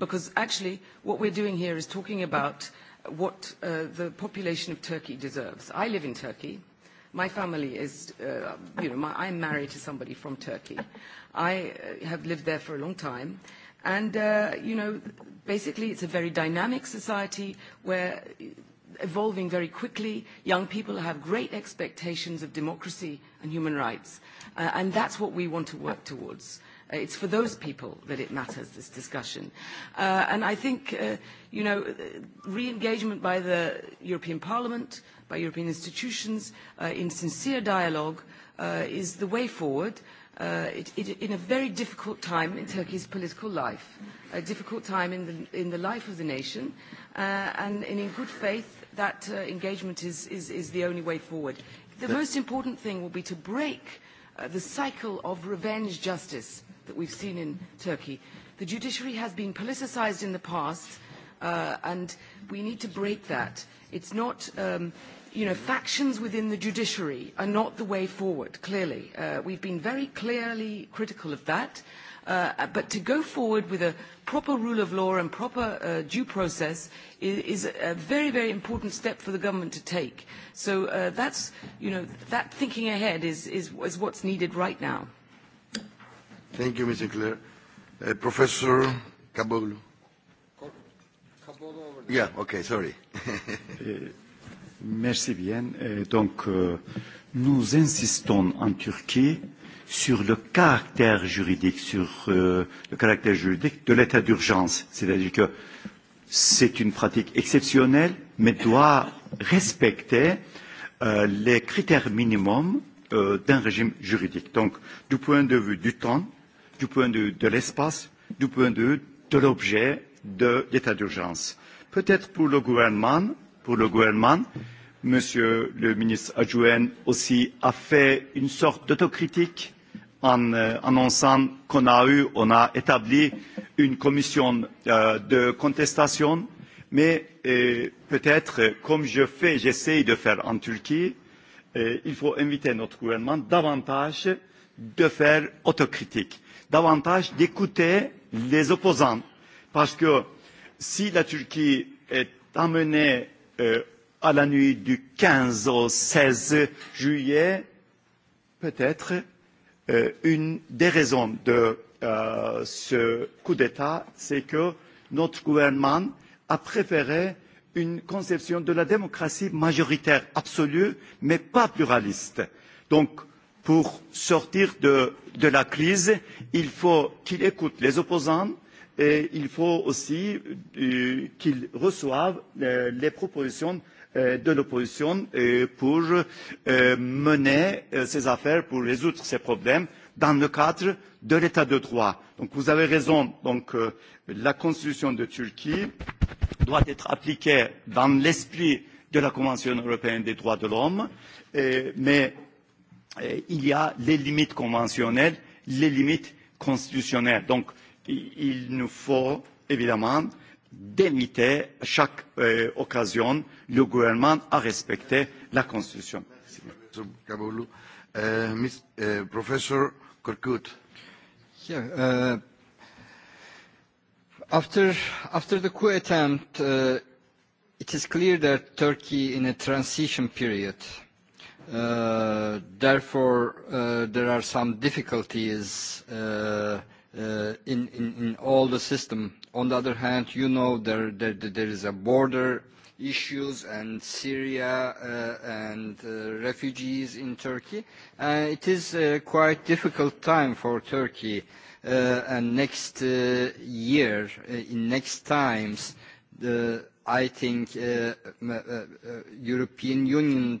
because actually what we're doing here is talking about what uh, the population of Turkey deserves. I live in Turkey. My family is, uh, you know, my, I'm married to somebody from Turkey. I uh, have lived there for a long time. And, uh, you know, basically it's a very dynamic society where evolving very quickly. Young people have great expectations of democracy and human rights. Uh, and that's what we want to work towards. Uh, it's for those people that it matters, this discussion. Uh, and I think, uh, you know, re-engagement by the European Parliament, by European institutions, uh, in sincere dialogue uh, is the way forward. Uh, it, it, in a very difficult time in Turkey's political life, a difficult time in the, in the life of the nation, uh, and, and in good faith, that uh, engagement is, is, is the only way forward. The most important thing will be to break uh, the cycle of revenge justice that we've seen in Turkey. The judiciary has been politicized in the past, uh, and we need to break that. It's not, um, you know, factions within the judiciary are not the way forward, clearly. Uh, we've been very clearly critical of that. Uh, but to go forward with a proper rule of law and proper uh, due process is, is a very, very important step for the government to take. So uh, that's, you know, that thinking ahead is, is, is what's needed right now. Thank you, Mr. Clare. Uh, Professor Caboglu. Yeah, okay, sorry. Eh, merci bien. Eh, donc, euh, nous insistons en Turquie sur le caractère juridique, sur euh, le caractère juridique de l'état d'urgence. C'est-à-dire que c'est une pratique exceptionnelle, mais doit respecter euh, les critères minimums d'un régime juridique. Donc, du point de vue du temps, du point de vue de l'espace, du point de vue de l'objet de l'état d'urgence. Peut-être pour le gouvernement, pour le gouvernement, Monsieur le ministre adjoint aussi a fait une sorte d'autocritique en euh, annonçant qu'on a eu, on a établi une commission euh, de contestation, mais euh, peut-être, comme je fais, j'essaye de faire en Turquie, euh, il faut inviter notre gouvernement davantage de faire autocritique davantage d'écouter les opposants. Parce que si la Turquie est amenée euh, à la nuit du quinze au seize juillet, peut-être euh, une des raisons de euh, ce coup d'État, c'est que notre gouvernement a préféré une conception de la démocratie majoritaire absolue, mais pas pluraliste. Donc, pour sortir de, de la crise, il faut qu'il écoute les opposants et il faut aussi euh, qu'il reçoive euh, les propositions euh, de l'opposition euh, pour euh, mener euh, ses affaires, pour résoudre ses problèmes dans le cadre de l'état de droit. Donc vous avez raison, donc, la constitution de Turquie doit être appliquée dans l'esprit de la Convention européenne des droits de l'homme, mais Eh, il y a les limites conventionnelles, les limites constitutionnelles. Donc, il nous faut évidemment démiter à chaque euh, occasion le gouvernement à respecter la Constitution. Euh, euh, professeur Korkut. Uh, after, after the coup attempt, uh, it is clear that Turkey in a transition period Uh, therefore, uh, there are some difficulties uh, in, all the system. On the other hand, you know there, is a border issues and Syria and refugees in Turkey. it is a quite difficult time for Turkey and next year, in next times, I think European Union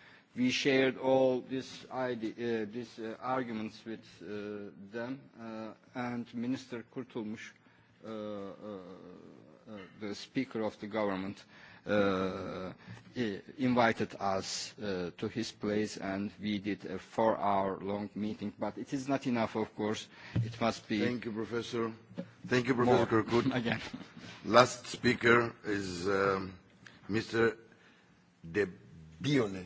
we shared all these uh, these uh, arguments with uh, them, uh, and Minister Kurtulmuş, uh, uh, uh, the Speaker of the government, uh, invited us uh, to his place, and we did a four-hour-long meeting. But it is not enough, of course. It must be. Thank you, Professor. Thank you, Professor Kirkwood. Again. Last speaker is um, Mr. De Bione.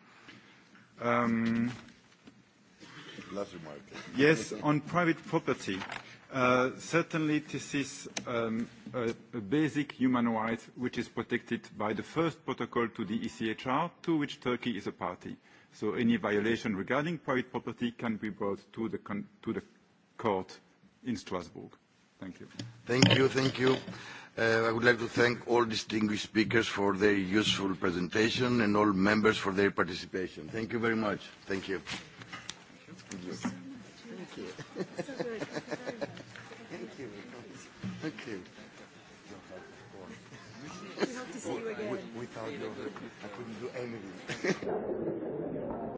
Um, Last remark. Yes, on private property. Uh, certainly, this is um, a, a basic human right which is protected by the first protocol to the ECHR, to which Turkey is a party. So any violation regarding private property can be brought to the, con to the court in Strasbourg. Thank you. Thank you. Thank you. Uh, I would like to thank all distinguished speakers for their useful presentation and all members for their participation. Thank you very much. Thank you. Thank you. Thank you. Thank you. Thank you. We hope to see you again. Without I couldn't do anything.